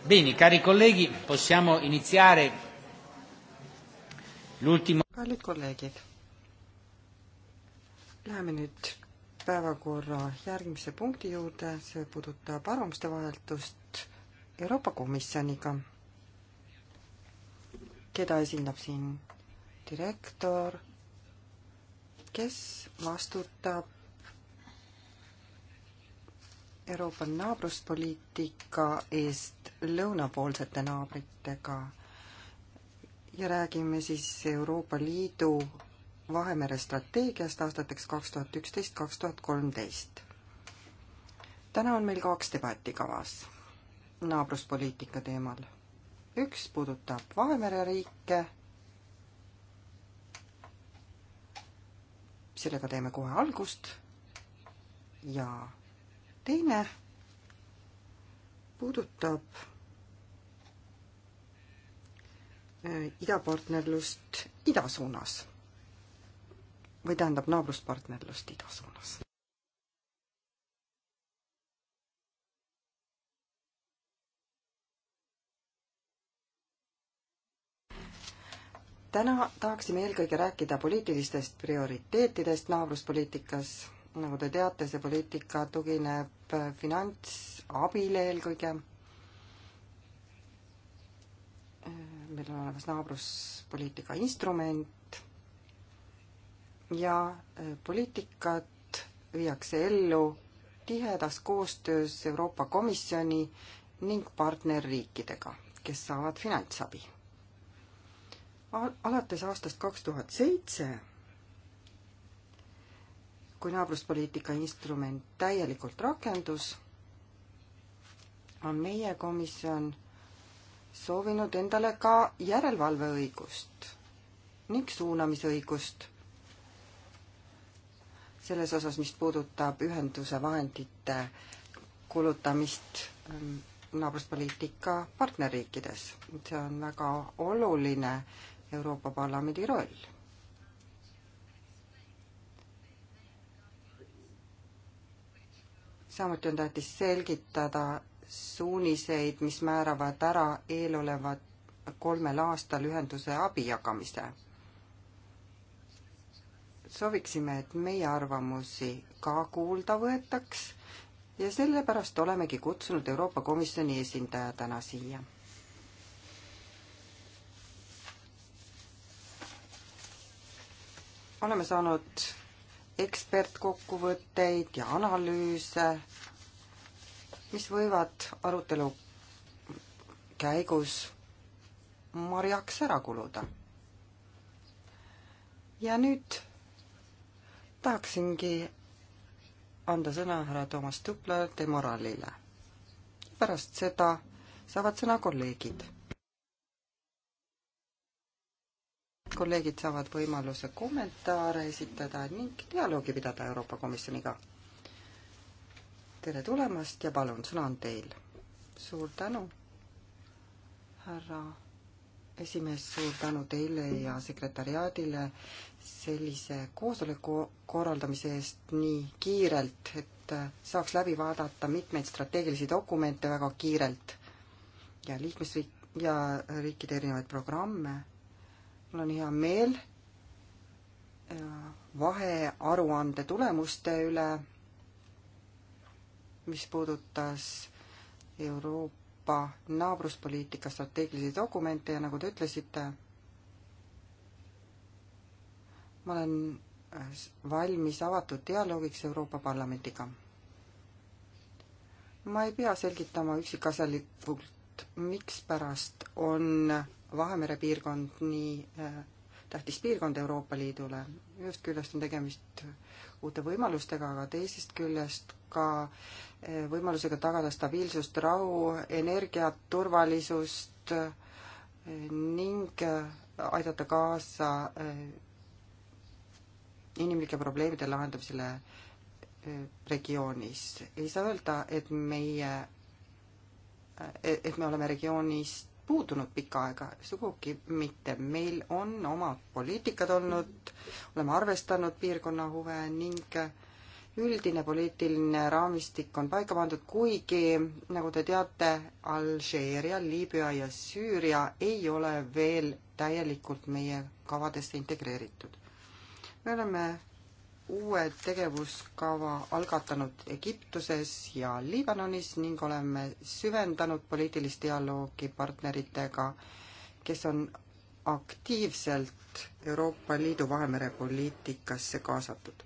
Bene, cari colleghi, possiamo iniziare l'ultimo... Kallid kolleegid, läheme nüüd päevakorra järgmise punkti juurde, see puudutab arvamuste vahetust Euroopa Komisjoniga, keda esindab siin direktor, kes vastutab Euroopa naabruspoliitika eest lõunapoolsete naabritega ja räägime siis Euroopa Liidu Vahemere strateegiast aastateks kaks tuhat üksteist, kaks tuhat kolmteist. täna on meil kaks debatti kavas naabruspoliitika teemal. üks puudutab Vahemere riike, sellega teeme kohe algust, ja teine puudutab äh, idapartnerlust ida suunas või tähendab naabruspartnerlust ida suunas. täna tahaksime eelkõige rääkida poliitilistest prioriteetidest naabruspoliitikas nagu te teate, see poliitika tugineb finantsabile eelkõige. meil on olemas naabruspoliitika instrument ja poliitikat viiakse ellu tihedas koostöös Euroopa Komisjoni ning partnerriikidega, kes saavad finantsabi. alates aastast kaks tuhat seitse kui naabruspoliitika instrument täielikult rakendus, on meie komisjon soovinud endale ka järelevalveõigust ning suunamisõigust selles osas, mis puudutab ühenduse vahendite kulutamist ähm, naabruspoliitika partnerriikides. see on väga oluline Euroopa Parlamendi roll samuti on tähtis selgitada suuniseid, mis määravad ära eelolevat kolmel aastal ühenduse abi jagamise. sooviksime, et meie arvamusi ka kuulda võetaks ja sellepärast olemegi kutsunud Euroopa Komisjoni esindaja täna siia. oleme saanud ekspertkokkuvõtteid ja analüüse, mis võivad arutelu käigus marjaks ära kuluda. ja nüüd tahaksingi anda sõna härra Toomas Tupla de Moralile. pärast seda saavad sõna kolleegid kolleegid saavad võimaluse kommentaare esitada ning dialoogi pidada Euroopa Komisjoniga. tere tulemast ja palun, sõna on teil. suur tänu, härra esimees, suur tänu teile ja sekretäriaadile sellise koosoleku korraldamise eest nii kiirelt, et saaks läbi vaadata mitmeid strateegilisi dokumente väga kiirelt ja liikmesriik ja riikide erinevaid programme mul on hea meel äh, vahearuande tulemuste üle, mis puudutas Euroopa naabruspoliitika strateegilisi dokumente ja nagu te ütlesite, ma olen äh, valmis avatud dialoogiks Euroopa Parlamendiga. ma ei pea selgitama üksikasjalikult, mikspärast on Vahemere piirkond nii äh, tähtis piirkond Euroopa Liidule. ühest küljest on tegemist uute võimalustega, aga teisest küljest ka äh, võimalusega tagada stabiilsust, rahu, energiat, turvalisust äh, ning aidata kaasa inimlike probleemide lahendamisele regioonis. ei saa öelda, et meie, et me oleme regioonis puudunud pikka aega, sugugi mitte. meil on omad poliitikad olnud, oleme arvestanud piirkonna huve ning üldine poliitiline raamistik on paika pandud, kuigi nagu te teate, Alžeeria, Liibüa ja Süüria ei ole veel täielikult meie kavadesse integreeritud. me oleme uue tegevuskava algatanud Egiptuses ja Liibanonis ning oleme süvendanud poliitilist dialoogi partneritega, kes on aktiivselt Euroopa Liidu Vahemere poliitikasse kaasatud.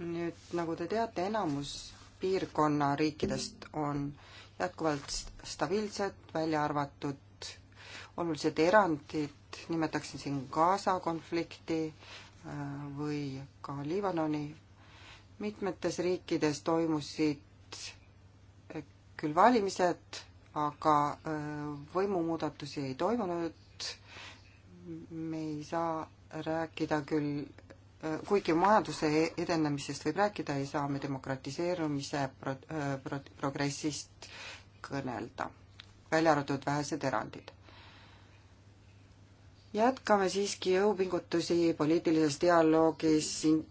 nüüd, nagu te teate, enamus piirkonna riikidest on jätkuvalt stabiilsed, välja arvatud olulised erandid, nimetaksin siin Gaza konflikti, Äh, või ka Liibanoni mitmetes riikides toimusid äh, küll valimised, aga äh, võimumuudatusi ei toimunud. me ei saa rääkida küll, kuigi majanduse e-, edenemisest võib rääkida, ei saa me demokratiseerumise pro-, pro-, progressist kõnelda, välja arvatud vähesed erandid jätkame siiski jõupingutusi poliitilises dialoogis,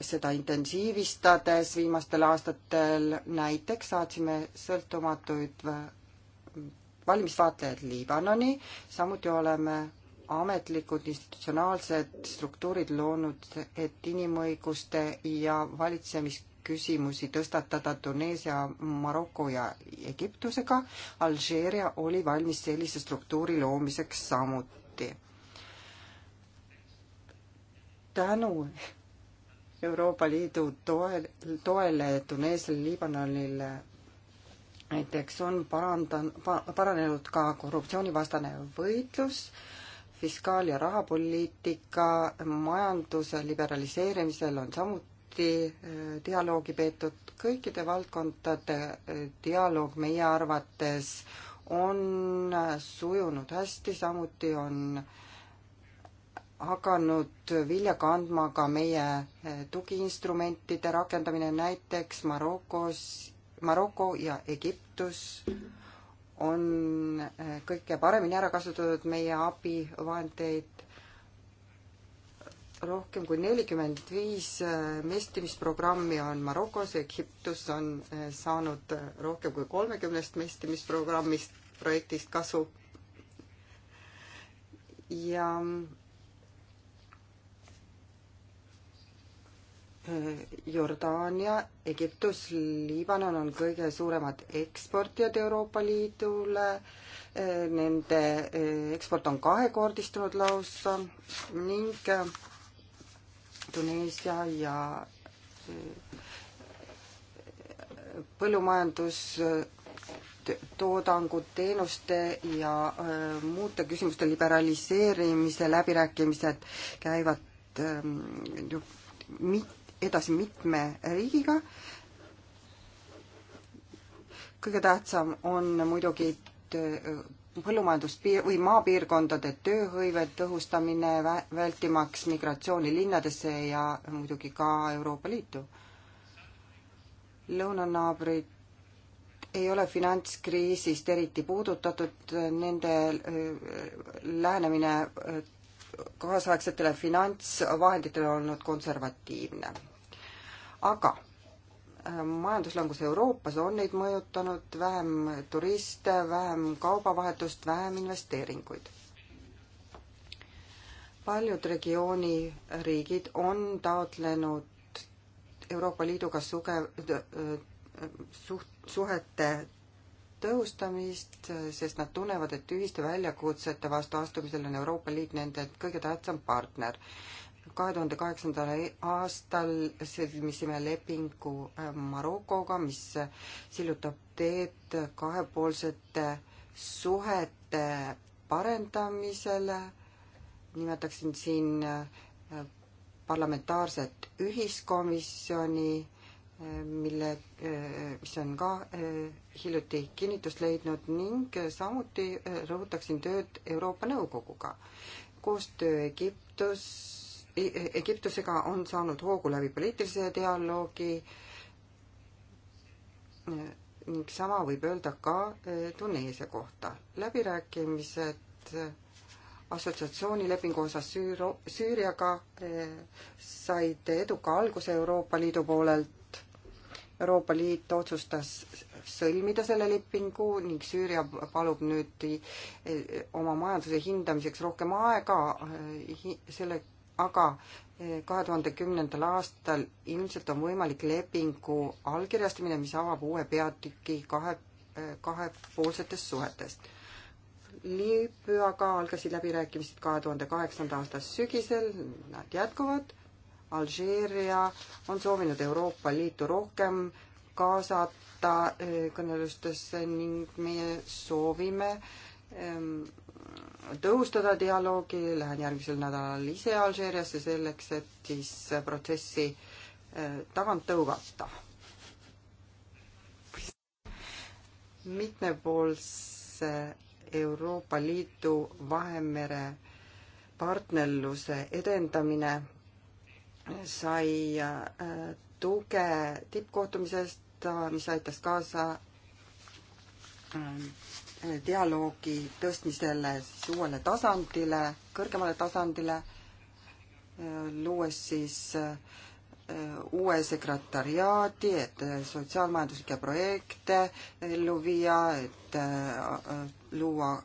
seda intensiivistades viimastel aastatel, näiteks saatsime sõltumatuid valimisvaatlejaid Liibanoni, samuti oleme ametlikud institutsionaalsed struktuurid loonud, et inimõiguste ja valitsemisküsimusi tõstatada Tuneesia, Maroko ja Egiptusega. Alžeeria oli valmis sellise struktuuri loomiseks samuti tänu Euroopa Liidu toel, toele Tuneesiale, Liibanonile näiteks on parandan- pa,, paranenud ka korruptsioonivastane võitlus, fiskaal- ja rahapoliitika, majanduse liberaliseerimisel on samuti äh, dialoogi peetud, kõikide valdkondade äh, dialoog meie arvates on äh, sujunud hästi, samuti on äh, hakanud vilja kandma ka meie eh, tugiinstrumentide rakendamine, näiteks Marokos, Maroko ja Egiptus on eh, kõige paremini ära kasutatud meie abivahendeid. rohkem kui nelikümmend viis eh, mestimisprogrammi on Marokos, Egiptus on saanud rohkem kui kolmekümnest mestimisprogrammist, projektist kasu. ja mm, Jordaania, Egiptus, Liibanon on kõige suuremad eksportijad Euroopa Liidule. Eh, nende eh, eksport on kahekordistunud lausa ning eh, Tuneesia ja põllumajandustoodangu, teenuste ja muude küsimuste liberaliseerimise läbirääkimised käivad mitte edasi mitme riigiga. kõige tähtsam on muidugi põllumajanduspiir- või maapiirkondade tööhõive tõhustamine, vältimaks migratsiooni linnadesse ja muidugi ka Euroopa Liitu. lõunanaabrid ei ole finantskriisist eriti puudutatud, nende äh, lähenemine äh, kaasaegsetele finantsvahenditele olnud konservatiivne. aga äh, majanduslangus Euroopas on neid mõjutanud, vähem turiste, vähem kaubavahetust, vähem investeeringuid. paljud regiooni riigid on taotlenud Euroopa Liiduga suge-, äh, äh, suht-, suhete tõhustamist, sest nad tunnevad, et ühiste väljakutsete vastu astumisel on Euroopa Liit nende kõige tähtsam partner. kahe tuhande kaheksandal aastal sõlmisime lepingu äh, Marokoga, mis sillutab teed kahepoolsete suhete parendamisele, nimetaksin siin äh, parlamentaarset ühiskomisjoni mille, mis on ka eh, hiljuti kinnitust leidnud ning samuti eh, rõhutaksin tööd Euroopa Nõukoguga. koostöö Egiptus, e, e, Egiptusega on saanud hoogu läbi poliitilise dialoogi eh, ning sama võib öelda ka Tuneesia kohta. läbirääkimised assotsiatsioonilepingu osas Süüro-, Süüriaga said eduka alguse Euroopa Liidu poolelt Euroopa Liit otsustas sõlmida selle lepingu ning Süüria palub nüüd eh, oma majanduse hindamiseks rohkem aega eh, selle, aga eh, kahe tuhande kümnendal aastal ilmselt on võimalik lepingu allkirjastamine, mis avab uue peatüki kahe, kahepoolsetest suhetest Liibüaga algasid läbirääkimised kahe tuhande kaheksanda aasta sügisel, nad jätkuvad Alžeeria on soovinud Euroopa Liitu rohkem kaasata eh, kõnelustesse ning meie soovime ehm, tõhustada dialoogi, lähen järgmisel nädalal ise Alžeeriasse selleks, et siis protsessi eh, tagant tõugata. mitmepoolse Euroopa Liidu Vahemere partnerluse edendamine sai äh, tuge tippkohtumisest, äh, mis aitas kaasa ähm, dialoogi tõstmisele siis uuele tasandile, kõrgemale tasandile, äh, luues siis uue sekretariaadi, et sotsiaalmajanduslikke projekte ellu viia, et luua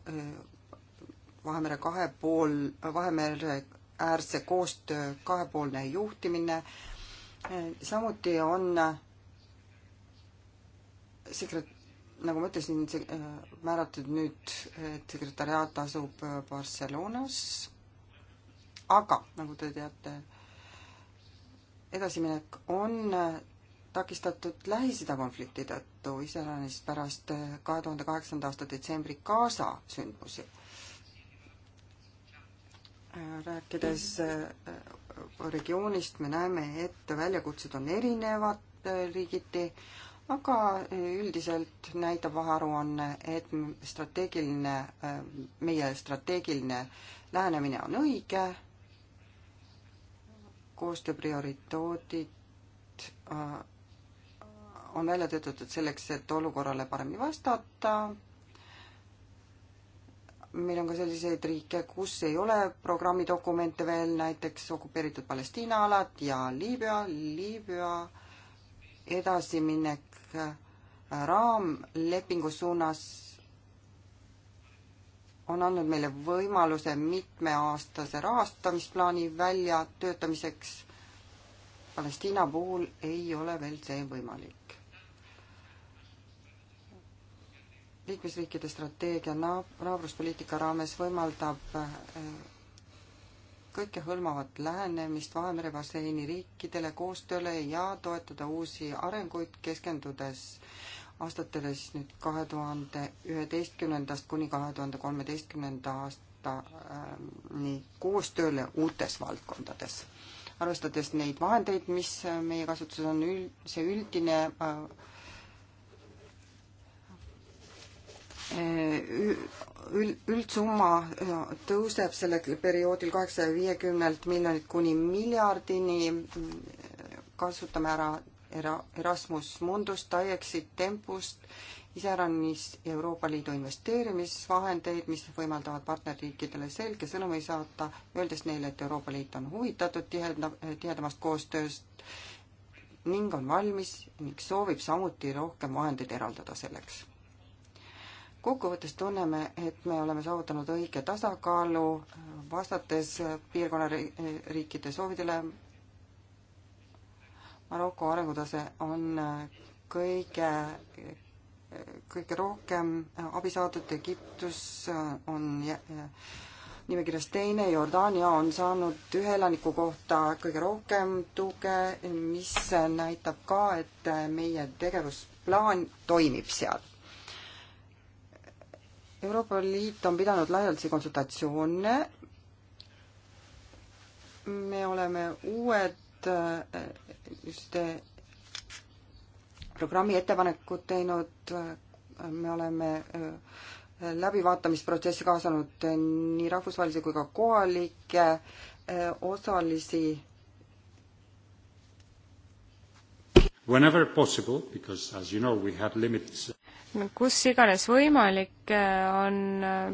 Vahemere kahe pool, Vahemere äärse koostöö kahepoolne juhtimine. samuti on sekret-, nagu ma ütlesin, see määratud nüüd, et sekretäriaat asub Barcelonas. aga nagu te teate, edasiminek on takistatud Lähis-Ida konflikti tõttu, iseäranis pärast kahe tuhande kaheksanda aasta detsembri Gaza sündmusi rääkides äh, regioonist, me näeme, et väljakutsed on erinevad äh, riigiti, aga äh, üldiselt näitab vahearuanne, et strateegiline, meie strateegiline lähenemine on õige, koostöö prioriteedid on välja töötatud selleks, et olukorrale paremini vastata, meil on ka selliseid riike, kus ei ole programmidokumente veel, näiteks okupeeritud Palestiina alad ja Liibüa, Liibüa edasiminek äh, raamlepingu suunas on andnud meile võimaluse mitmeaastase rahastamisplaani väljatöötamiseks. Palestiina puhul ei ole veel see võimalik liikmesriikide strateegia naabruspoliitika raames võimaldab eh, kõikehõlmavat lähenemist Vahemere basseini riikidele koostööle ja toetada uusi arenguid, keskendudes aastatele siis nüüd kahe tuhande üheteistkümnendast kuni kahe tuhande kolmeteistkümnenda aastani eh, koostööle uutes valdkondades. arvestades neid vahendeid, mis meie kasutuses on, üld, see üldine äh, üldsumma tõuseb sellel perioodil kaheksasaja viiekümnelt miljonilt kuni miljardini. kasutame ära Erasmus Mundust, TAIEX-it, Tempust, iseäranis Euroopa Liidu investeerimisvahendeid, mis võimaldavad partnerriikidele selge sõnumi saata, öeldes neile, et Euroopa Liit on huvitatud tiheda, tihedamast koostööst ning on valmis ning soovib samuti rohkem vahendeid eraldada selleks kokkuvõttes tunneme, et me oleme saavutanud õige tasakaalu, vastates piirkonna riikide soovidele. Maroko arengutase on kõige, kõige rohkem abi saadud, Egiptus on nimekirjas teine, Jordaania on saanud ühe elaniku kohta kõige rohkem tuge, mis näitab ka, et meie tegevusplaan toimib seal Euroopa Liit on pidanud laialdasi konsultatsioone. me oleme uued äh, just äh, programmi ettepanekud teinud, me oleme äh, läbivaatamisprotsessi kaasanud nii rahvusvahelisi kui ka kohalikke osalisi. Whenever possible, because as you know, we had limits kus iganes võimalik, äh, on, äh,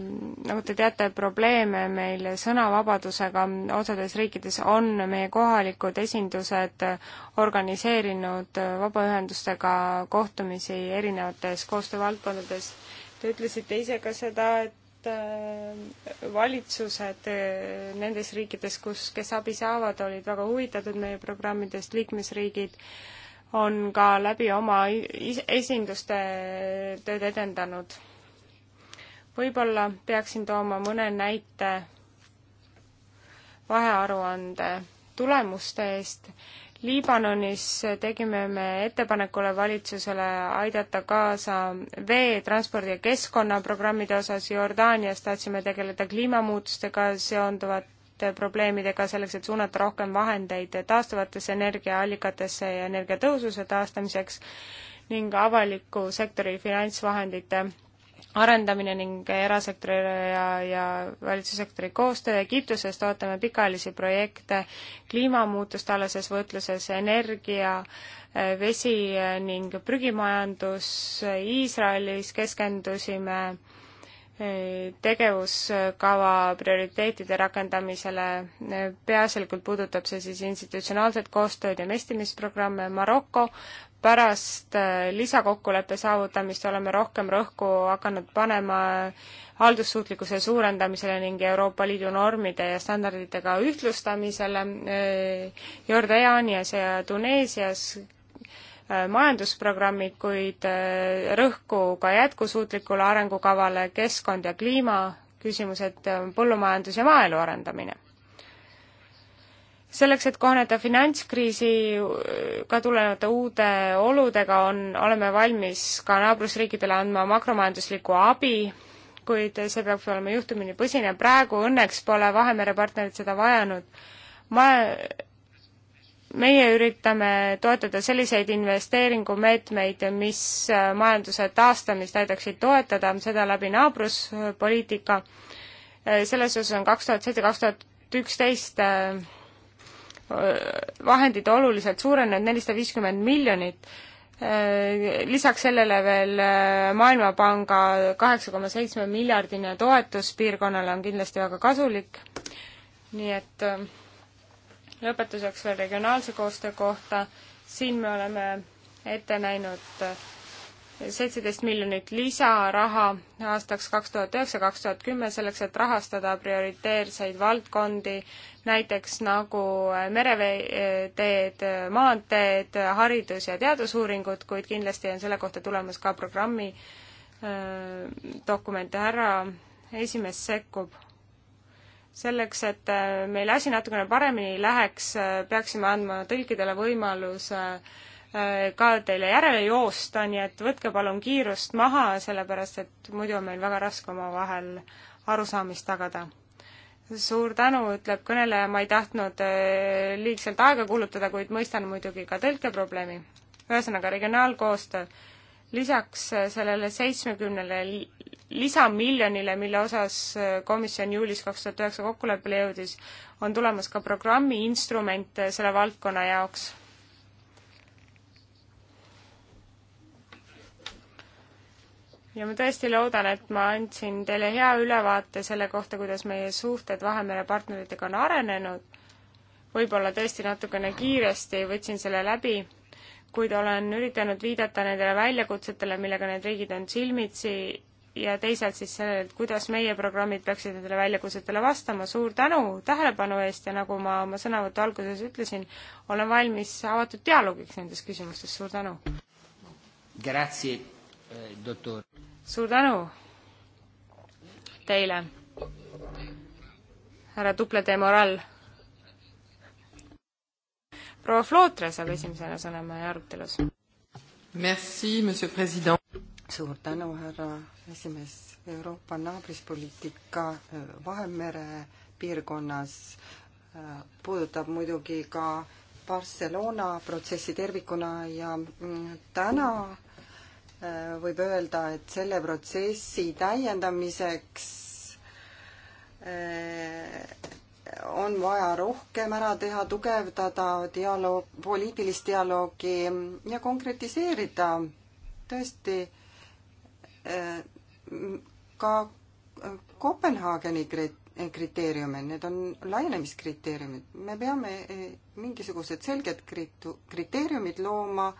nagu te teate, probleeme meil sõnavabadusega, osades riikides on meie kohalikud esindused organiseerinud vabaühendustega kohtumisi erinevates koostöövaldkondades. Te ütlesite ise ka seda, et äh, valitsused nendes riikides, kus, kes abi saavad, olid väga huvitatud meie programmidest, liikmesriigid äh, on ka läbi oma esinduste tööd edendanud. võib-olla peaksin tooma mõne näite vahearuande tulemuste eest. Liibanonis tegime me ettepanekule valitsusele aidata kaasa vee, transpordi ja keskkonnaprogrammide osas, Jordaanias tahtsime tegeleda kliimamuutustega seonduvat probleemidega selleks, et suunata rohkem vahendeid taastuvatesse energiaallikatesse ja energiatõhususe taastamiseks ning avaliku sektori finantsvahendite arendamine ning erasektori ja, ja valitsussektori koostöö Egiptusest ootame pikaajalisi projekte kliimamuutuste alases võitluses, energia, vesi ning prügimajandus. Iisraelis keskendusime tegevuskava prioriteetide rakendamisele, peaasjalikult puudutab see siis institutsionaalset koostööd ja mestimisprogramme Maroko, pärast äh, lisakokkuleppe saavutamist oleme rohkem rõhku hakanud panema haldussuutlikkuse suurendamisele ning Euroopa Liidu normide ja standarditega ühtlustamisele äh, Jordaanias ja Tuneesias Äh, majandusprogrammid, kuid äh, rõhku ka jätkusuutlikule arengukavale, keskkond ja kliima, küsimused, äh, põllumajandus ja maaelu arendamine. selleks, et kohaneda finantskriisiga tulenevate uude oludega, on, oleme valmis ka naabrusriikidele andma makromajanduslikku abi, kuid see peab olema juhtumini põsine, praegu õnneks pole Vahemere partnerid seda vajanud. ma meie üritame toetada selliseid investeeringumeetmeid, mis äh, majanduse taastamist aidaksid toetada, seda läbi naabruspoliitika. Äh, selles osas on kaks tuhat seitse, kaks tuhat üksteist äh, vahendid oluliselt suurenenud, nelisada viiskümmend miljonit. lisaks sellele veel Maailmapanga kaheksa koma seitsme miljardine toetus piirkonnale on kindlasti väga kasulik. nii et äh, lõpetuseks veel regionaalse koostöö kohta. siin me oleme ette näinud seitseteist miljonit lisaraha aastaks kaks tuhat üheksa, kaks tuhat kümme, selleks et rahastada prioriteerseid valdkondi, näiteks nagu mereteed, maanteed, haridus- ja teadusuuringud, kuid kindlasti on selle kohta tulemas ka programmi äh, dokumente. härra esimees sekkub selleks, et äh, meil asi natukene paremini läheks, äh, peaksime andma tõlkidele võimaluse äh, ka teile järele joosta, nii et võtke palun kiirust maha, sellepärast et muidu on meil väga raske omavahel arusaamist tagada. suur tänu, ütleb kõneleja, ma ei tahtnud liigselt aega kulutada, kuid mõistan muidugi ka tõlkeprobleemi. ühesõnaga, regionaalkoostöö lisaks äh, sellele seitsmekümnele lisamiljonile, mille osas äh, komisjon juulis kaks tuhat üheksa kokkuleppele jõudis, on tulemas ka programmi instrument äh, selle valdkonna jaoks. ja ma tõesti loodan, et ma andsin teile hea ülevaate selle kohta, kuidas meie suhted Vahemere partneritega on arenenud. võib-olla tõesti natukene kiiresti võtsin selle läbi kuid olen üritanud viidata nendele väljakutsetele, millega need riigid on silmitsi ja teisalt siis sellele, et kuidas meie programmid peaksid nendele väljakutsetele vastama. suur tänu tähelepanu eest ja nagu ma oma sõnavõtu alguses ütlesin, olen valmis avatud dialoogiks nendes küsimustes, suur tänu! Eh, suur tänu teile, härra Duple de Moral! proua Flootre saab esimesena sõna meie arutelus. Merci, monsieur president. suur tänu, härra esimees. Euroopa naabruspoliitika äh, Vahemere piirkonnas äh, puudutab muidugi ka Barcelona protsessi tervikuna ja mm, täna äh, võib öelda, et selle protsessi täiendamiseks on vaja rohkem ära teha, tugevdada dialoog, poliitilist dialoogi ja konkretiseerida tõesti eh, ka eh, Kopenhaageni kriteeriume, need on laienemiskriteeriumid. me peame eh, mingisugused selged kriteeriumid looma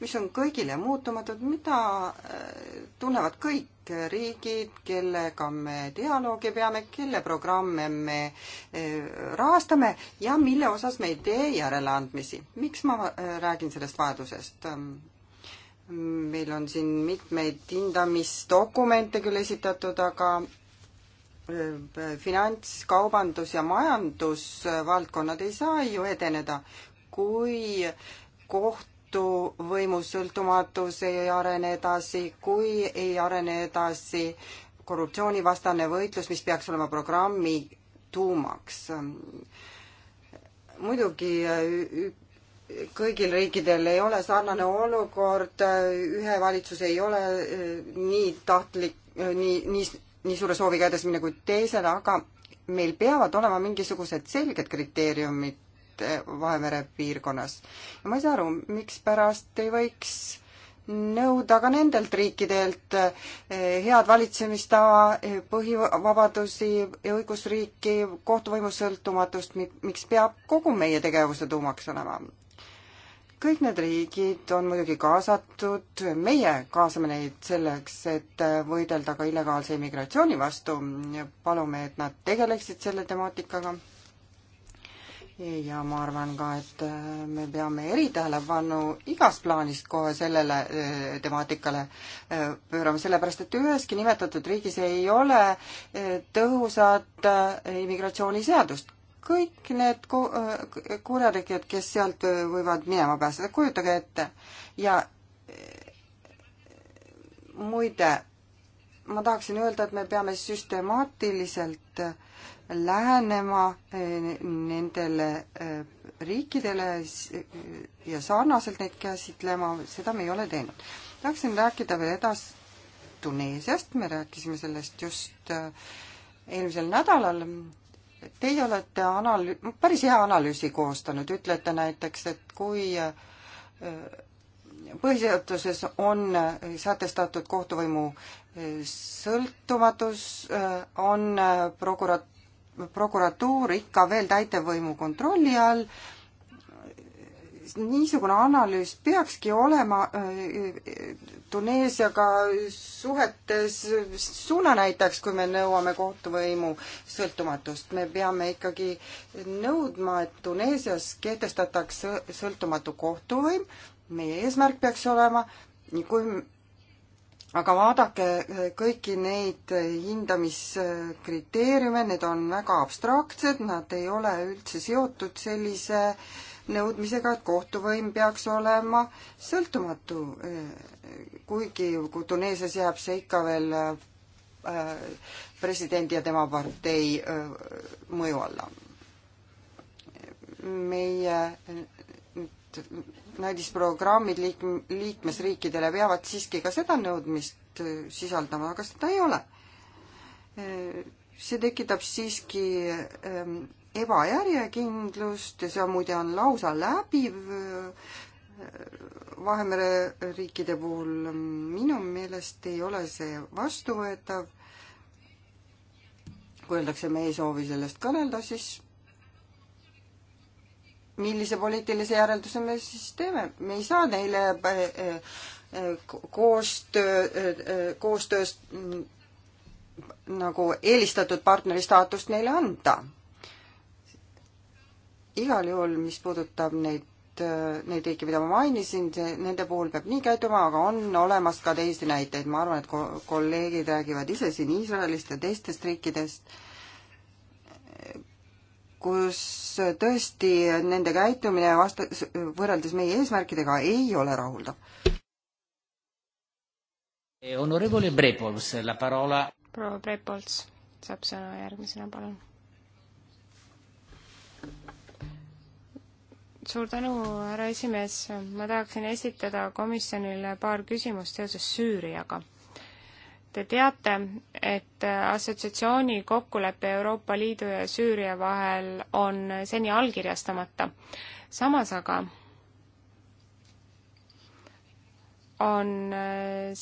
mis on kõigile muutumatud, mida äh, tunnevad kõik riigid, kellega me dialoogi peame, kelle programme me äh, rahastame ja mille osas me ei tee järeleandmisi. miks ma äh, räägin sellest vajadusest? meil on siin mitmeid hindamisdokumente küll esitatud, aga finants, kaubandus ja majandusvaldkonnad ei saa ju edeneda, kui koht Liidu võimusõltumatus ei arene edasi, kui ei arene edasi korruptsioonivastane võitlus, mis peaks olema programmi tuumaks. muidugi kõigil riikidel ei ole sarnane olukord, ühe valitsus ei ole nii tahtlik, nii, nii, nii suure sooviga edasi minna kui teisele, aga meil peavad olema mingisugused selged kriteeriumid Vahemere piirkonnas. ja ma ei saa aru, mikspärast ei võiks nõuda ka nendelt riikidelt eh, head valitsemistava, eh, põhivabadusi ja õigusriiki, kohtuvõimu sõltumatust, miks peab kogu meie tegevuse tuumaks olema? kõik need riigid on muidugi kaasatud, meie kaasame neid selleks, et eh, võidelda ka illegaalse immigratsiooni vastu ja palume, et nad tegeleksid selle temaatikaga ja ma arvan ka, et äh, me peame eritähelepanu igast plaanist kohe sellele äh, temaatikale äh, pöörama, sellepärast et üheski nimetatud riigis ei ole tõhusat immigratsiooniseadust. kõik need kurjategijad, kes sealt võivad minema pääseda, kujutage ette. ja muide, ma tahaksin öelda, et me peame süstemaatiliselt äh, lähenema eh, nendele eh, riikidele ja sarnaselt neid käsitlema, seda me ei ole teinud. tahaksin rääkida veel edasi Tuneesiast, me rääkisime sellest just eh, eelmisel nädalal. Teie olete analüü-, päris hea analüüsi koostanud, ütlete näiteks, et kui põhiseaduses on sätestatud kohtuvõimu sõltumatus, on prokurat-, prokuratuur ikka veel täitevvõimu kontrolli all. niisugune analüüs peakski olema äh, Tuneesiaga suhetes suunanäitajaks, kui me nõuame kohtuvõimu sõltumatust. me peame ikkagi nõudma, et Tuneesias kehtestataks sõltumatu kohtuvõim. meie eesmärk peaks olema, kui aga vaadake eh, kõiki neid eh, hindamiskriteeriume, need on väga abstraktsed, nad ei ole üldse seotud sellise nõudmisega, et kohtuvõim peaks olema sõltumatu. Eh, kuigi Tuneesias jääb see ikka veel presidendi ja tema partei mõju alla. meie nüüd näidisprogrammid liik-, liikmesriikidele peavad siiski ka seda nõudmist äh, sisaldama, aga seda ei ole. Äh, see tekitab siiski ähm, ebajärjekindlust ja see on muide, on lausa läbiv äh, Vahemere riikide puhul. minu meelest ei ole see vastuvõetav. kui öeldakse, me ei soovi sellest kõnelda, siis millise poliitilise järelduse me siis teeme, me ei saa neile eh, eh, koostöö, eh, koostöös mm, nagu eelistatud partneri staatust neile anda. igal juhul, mis puudutab neid, neid riike, mida ma mainisin, see, nende puhul peab nii käituma, aga on olemas ka teisi näiteid, ma arvan, et kolleegid räägivad ise siin Iisraelist ja teistest riikidest kus tõesti nende käitumine vasta-, võrreldes meie eesmärkidega ei ole rahuldav. Honorevole eh, Brepols, la parola. proua Brepols saab sõna järgmisena, palun. suur tänu, härra esimees, ma tahaksin esitada komisjonile paar küsimust seoses Süüriaga Te teate, et assotsiatsiooni kokkulepe Euroopa Liidu ja Süüria vahel on seni allkirjastamata. samas aga on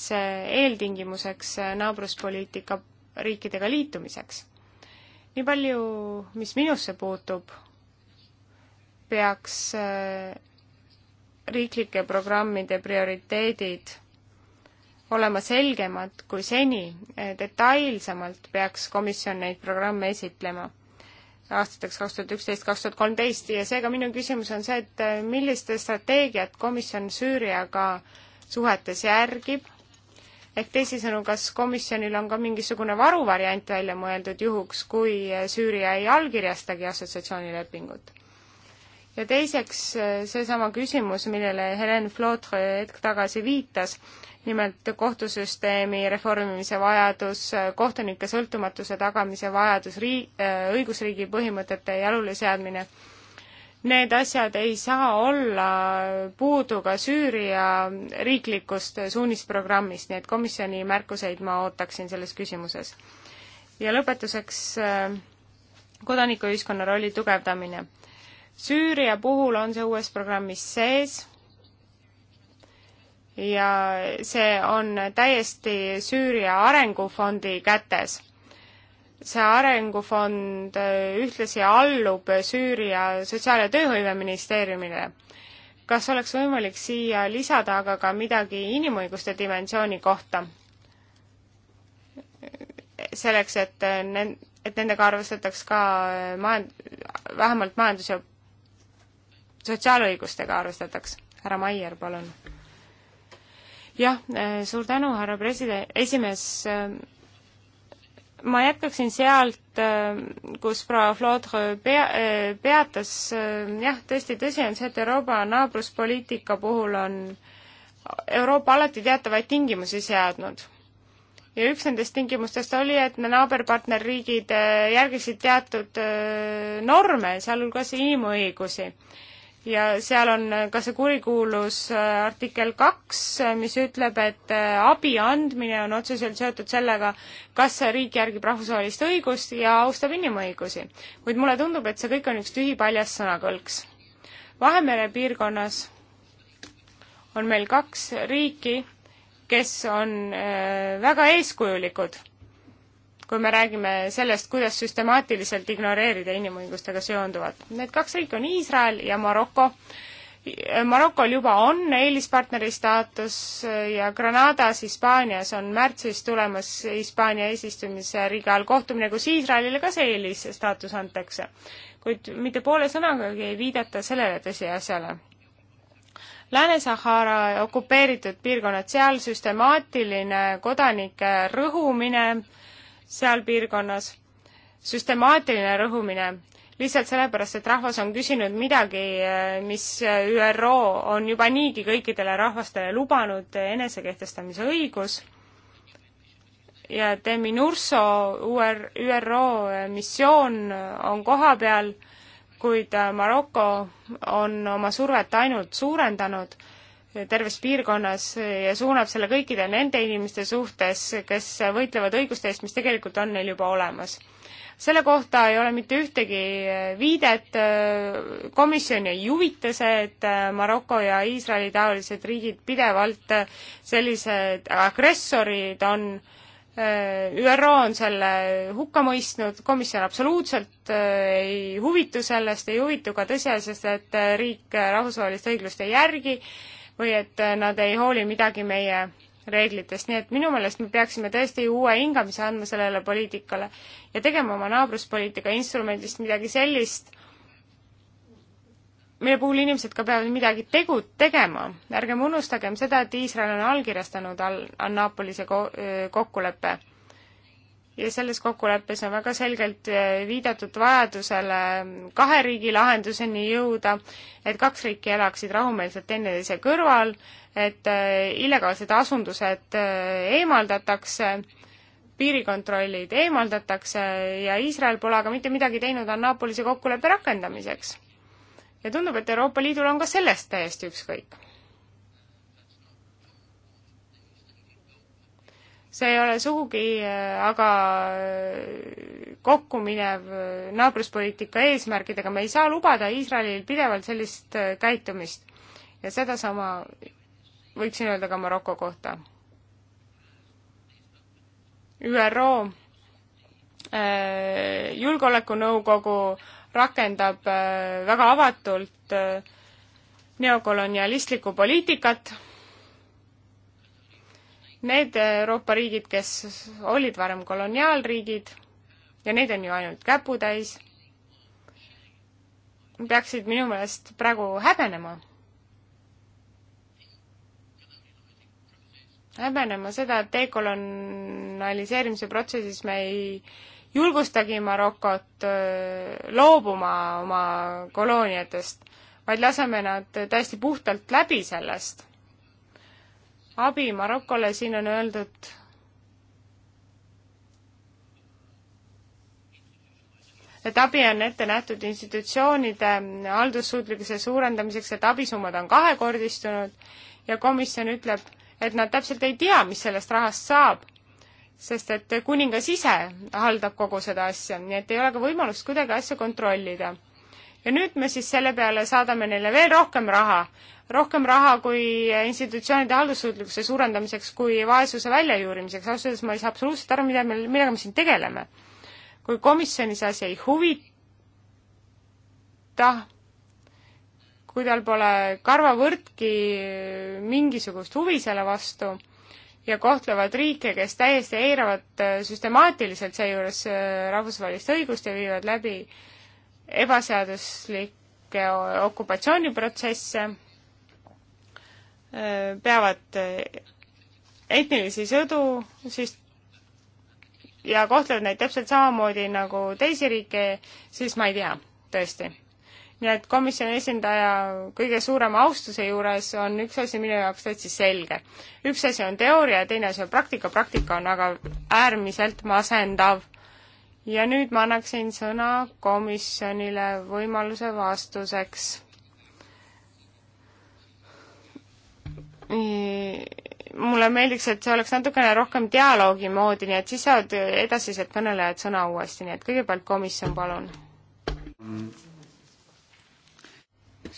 see eeltingimuseks naabruspoliitika riikidega liitumiseks. nii palju, mis minusse puutub, peaks riiklike programmide prioriteedid olema selgemad kui seni, detailsemalt peaks komisjon neid programme esitlema aastateks kaks tuhat üksteist, kaks tuhat kolmteist ja seega minu küsimus on see, et äh, millist strateegiat komisjon Süüriaga suhetes järgib, ehk teisisõnu, kas komisjonil on ka mingisugune varuvariant välja mõeldud juhuks, kui äh, Süüria ei allkirjastagi assotsiatsioonilepingut? ja teiseks äh, seesama küsimus, millele Helen Flotre hetk tagasi viitas, nimelt kohtusüsteemi reformimise vajadus, kohtunike sõltumatuse tagamise vajadus, rii-, äh, õigusriigi põhimõtete jaluleseadmine. Need asjad ei saa olla puudu ka Süüria riiklikust suunisprogrammist, nii et komisjoni märkuseid ma ootaksin selles küsimuses. ja lõpetuseks äh, kodanikuühiskonna rolli tugevdamine. Süüria puhul on see uues programmis sees ja see on täiesti Süüria arengufondi kätes. see arengufond äh, ühtlasi allub Süüria sotsiaal- ja tööhõiveministeeriumile. kas oleks võimalik siia lisada aga ka midagi inimõiguste dimensiooni kohta? selleks, et äh, ne-, et nendega arvestataks ka äh, majand-, vähemalt majandus- ja sotsiaalõigustega arvestataks. härra Maier, palun jah, äh, suur tänu, härra president, esimees. ma jätkaksin sealt, äh, kus proua Flodre pea, äh, peatas, jah, tõesti tõsi on see, et Euroopa naabruspoliitika puhul on Euroopa alati teatavaid tingimusi seadnud ja üks nendest tingimustest oli, et me naaberpartnerriigid järgisid teatud norme, sealhulgas inimõigusi ja seal on ka see kurikuulus äh, artikkel kaks, äh, mis ütleb, et äh, abi andmine on otseselt seotud sellega, kas riik järgib rahvusvahelist õigust ja austab inimõigusi. kuid mulle tundub, et see kõik on üks tühipaljas sõnakõlks. Vahemere piirkonnas on meil kaks riiki, kes on väga eeskujulikud kui me räägime sellest, kuidas süstemaatiliselt ignoreerida inimõigustega seonduvat. Need kaks riiki on Iisrael ja Maroko. Marokol juba on eelispartneri staatus ja Granadas Hispaanias on märtsis tulemas Hispaania eesistumisriigi all kohtumine, kus Iisraelile ka see eelisstaatus antakse. kuid mitte poole sõnagagi ei viidata sellele tõsiasjale Lääne-Sahara okupeeritud piirkonnad, seal süstemaatiline kodanike rõhumine seal piirkonnas, süstemaatiline rõhumine, lihtsalt sellepärast, et rahvas on küsinud midagi, eh, mis eh, ÜRO on juba niigi kõikidele rahvastele lubanud, eh, enesekehtestamise õigus, ja De Minurso UR, ÜRO missioon on kohapeal, kuid Maroko on oma survet ainult suurendanud terves piirkonnas ja suunab selle kõikide nende inimeste suhtes, kes võitlevad õiguste eest, mis tegelikult on neil juba olemas. selle kohta ei ole mitte ühtegi viidet, komisjoni ei huvita see, et Maroko ja Iisraeli taolised riigid pidevalt sellised agressorid on ÜRO on selle hukka mõistnud, komisjon absoluutselt ei huvitu sellest, ei huvitu ka tõsiasjast, et riik rahvusvahelist õiglust ei järgi või et nad ei hooli midagi meie reeglitest, nii et minu meelest me peaksime tõesti uue hingamise andma sellele poliitikale ja tegema oma naabruspoliitika instrumendist midagi sellist, mille puhul inimesed ka peavad midagi tegu-, tegema. ärgem unustagem seda, et Iisrael on allkirjastanud Al-, Annapolise ko-, kokkuleppe ja selles kokkuleppes on väga selgelt äh, viidatud vajadusele kahe riigi lahenduseni jõuda, et kaks riiki elaksid rahumeelselt teineteise kõrval, et äh, illegaalsed asundused äh, eemaldatakse, piirikontrollid eemaldatakse ja Iisrael pole aga mitte midagi teinud Annapolise kokkuleppe rakendamiseks. ja tundub, et Euroopa Liidul on ka sellest täiesti ükskõik see ei ole sugugi äh, aga äh, kokkuminev äh, naabruspoliitika eesmärkidega, me ei saa lubada Iisraelil pidevalt sellist käitumist. ja sedasama võiksin öelda ka Maroko kohta. ÜRO Julgeolekunõukogu rakendab väga avatult neokolonialistlikku poliitikat need Euroopa riigid, kes olid varem koloniaalriigid ja neid on ju ainult käputäis, peaksid minu meelest praegu häbenema. häbenema seda, et dekolonialiseerimise protsessis me ei julgustagi Marokot loobuma oma kolooniatest, vaid laseme nad täiesti puhtalt läbi sellest abi Marokole, siin on öeldud et abi on ette nähtud institutsioonide haldussuutlikkuse suurendamiseks, et abisummad on kahekordistunud ja komisjon ütleb, et nad täpselt ei tea, mis sellest rahast saab, sest et kuningas ise haldab kogu seda asja, nii et ei ole ka võimalust kuidagi asja kontrollida. ja nüüd me siis selle peale saadame neile veel rohkem raha, rohkem raha kui institutsioonide haldussuutlikkuse suurendamiseks kui vaesuse väljajuurimiseks, ausalt öeldes ma ei saa absoluutselt aru, mida me, millega me siin tegeleme. kui komisjoni see asi ei huvita, kui tal pole karvavõrdki mingisugust huvi selle vastu ja kohtlevad riike, kes täiesti eiravad äh, süstemaatiliselt seejuures äh, rahvusvahelist õigust ja viivad läbi ebaseaduslikke okupatsiooniprotsesse peavad etnilisi sõdu, siis ja kohtlevad neid täpselt samamoodi nagu teisi riike, siis ma ei tea, tõesti. nii et komisjoni esindaja kõige suurema austuse juures on üks asi minu jaoks täitsa selge. üks asi on teooria ja teine asi on praktika, praktika on aga äärmiselt masendav. ja nüüd ma annaksin sõna komisjonile võimaluse vastuseks Mm, mulle meeldiks, et see oleks natukene rohkem dialoogi moodi, nii et siis saavad edasised kõnelejad sõna uuesti, nii et kõigepealt komisjon, palun.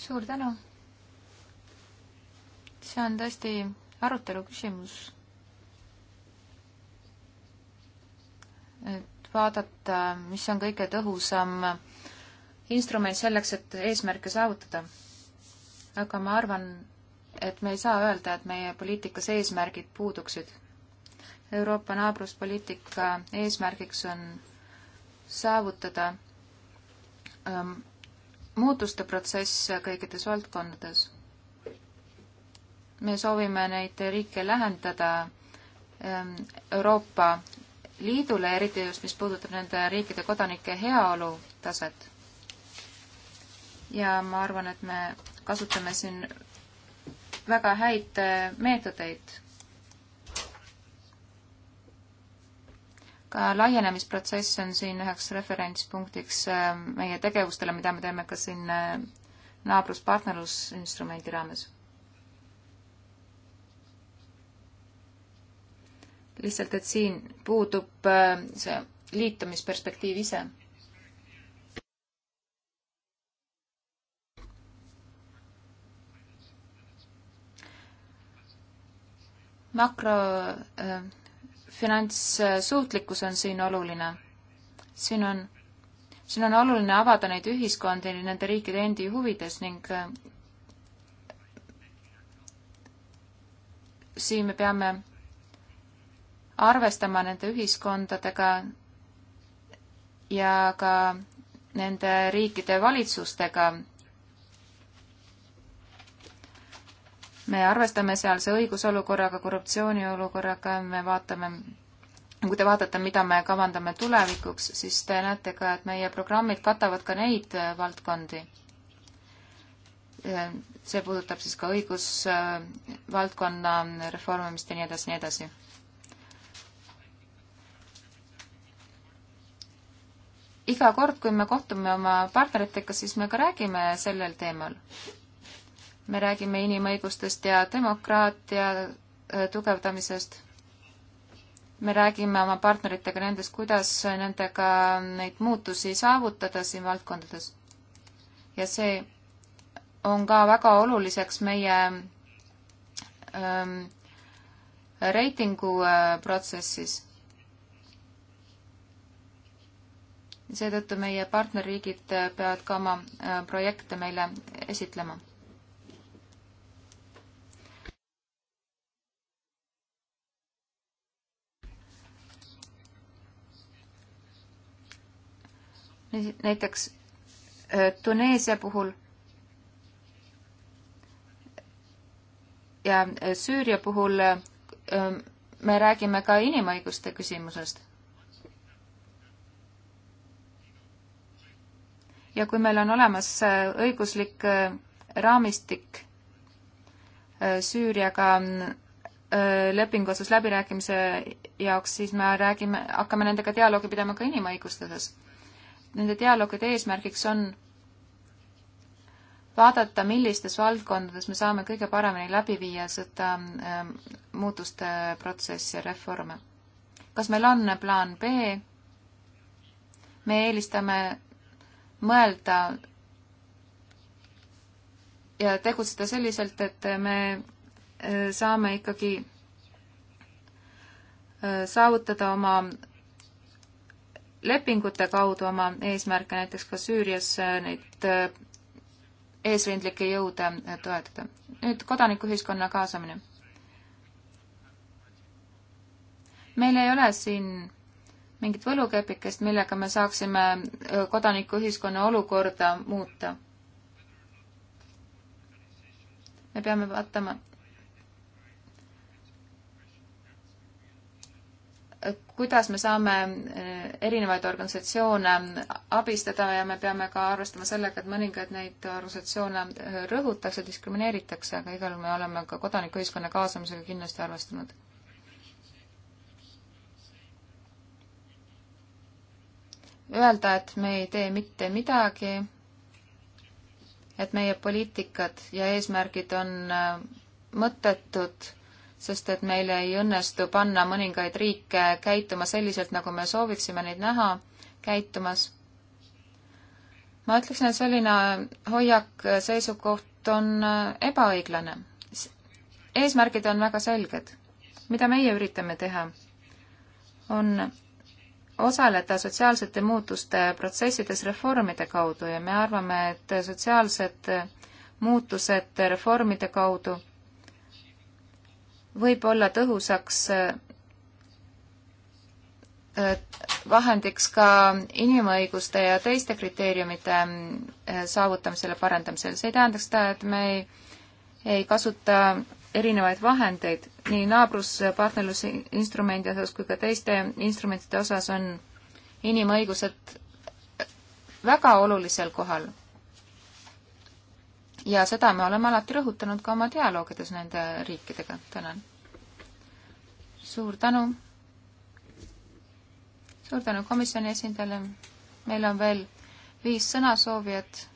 suur tänu. see on tõesti arutelu küsimus. et vaadata, mis on kõige tõhusam instrument selleks, et eesmärke saavutada. aga ma arvan, et me ei saa öelda, et meie poliitikas eesmärgid puuduksid. Euroopa naabruspoliitika eesmärgiks on saavutada ähm, muutuste protsess kõikides valdkondades. me soovime neid riike lähendada ähm, Euroopa Liidule, eriti just, mis puudutab nende riikide kodanike heaolu taset. ja ma arvan, et me kasutame siin väga häid äh, meetodeid. ka laienemisprotsess on siin üheks referentspunktiks äh, meie tegevustele, mida me teeme ka siin äh, naabruspartnerlusinstrumendi raames. lihtsalt, et siin puudub see liitumisperspektiiv ise makrofinantssuutlikkus äh, on siin oluline. siin on, siin on oluline avada neid ühiskondi nende riikide endi huvides ning äh, siin me peame arvestama nende ühiskondadega ja ka nende riikide valitsustega me arvestame sealse õigusolukorraga, korruptsiooniolukorraga, me vaatame, kui te vaatate, mida me kavandame tulevikuks, siis te näete ka, et meie programmid katavad ka neid äh, valdkondi. Äh, see puudutab siis ka õigusvaldkonna äh, reformimist ja nii edasi, nii edasi iga kord, kui me kohtume oma partneritega, siis me ka räägime sellel teemal me räägime inimõigustest ja demokraatia äh, tugevdamisest. me räägime oma partneritega nendest, kuidas nendega neid muutusi saavutada siin valdkondades. ja see on ka väga oluliseks meie ähm, reitingu äh, protsessis. seetõttu meie partnerriigid äh, peavad ka oma äh, projekte meile esitlema näiteks Tuneesia puhul ja Süüria puhul me räägime ka inimõiguste küsimusest. ja kui meil on olemas õiguslik raamistik Süüriaga lepingu osas läbirääkimise jaoks, siis me räägime, hakkame nendega dialoogi pidama ka inimõiguste osas nende dialoogide eesmärgiks on vaadata, millistes valdkondades me saame kõige paremini läbi viia seda ähm, muutuste protsessi ja reforme. kas meil on plaan B? me eelistame mõelda ja tegutseda selliselt, et me äh, saame ikkagi äh, saavutada oma lepingute kaudu oma eesmärke, näiteks ka Süürias äh, neid äh, eesrindlikke jõude äh, toetada. nüüd kodanikuühiskonna kaasamine. meil ei ole siin mingit võlukepikest, millega me saaksime kodanikuühiskonna olukorda muuta. me peame vaatama, kuidas me saame eh, erinevaid organisatsioone abistada ja me peame ka arvestama sellega, et mõningaid neid organisatsioone eh, rõhutakse, diskrimineeritakse, aga igal juhul me oleme ka kodanikuühiskonna kaasamisega kindlasti arvestanud. Öelda, et me ei tee mitte midagi, et meie poliitikad ja eesmärgid on eh, mõttetud sest et meil ei õnnestu panna mõningaid riike käituma selliselt, nagu me sooviksime neid näha käitumas. ma ütleksin, et selline hoiak, seisukoht on ebaõiglane. eesmärgid on väga selged. mida meie üritame teha, on osaleda sotsiaalsete muutuste protsessides reformide kaudu ja me arvame, et sotsiaalsed muutused reformide kaudu võib olla tõhusaks äh, äh, vahendiks ka inimõiguste ja teiste kriteeriumite äh, saavutamisele, parandamisele. see ei tähenda seda, et me ei, ei kasuta erinevaid vahendeid nii naabruspartnerluse instrumendi osas kui ka teiste instrumentide osas on inimõigused väga olulisel kohal ja seda me oleme alati rõhutanud ka oma dialoogides nende riikidega. tänan. suur tänu. suur tänu komisjoni esindajale. meil on veel viis sõnasoovijat.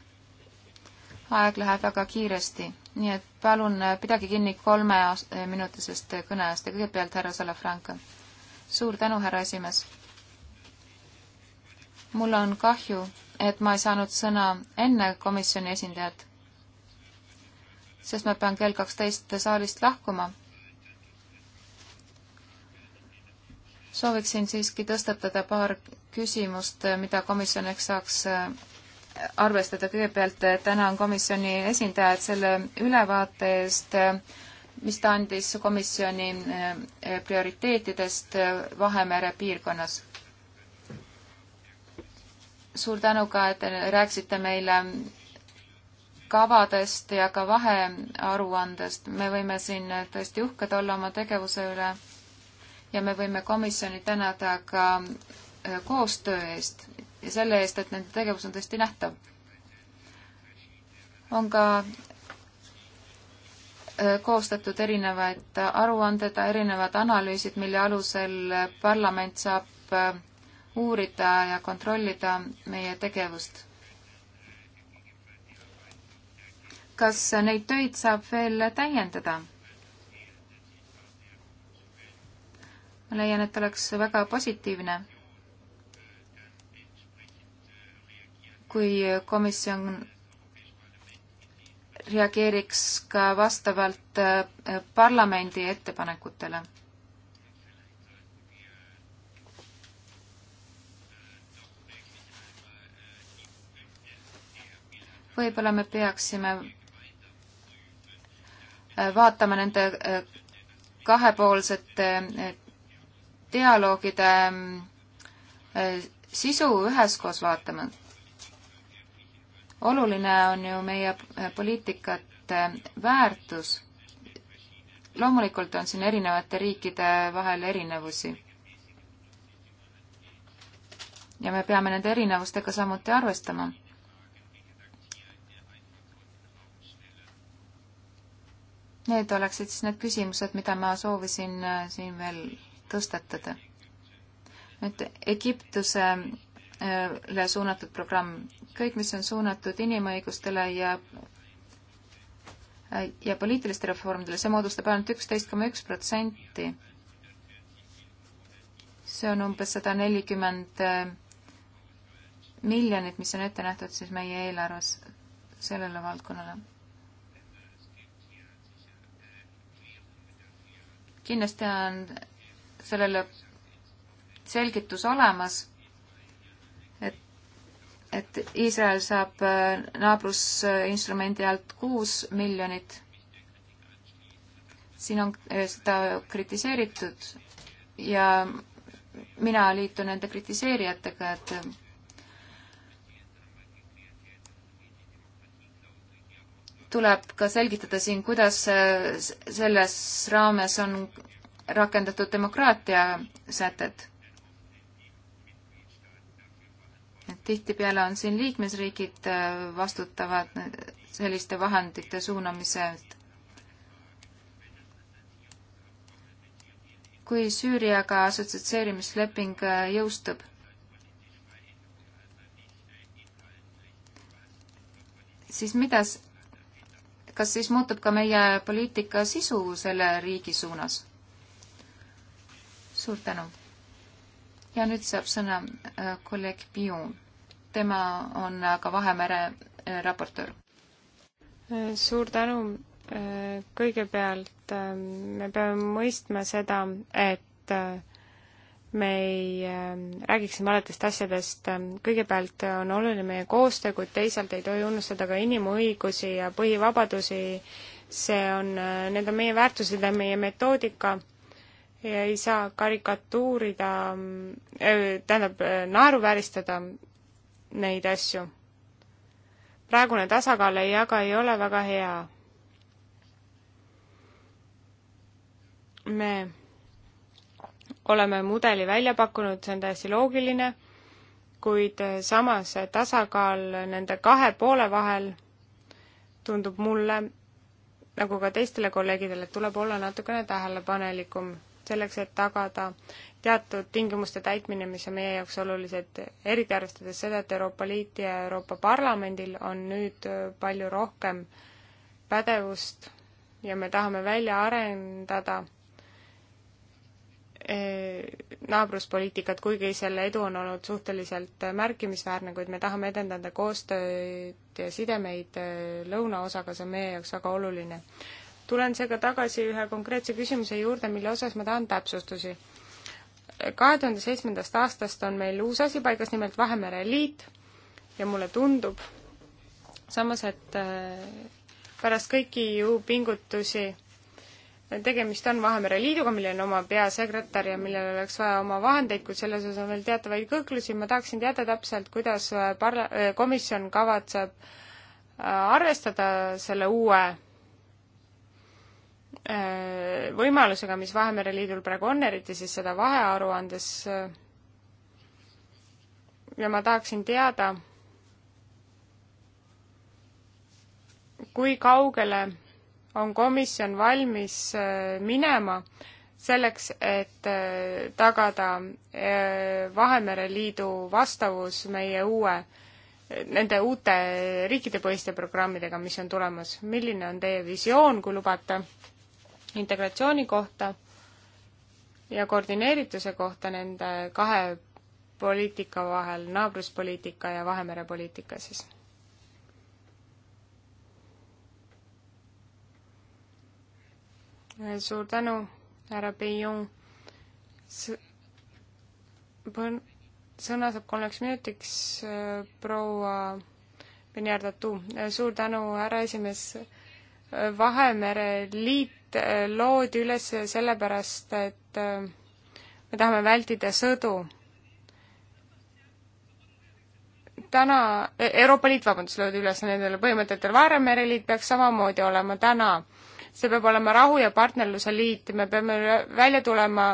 aeg läheb väga kiiresti, nii et palun eh, pidage kinni kolmeminutisest eh, kõneajast ja kõigepealt härra Salafranca. suur tänu, härra esimees. mul on kahju, et ma ei saanud sõna enne komisjoni esindajat sest ma pean kell kaksteist saalist lahkuma. sooviksin siiski tõstatada paar küsimust, mida komisjon ehk saaks äh, arvestada. kõigepealt äh, tänan komisjoni esindajat selle ülevaate eest, äh, mis ta andis komisjoni prioriteetidest Vahemere piirkonnas suur tänu ka, et te rääkisite meile kavadest ja ka vahearuandest. me võime siin tõesti uhked olla oma tegevuse üle ja me võime komisjoni tänada ka äh, koostöö eest ja selle eest, et nende tegevus on tõesti nähtav. on ka äh, koostatud erinevaid aruanded, erinevad analüüsid, mille alusel parlament saab äh, uurida ja kontrollida meie tegevust kas neid töid saab veel täiendada? ma leian, et oleks väga positiivne, kui komisjon reageeriks ka vastavalt äh, parlamendi ettepanekutele. võib-olla me peaksime Äh, vaatame nende äh, kahepoolsete äh, dialoogide mm, sisu üheskoos vaatama. oluline on ju meie poliitikate väärtus. loomulikult on siin erinevate riikide vahel erinevusi. ja me peame nende erinevustega samuti arvestama Need oleksid siis need küsimused, mida ma soovisin äh, siin veel tõstatada. nüüd Egiptusele äh, suunatud programm, kõik, mis on suunatud inimõigustele ja äh, ja poliitiliste reformidele, see moodustab ainult üksteist koma üks protsenti. see on umbes sada nelikümmend miljonit, mis on ette nähtud siis meie eelarves sellele valdkonnale kindlasti on sellele selgitus olemas, et, et Iisrael saab äh, naabrusinstrumendi alt kuus miljonit. siin on äh, seda kritiseeritud ja mina liitun nende kritiseerijatega, et tuleb ka selgitada siin, kuidas äh, selles raames on rakendatud demokraatia sätet. tihtipeale on siin liikmesriigid äh, vastutavad selliste vahendite suunamise eest. kui Süüriaga assotsieerimisleping äh, jõustub, siis mida kas siis muutub ka meie poliitika sisu selle riigi suunas? suur tänu. ja nüüd saab sõna äh, kolleeg Piun. tema on ka Vahemere äh, raportöör. Äh, suur tänu. kõigepealt me peame mõistma seda, et me ei ähm, räägiksime alatist asjadest, kõigepealt on oluline meie koostöö, kuid teisalt ei tohi unustada ka inimõigusi ja põhivabadusi, see on, äh, need on meie väärtused ja meie metoodika ja ei saa karikatuurida, äh, tähendab, äh, naeruvääristada neid asju. praegune tasakaal ei jaga, ei ole väga hea. me oleme mudeli välja pakkunud, see on täiesti loogiline, kuid samas tasakaal nende kahe poole vahel tundub mulle, nagu ka teistele kolleegidele, et tuleb olla natukene tähelepanelikum selleks, et tagada teatud tingimuste täitmine, mis on meie jaoks olulised, eriti arvestades seda, et Euroopa Liit ja Euroopa Parlamendil on nüüd palju rohkem pädevust ja me tahame välja arendada Eh, naabruspoliitikat, kuigi selle edu on olnud suhteliselt eh, märkimisväärne, kuid me tahame edendada koostööd ja sidemeid eh, lõunaosaga, see on meie jaoks väga oluline. tulen seega tagasi ühe konkreetse küsimuse juurde, mille osas ma tahan täpsustusi. kahe tuhande seitsmendast aastast on meil uus asi paigas, nimelt Vahemere Liit ja mulle tundub samas, et pärast kõiki ju pingutusi tegemist on Vahemere Liiduga, millel on oma peasekretär ja millel oleks vaja oma vahendeid, kuid selles osas on veel teatavaid kõhklusi, ma tahaksin teada täpselt, kuidas äh, parla-, äh, komisjon kavatseb äh, arvestada selle uue võimalusega, mis Vahemere Liidul praegu on, eriti siis seda vahearuandes. ja ma tahaksin teada, kui kaugele on komisjon valmis äh, minema selleks, et äh, tagada äh, Vahemere Liidu vastavus meie uue, nende uute riikidepõhiste programmidega, mis on tulemas. milline on teie visioon, kui lubate, integratsiooni kohta ja koordineerituse kohta nende kahe poliitika vahel, naabruspoliitika ja Vahemere poliitika siis? suur tänu, härra Peijung. sõna saab kolmeks minutiks äh, proua Benjardatu. Äh, suur tänu, härra esimees. Äh, Vahemere liit loodi üles sellepärast, et me tahame vältida sõdu täna, e-, Euroopa Liit, vabandust, löödi üles nendele põhimõtetele, Vaaremere liit peaks samamoodi olema täna see peab olema rahu ja partnerluse liit, me peame välja tulema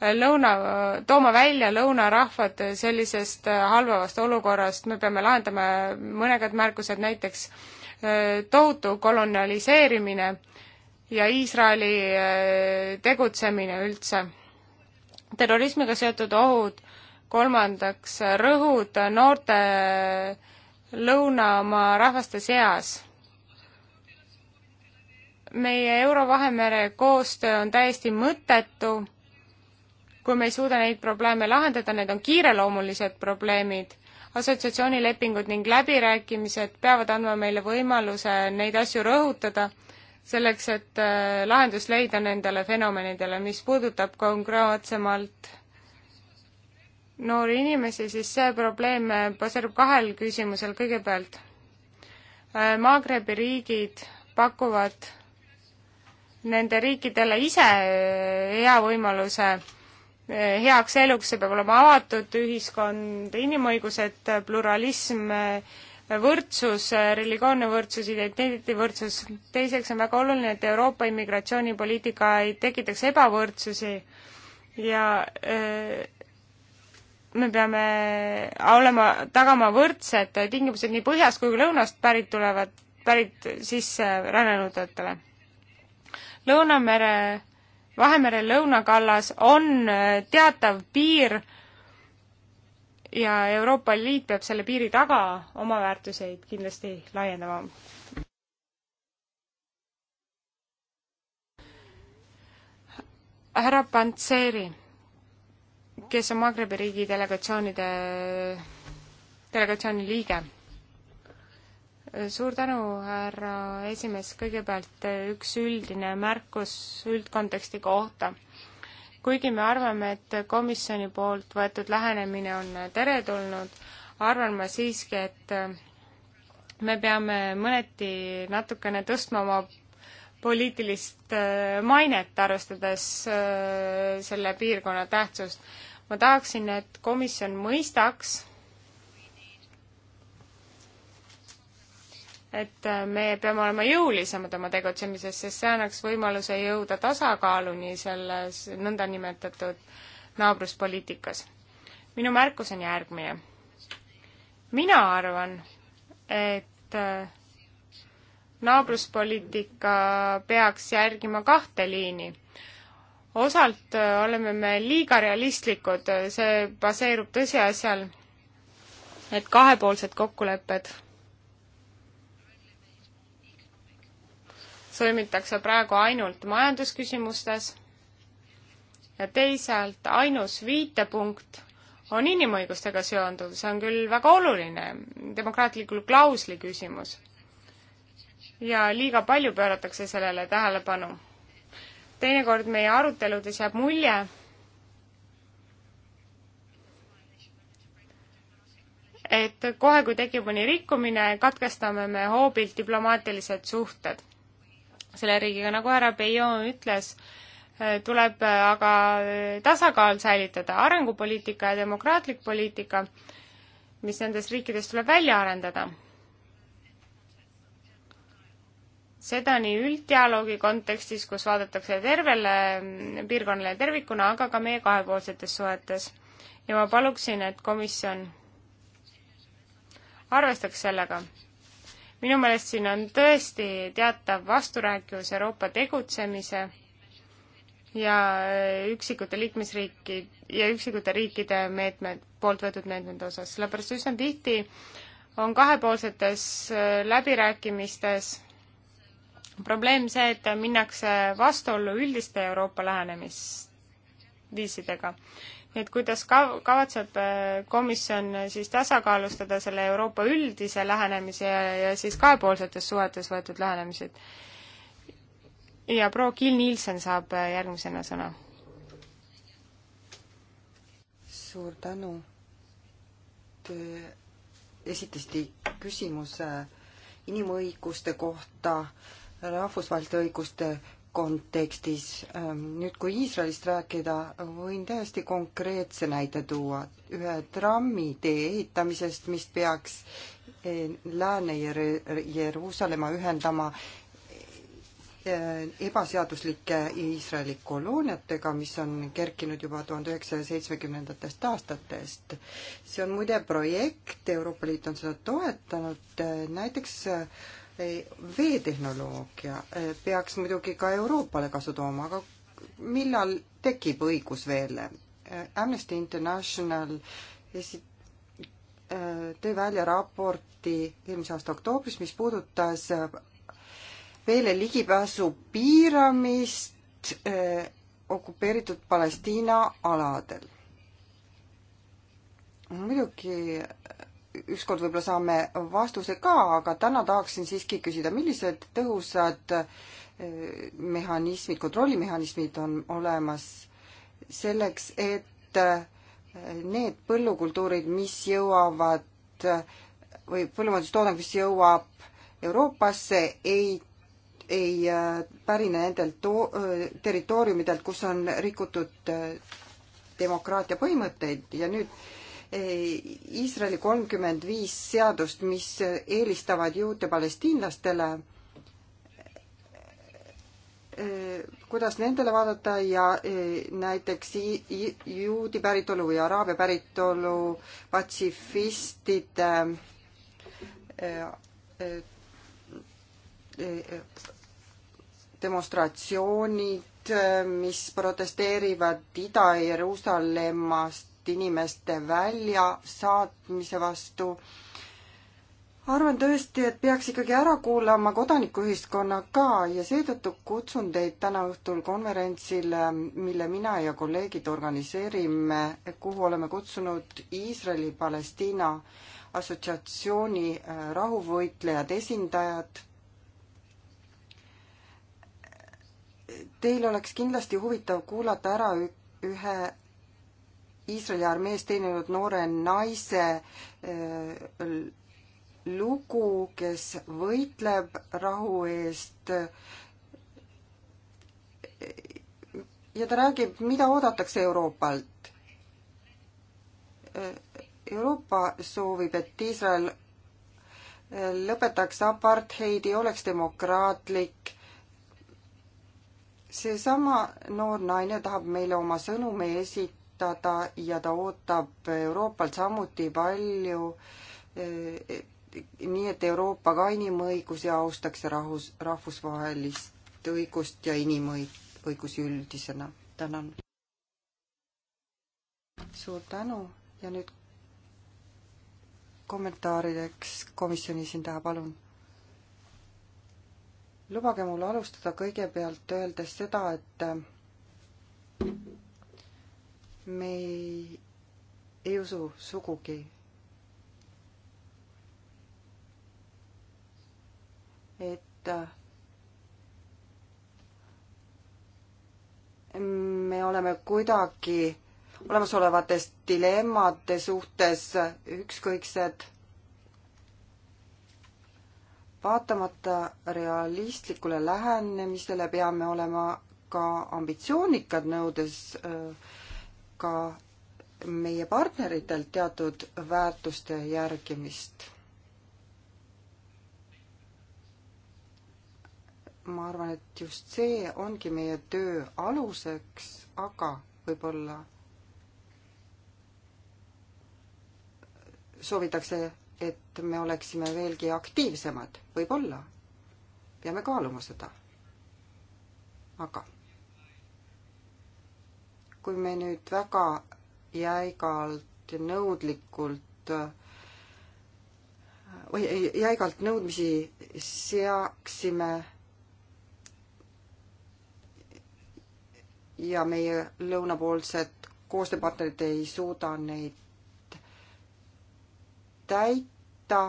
äh, lõuna, äh, tooma välja lõunarahvad sellisest äh, halvavast olukorrast, me peame lahendama mõned märkused, näiteks tohutu kolonialiseerimine ja Iisraeli tegutsemine üldse, terrorismiga seotud ohud, kolmandaks rõhud noorte lõunamaa rahvaste seas meie Euro-Vahemere koostöö on täiesti mõttetu, kui me ei suuda neid probleeme lahendada, need on kiireloomulised probleemid. assotsiatsioonilepingud ning läbirääkimised peavad andma meile võimaluse neid asju rõhutada, selleks et äh, lahendus leida nendele fenomenidele, mis puudutab konkreetsemalt noori inimesi, siis see probleem baseerub äh, kahel küsimusel kõigepealt. Äh, Maagrebi riigid pakuvad nende riikidele ise äh, hea võimaluse äh, heaks eluks, see peab olema avatud ühiskond, inimõigused, pluralism, äh, võrdsus, religioonne võrdsus, identiteedivõrdsus. teiseks on väga oluline, et Euroopa immigratsioonipoliitika ei tekitaks ebavõrdsusi ja öö, me peame olema, tagama võrdsed tingimused nii põhjast kui ka lõunast pärit tulevad, pärit sisse rännanutele Lõunamere, Vahemere lõunakallas on äh, teatav piir ja Euroopa Liit peab selle piiri taga oma väärtuseid kindlasti laiendama. härra Pantseri, kes on Magrebi riigi delegatsioonide, delegatsiooni liige suur tänu, härra esimees, kõigepealt üks üldine märkus üldkonteksti kohta. kuigi me arvame, et komisjoni poolt võetud lähenemine on teretulnud, arvan ma siiski, et me peame mõneti natukene tõstma oma poliitilist äh, mainet, arvestades äh, selle piirkonna tähtsust. ma tahaksin, et komisjon mõistaks, et äh, me peame olema jõulisemad oma tegutsemises, sest see annaks võimaluse jõuda tasakaaluni selles nõndanimetatud naabruspoliitikas. minu märkus on järgmine. mina arvan, et äh, naabruspoliitika peaks järgima kahte liini. osalt äh, oleme me liiga realistlikud, see baseerub tõsiasjal, et kahepoolsed kokkulepped sõlmitakse praegu ainult majandusküsimustes ja teisalt ainus viitepunkt on inimõigustega seonduv, see on küll väga oluline demokraatliku klausli küsimus. ja liiga palju pööratakse sellele tähelepanu. teinekord meie aruteludes jääb mulje, et kohe, kui tekib mõni rikkumine, katkestame me hoobilt diplomaatilised suhted selle riigiga, nagu härra Peillon ütles, äh, tuleb äh, aga äh, tasakaal säilitada, arengupoliitika ja demokraatlik poliitika, mis nendes riikides tuleb välja arendada. seda nii ülddialoogi kontekstis, kus vaadatakse tervele mm, piirkonnale tervikuna, aga ka meie kahepoolsetes suhetes. ja ma paluksin, et komisjon arvestaks sellega minu meelest siin on tõesti teatav vasturääkivus Euroopa tegutsemise ja üksikute liikmesriiki ja üksikute riikide meetmed, poolt võetud meetmete osas, sellepärast üsna tihti on kahepoolsetes äh, läbirääkimistes probleem see, et minnakse vastuollu üldiste Euroopa lähenemisviisidega et kuidas ka-, kavatseb äh, komisjon äh, siis tasakaalustada selle Euroopa üldise lähenemise ja, ja siis kahepoolsetes suhetes võetud lähenemised? ja proua Kill Nielsen saab äh, järgmisena sõna. suur tänu. Te esitasite küsimuse inimõiguste kohta, rahvusvaheliste õiguste kontekstis. Ähm, nüüd, kui Iisraelist rääkida, võin täiesti konkreetse näite tuua ühe trammitee ehitamisest, mis peaks eh, Lääne Jeruusalemma ühendama eh, ebaseaduslike Iisraeli kolooniatega, mis on kerkinud juba tuhande üheksasaja seitsmekümnendatest aastatest. see on muide projekt, Euroopa Liit on seda toetanud, eh, näiteks veetehnoloogia eh, peaks muidugi ka Euroopale kasu tooma, aga millal tekib õigus veele? Eh, Amnesty International esi-, eh, tõi välja raporti eelmise aasta oktoobris, mis puudutas veele ligipääsu piiramist okupeeritud Palestiina aladel. muidugi ükskord võib-olla saame vastuse ka, aga täna tahaksin siiski küsida, millised tõhusad eh, mehhanismid, kontrollimehhanismid on olemas selleks, et eh, need põllukultuurid, mis jõuavad või põllumajandustoodang, mis jõuab Euroopasse, ei, ei eh, pärine nendelt to-, territooriumidelt, kus on rikutud demokraatia põhimõtteid ja nüüd äh, Iisraeli kolmkümmend viis seadust, mis eelistavad juute palestiinlastele, eh, kuidas nendele vaadata ja eh, näiteks juudi päritolu või araabia päritolu patsifistide eh, demonstratsioonid, mis protesteerivad Ida-Jeruusalemmast inimeste väljasaatmise vastu. arvan tõesti, et peaks ikkagi ära kuulama kodanikuühiskonna ka ja seetõttu kutsun teid täna õhtul konverentsile, mille mina ja kolleegid organiseerime, kuhu oleme kutsunud Iisraeli-Palestiina assotsiatsiooni äh, rahuvõitlejad, esindajad teil oleks kindlasti huvitav kuulata ära ühe Iisraeli armees teeninud noore naise äh, lugu, kes võitleb rahu eest. ja ta räägib, mida oodatakse Euroopalt. Äh, Euroopa soovib, et Iisrael äh, lõpetaks apartheidi, oleks demokraatlik. seesama noor naine tahab meile oma sõnumi esitada kasutada ja ta ootab Euroopalt samuti palju, eh, nii et Euroopa ka inimõigusi austaks ja rahvus, rahvusvahelist õigust ja inimõigusi üldisena. tänan. suur tänu ja nüüd kommentaarideks komisjoni esindaja, palun. lubage mul alustada kõigepealt öeldes seda, et me ei, ei usu sugugi, et äh, me oleme kuidagi olemasolevates dilemmade suhtes ükskõiksed. vaatamata realistlikule lähenemisele peame olema ka ambitsioonikad, nõudes äh, ka meie partneritelt teatud väärtuste järgimist. ma arvan, et just see ongi meie töö aluseks, aga võib-olla soovitakse, et me oleksime veelgi aktiivsemad, võib-olla. peame kaaluma seda. aga kui me nüüd väga jäigalt ja nõudlikult või jäigalt nõudmisi seaksime ja meie lõunapoolsed koostööpartnerid ei suuda neid täita,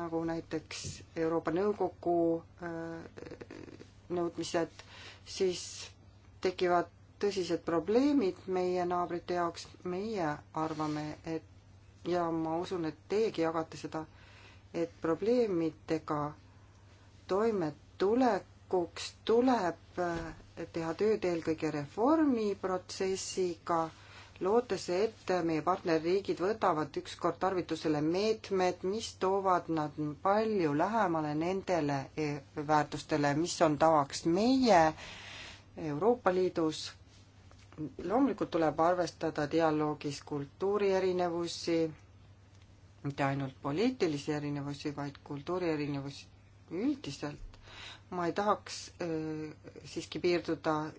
nagu näiteks Euroopa Nõukogu äh, nõudmised, siis tekivad tõsised probleemid meie naabrite jaoks, meie arvame, et ja ma usun, et teiegi jagate seda, et probleemidega toimetulekuks tuleb äh, teha tööd eelkõige reformiprotsessiga, lootes, et meie partnerriigid võtavad ükskord tarvitusele meetmed, mis toovad nad palju lähemale nendele e, väärtustele, mis on tavaks meie Euroopa Liidus loomulikult tuleb arvestada dialoogis kultuuri erinevusi, mitte ainult poliitilisi erinevusi, vaid kultuuri erinevusi üldiselt. ma ei tahaks äh, siiski piirduda äh,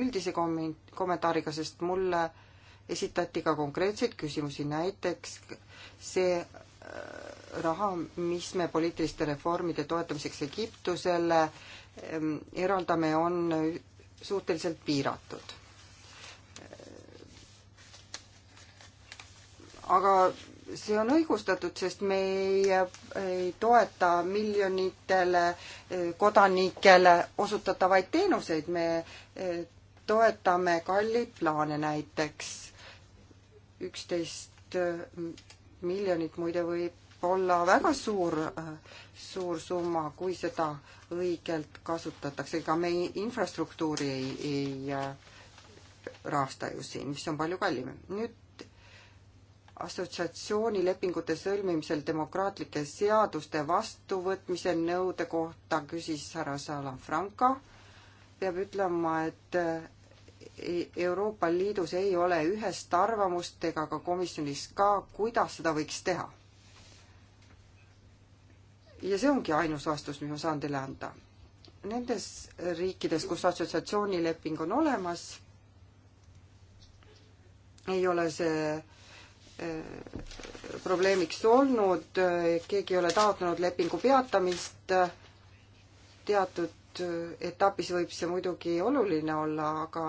üldise komment-, kommentaariga, sest mulle esitati ka konkreetseid küsimusi, näiteks see äh, raha, mis me poliitiliste reformide toetamiseks Egiptusele ähm, eraldame, on suhteliselt piiratud. aga see on õigustatud, sest me ei, ei toeta miljonitele eh, kodanikele osutatavaid teenuseid, me eh, toetame kalleid plaane näiteks. üksteist eh, miljonit muide võib olla väga suur, suur summa, kui seda õigelt kasutatakse, ega me infrastruktuuri ei, ei rahasta ju siin, mis on palju kallim. nüüd assotsiatsioonilepingute sõlmimisel demokraatlike seaduste vastuvõtmise nõude kohta küsis härra Salafranca. peab ütlema, et e, Euroopa Liidus ei ole ühest arvamust ega ka komisjonis ka, kuidas seda võiks teha ja see ongi ainus vastus, mis ma saan teile anda. Nendes riikides, kus assotsiatsioonileping on olemas, ei ole see eh, probleemiks olnud, keegi ei ole taotlenud lepingu peatamist, teatud eh, etapis võib see muidugi oluline olla, aga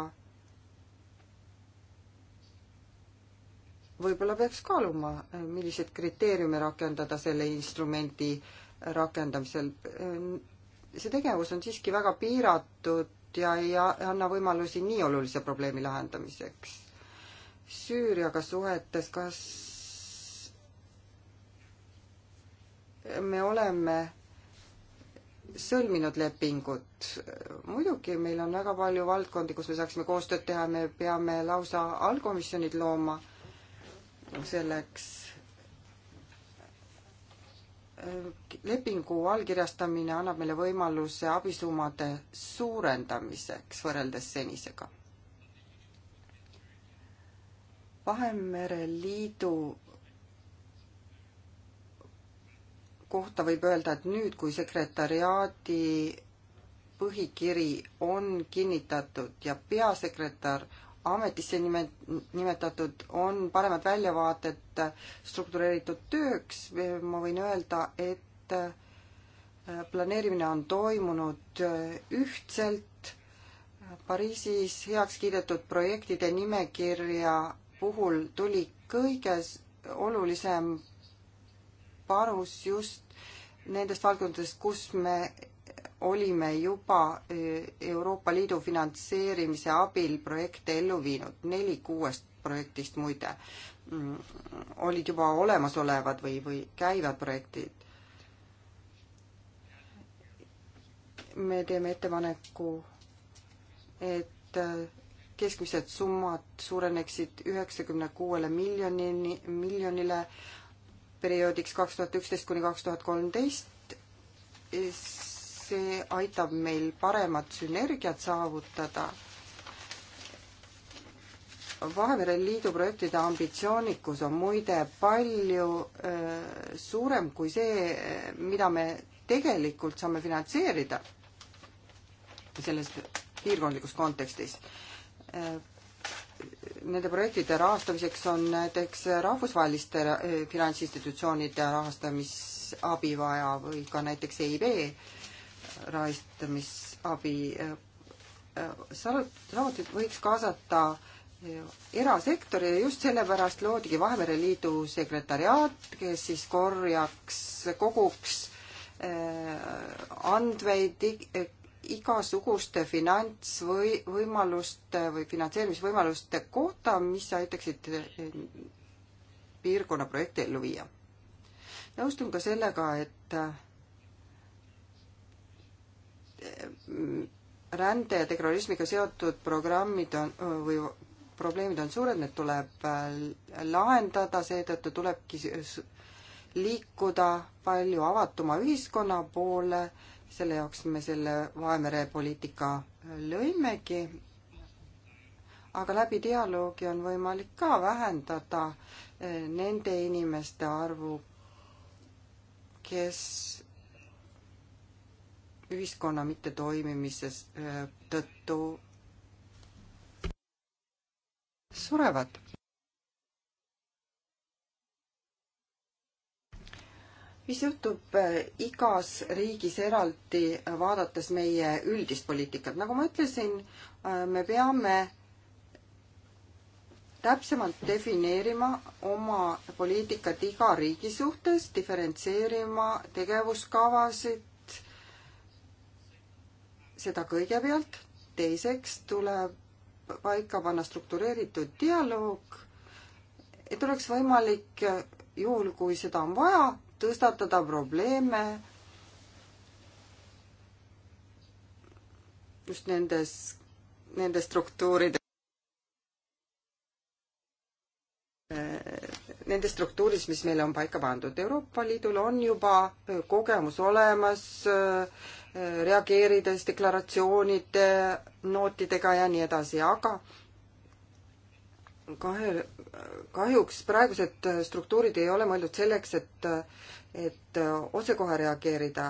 võib-olla peaks kaaluma, eh, milliseid kriteeriume rakendada selle instrumendi äh, rakendamisel. Äh, see tegevus on siiski väga piiratud ja ei anna võimalusi nii olulise probleemi lahendamiseks. Süüriaga suhetes, kas me oleme sõlminud lepingut. muidugi meil on väga palju valdkondi, kus me saaksime koostööd teha, me peame lausa allkomisjonid looma selleks, lepingu allkirjastamine annab meile võimaluse abisummade suurendamiseks võrreldes senisega. Vahemere Liidu kohta võib öelda, et nüüd, kui sekretariaadi põhikiri on kinnitatud ja peasekretär ametisse nimet-, nimetatud, on paremad väljavaated struktureeritud tööks, ma võin öelda, et äh, planeerimine on toimunud äh, ühtselt, Pariisis heaks kiidetud projektide nimekirja puhul tuli kõige olulisem panus just nendest valdkondadest, kus me olime juba e, Euroopa Liidu finantseerimise abil projekte ellu viinud, neli kuuest projektist muide mm, olid juba olemasolevad või, või käivad projektid. me teeme ettepaneku, et e, keskmised summad suureneksid üheksakümne kuuele miljonini, miljonile perioodiks kaks tuhat üksteist kuni kaks tuhat kolmteist see aitab meil paremat sünergiat saavutada. Vahemere Liidu projektide ambitsioonikus on muide palju äh, suurem kui see, mida me tegelikult saame finantseerida selles piirkondlikus kontekstis äh, nende projektide rahastamiseks on näiteks rahvusvaheliste äh, finantsinstitutsioonide rahastamisabi vaja või ka näiteks EIB rahastamisabi samuti võiks kaasata erasektori ja just sellepärast loodigi Vahemere Liidu sekretariaat, kes siis korjaks, koguks eh, andmeid igasuguste finants või võimaluste või finantseerimisvõimaluste kohta, mis aitaksid piirkonna projekte ellu viia. nõustun ka sellega, et rände ja terrorismiga seotud programmid on või probleemid on suured, need tuleb äh, lahendada, seetõttu tulebki liikuda palju avatuma ühiskonna poole, selle jaoks me selle Vahemere poliitika äh, lõimegi. aga läbi dialoogi on võimalik ka vähendada äh, nende inimeste arvu, kes ühiskonna mittetoimimise tõttu surevad. mis juhtub äh, igas riigis eraldi, äh, vaadates meie üldist poliitikat, nagu ma ütlesin, äh, me peame täpsemalt defineerima oma poliitikat iga riigi suhtes, diferentseerima tegevuskavasid, seda kõigepealt, teiseks tuleb paika panna struktureeritud dialoog, et oleks võimalik juhul, kui seda on vaja, tõstatada probleeme just nendes, nende struktuuride, nendes struktuuris, mis meile on paika pandud. Euroopa Liidul on juba kogemus olemas äh, reageerides deklaratsioonide nootidega ja nii edasi, aga kahe, kahjuks praegused struktuurid ei ole mõeldud selleks, et, et otsekohe reageerida.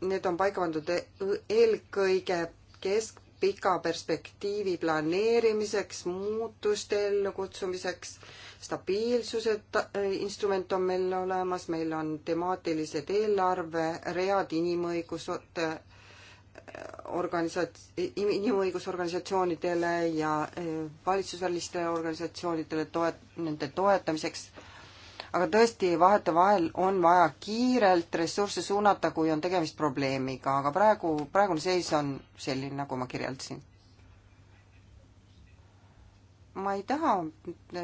Need on paika pandud e-, eelkõige keskpika perspektiivi planeerimiseks, muutuste ellukutsumiseks äh, stabiilsuse äh, instrument on meil olemas, meil on temaatilised eelarveread inimõiguste äh, organisats-, inimõigusorganisatsioonidele ja äh, valitsusvälistele organisatsioonidele toet-, nende toetamiseks, aga tõesti, vahetevahel on vaja kiirelt ressursse suunata, kui on tegemist probleemiga, aga praegu, praegune seis on selline, nagu ma kirjeldasin ma ei taha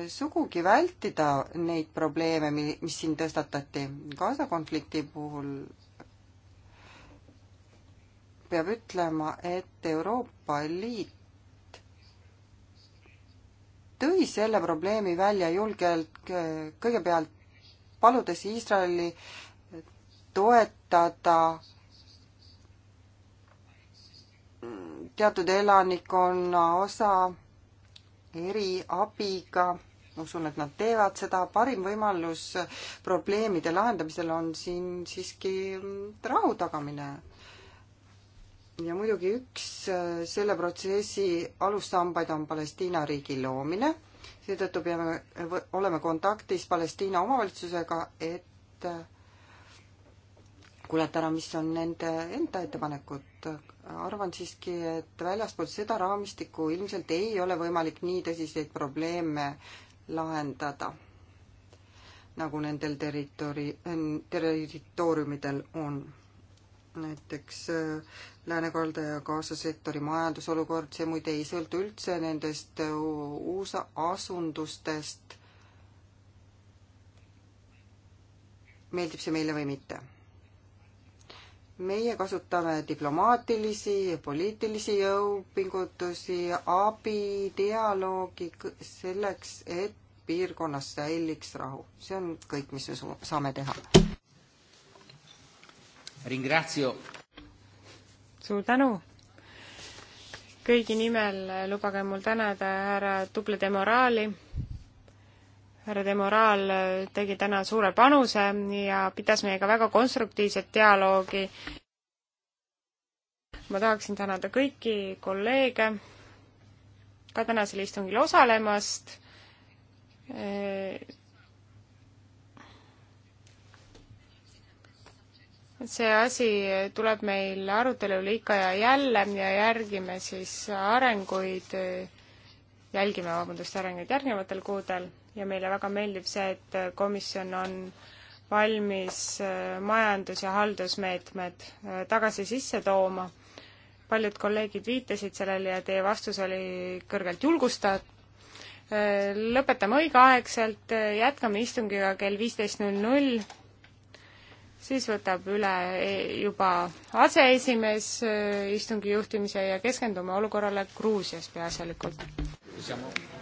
sugugi vältida neid probleeme, mis siin tõstatati. Gaza konflikti puhul peab ütlema, et Euroopa Liit tõi selle probleemi välja julgelt kõigepealt paludes Iisraeli toetada teatud elanikkonna osa eriabiga, usun, et nad teevad seda, parim võimalus probleemide lahendamisel on siin siiski rahu tagamine. ja muidugi üks äh, selle protsessi alussambaid on Palestiina riigi loomine, seetõttu peame, oleme kontaktis Palestiina omavalitsusega, et äh, kuulata ära, mis on nende enda ettepanekud. arvan siiski, et väljaspool seda raamistikku ilmselt ei ole võimalik nii tõsiseid probleeme lahendada, nagu nendel territori-, territooriumidel on. näiteks äh, läänekalda ja kaasasektori majandusolukord, see muide ei sõltu üldse nendest äh, uusasundustest, meeldib see meile või mitte meie kasutame diplomaatilisi, poliitilisi jõupingutusi, abi, dialoogi selleks, et piirkonnas säiliks rahu. see on kõik, mis me saame teha. suur tänu! kõigi nimel lubage mul tänada härra Tuble Demoraali härra De Moral tegi täna suure panuse ja pidas meiega väga konstruktiivset dialoogi. ma tahaksin tänada kõiki kolleege ka tänasel istungil osalemast. see asi tuleb meil arutelul ikka ja jälle ja järgime siis arenguid, jälgime, vabandust, arenguid järgnevatel kuudel ja meile väga meeldib see, et komisjon on valmis äh, majandus- ja haldusmeetmed äh, tagasi sisse tooma. paljud kolleegid viitasid sellele ja teie vastus oli kõrgelt julgustav. Äh, lõpetame õigeaegselt, jätkame istungiga kell viisteist null null, siis võtab üle e, juba aseesimees istungi juhtimise ja keskendume olukorrale Gruusias peaasjalikult.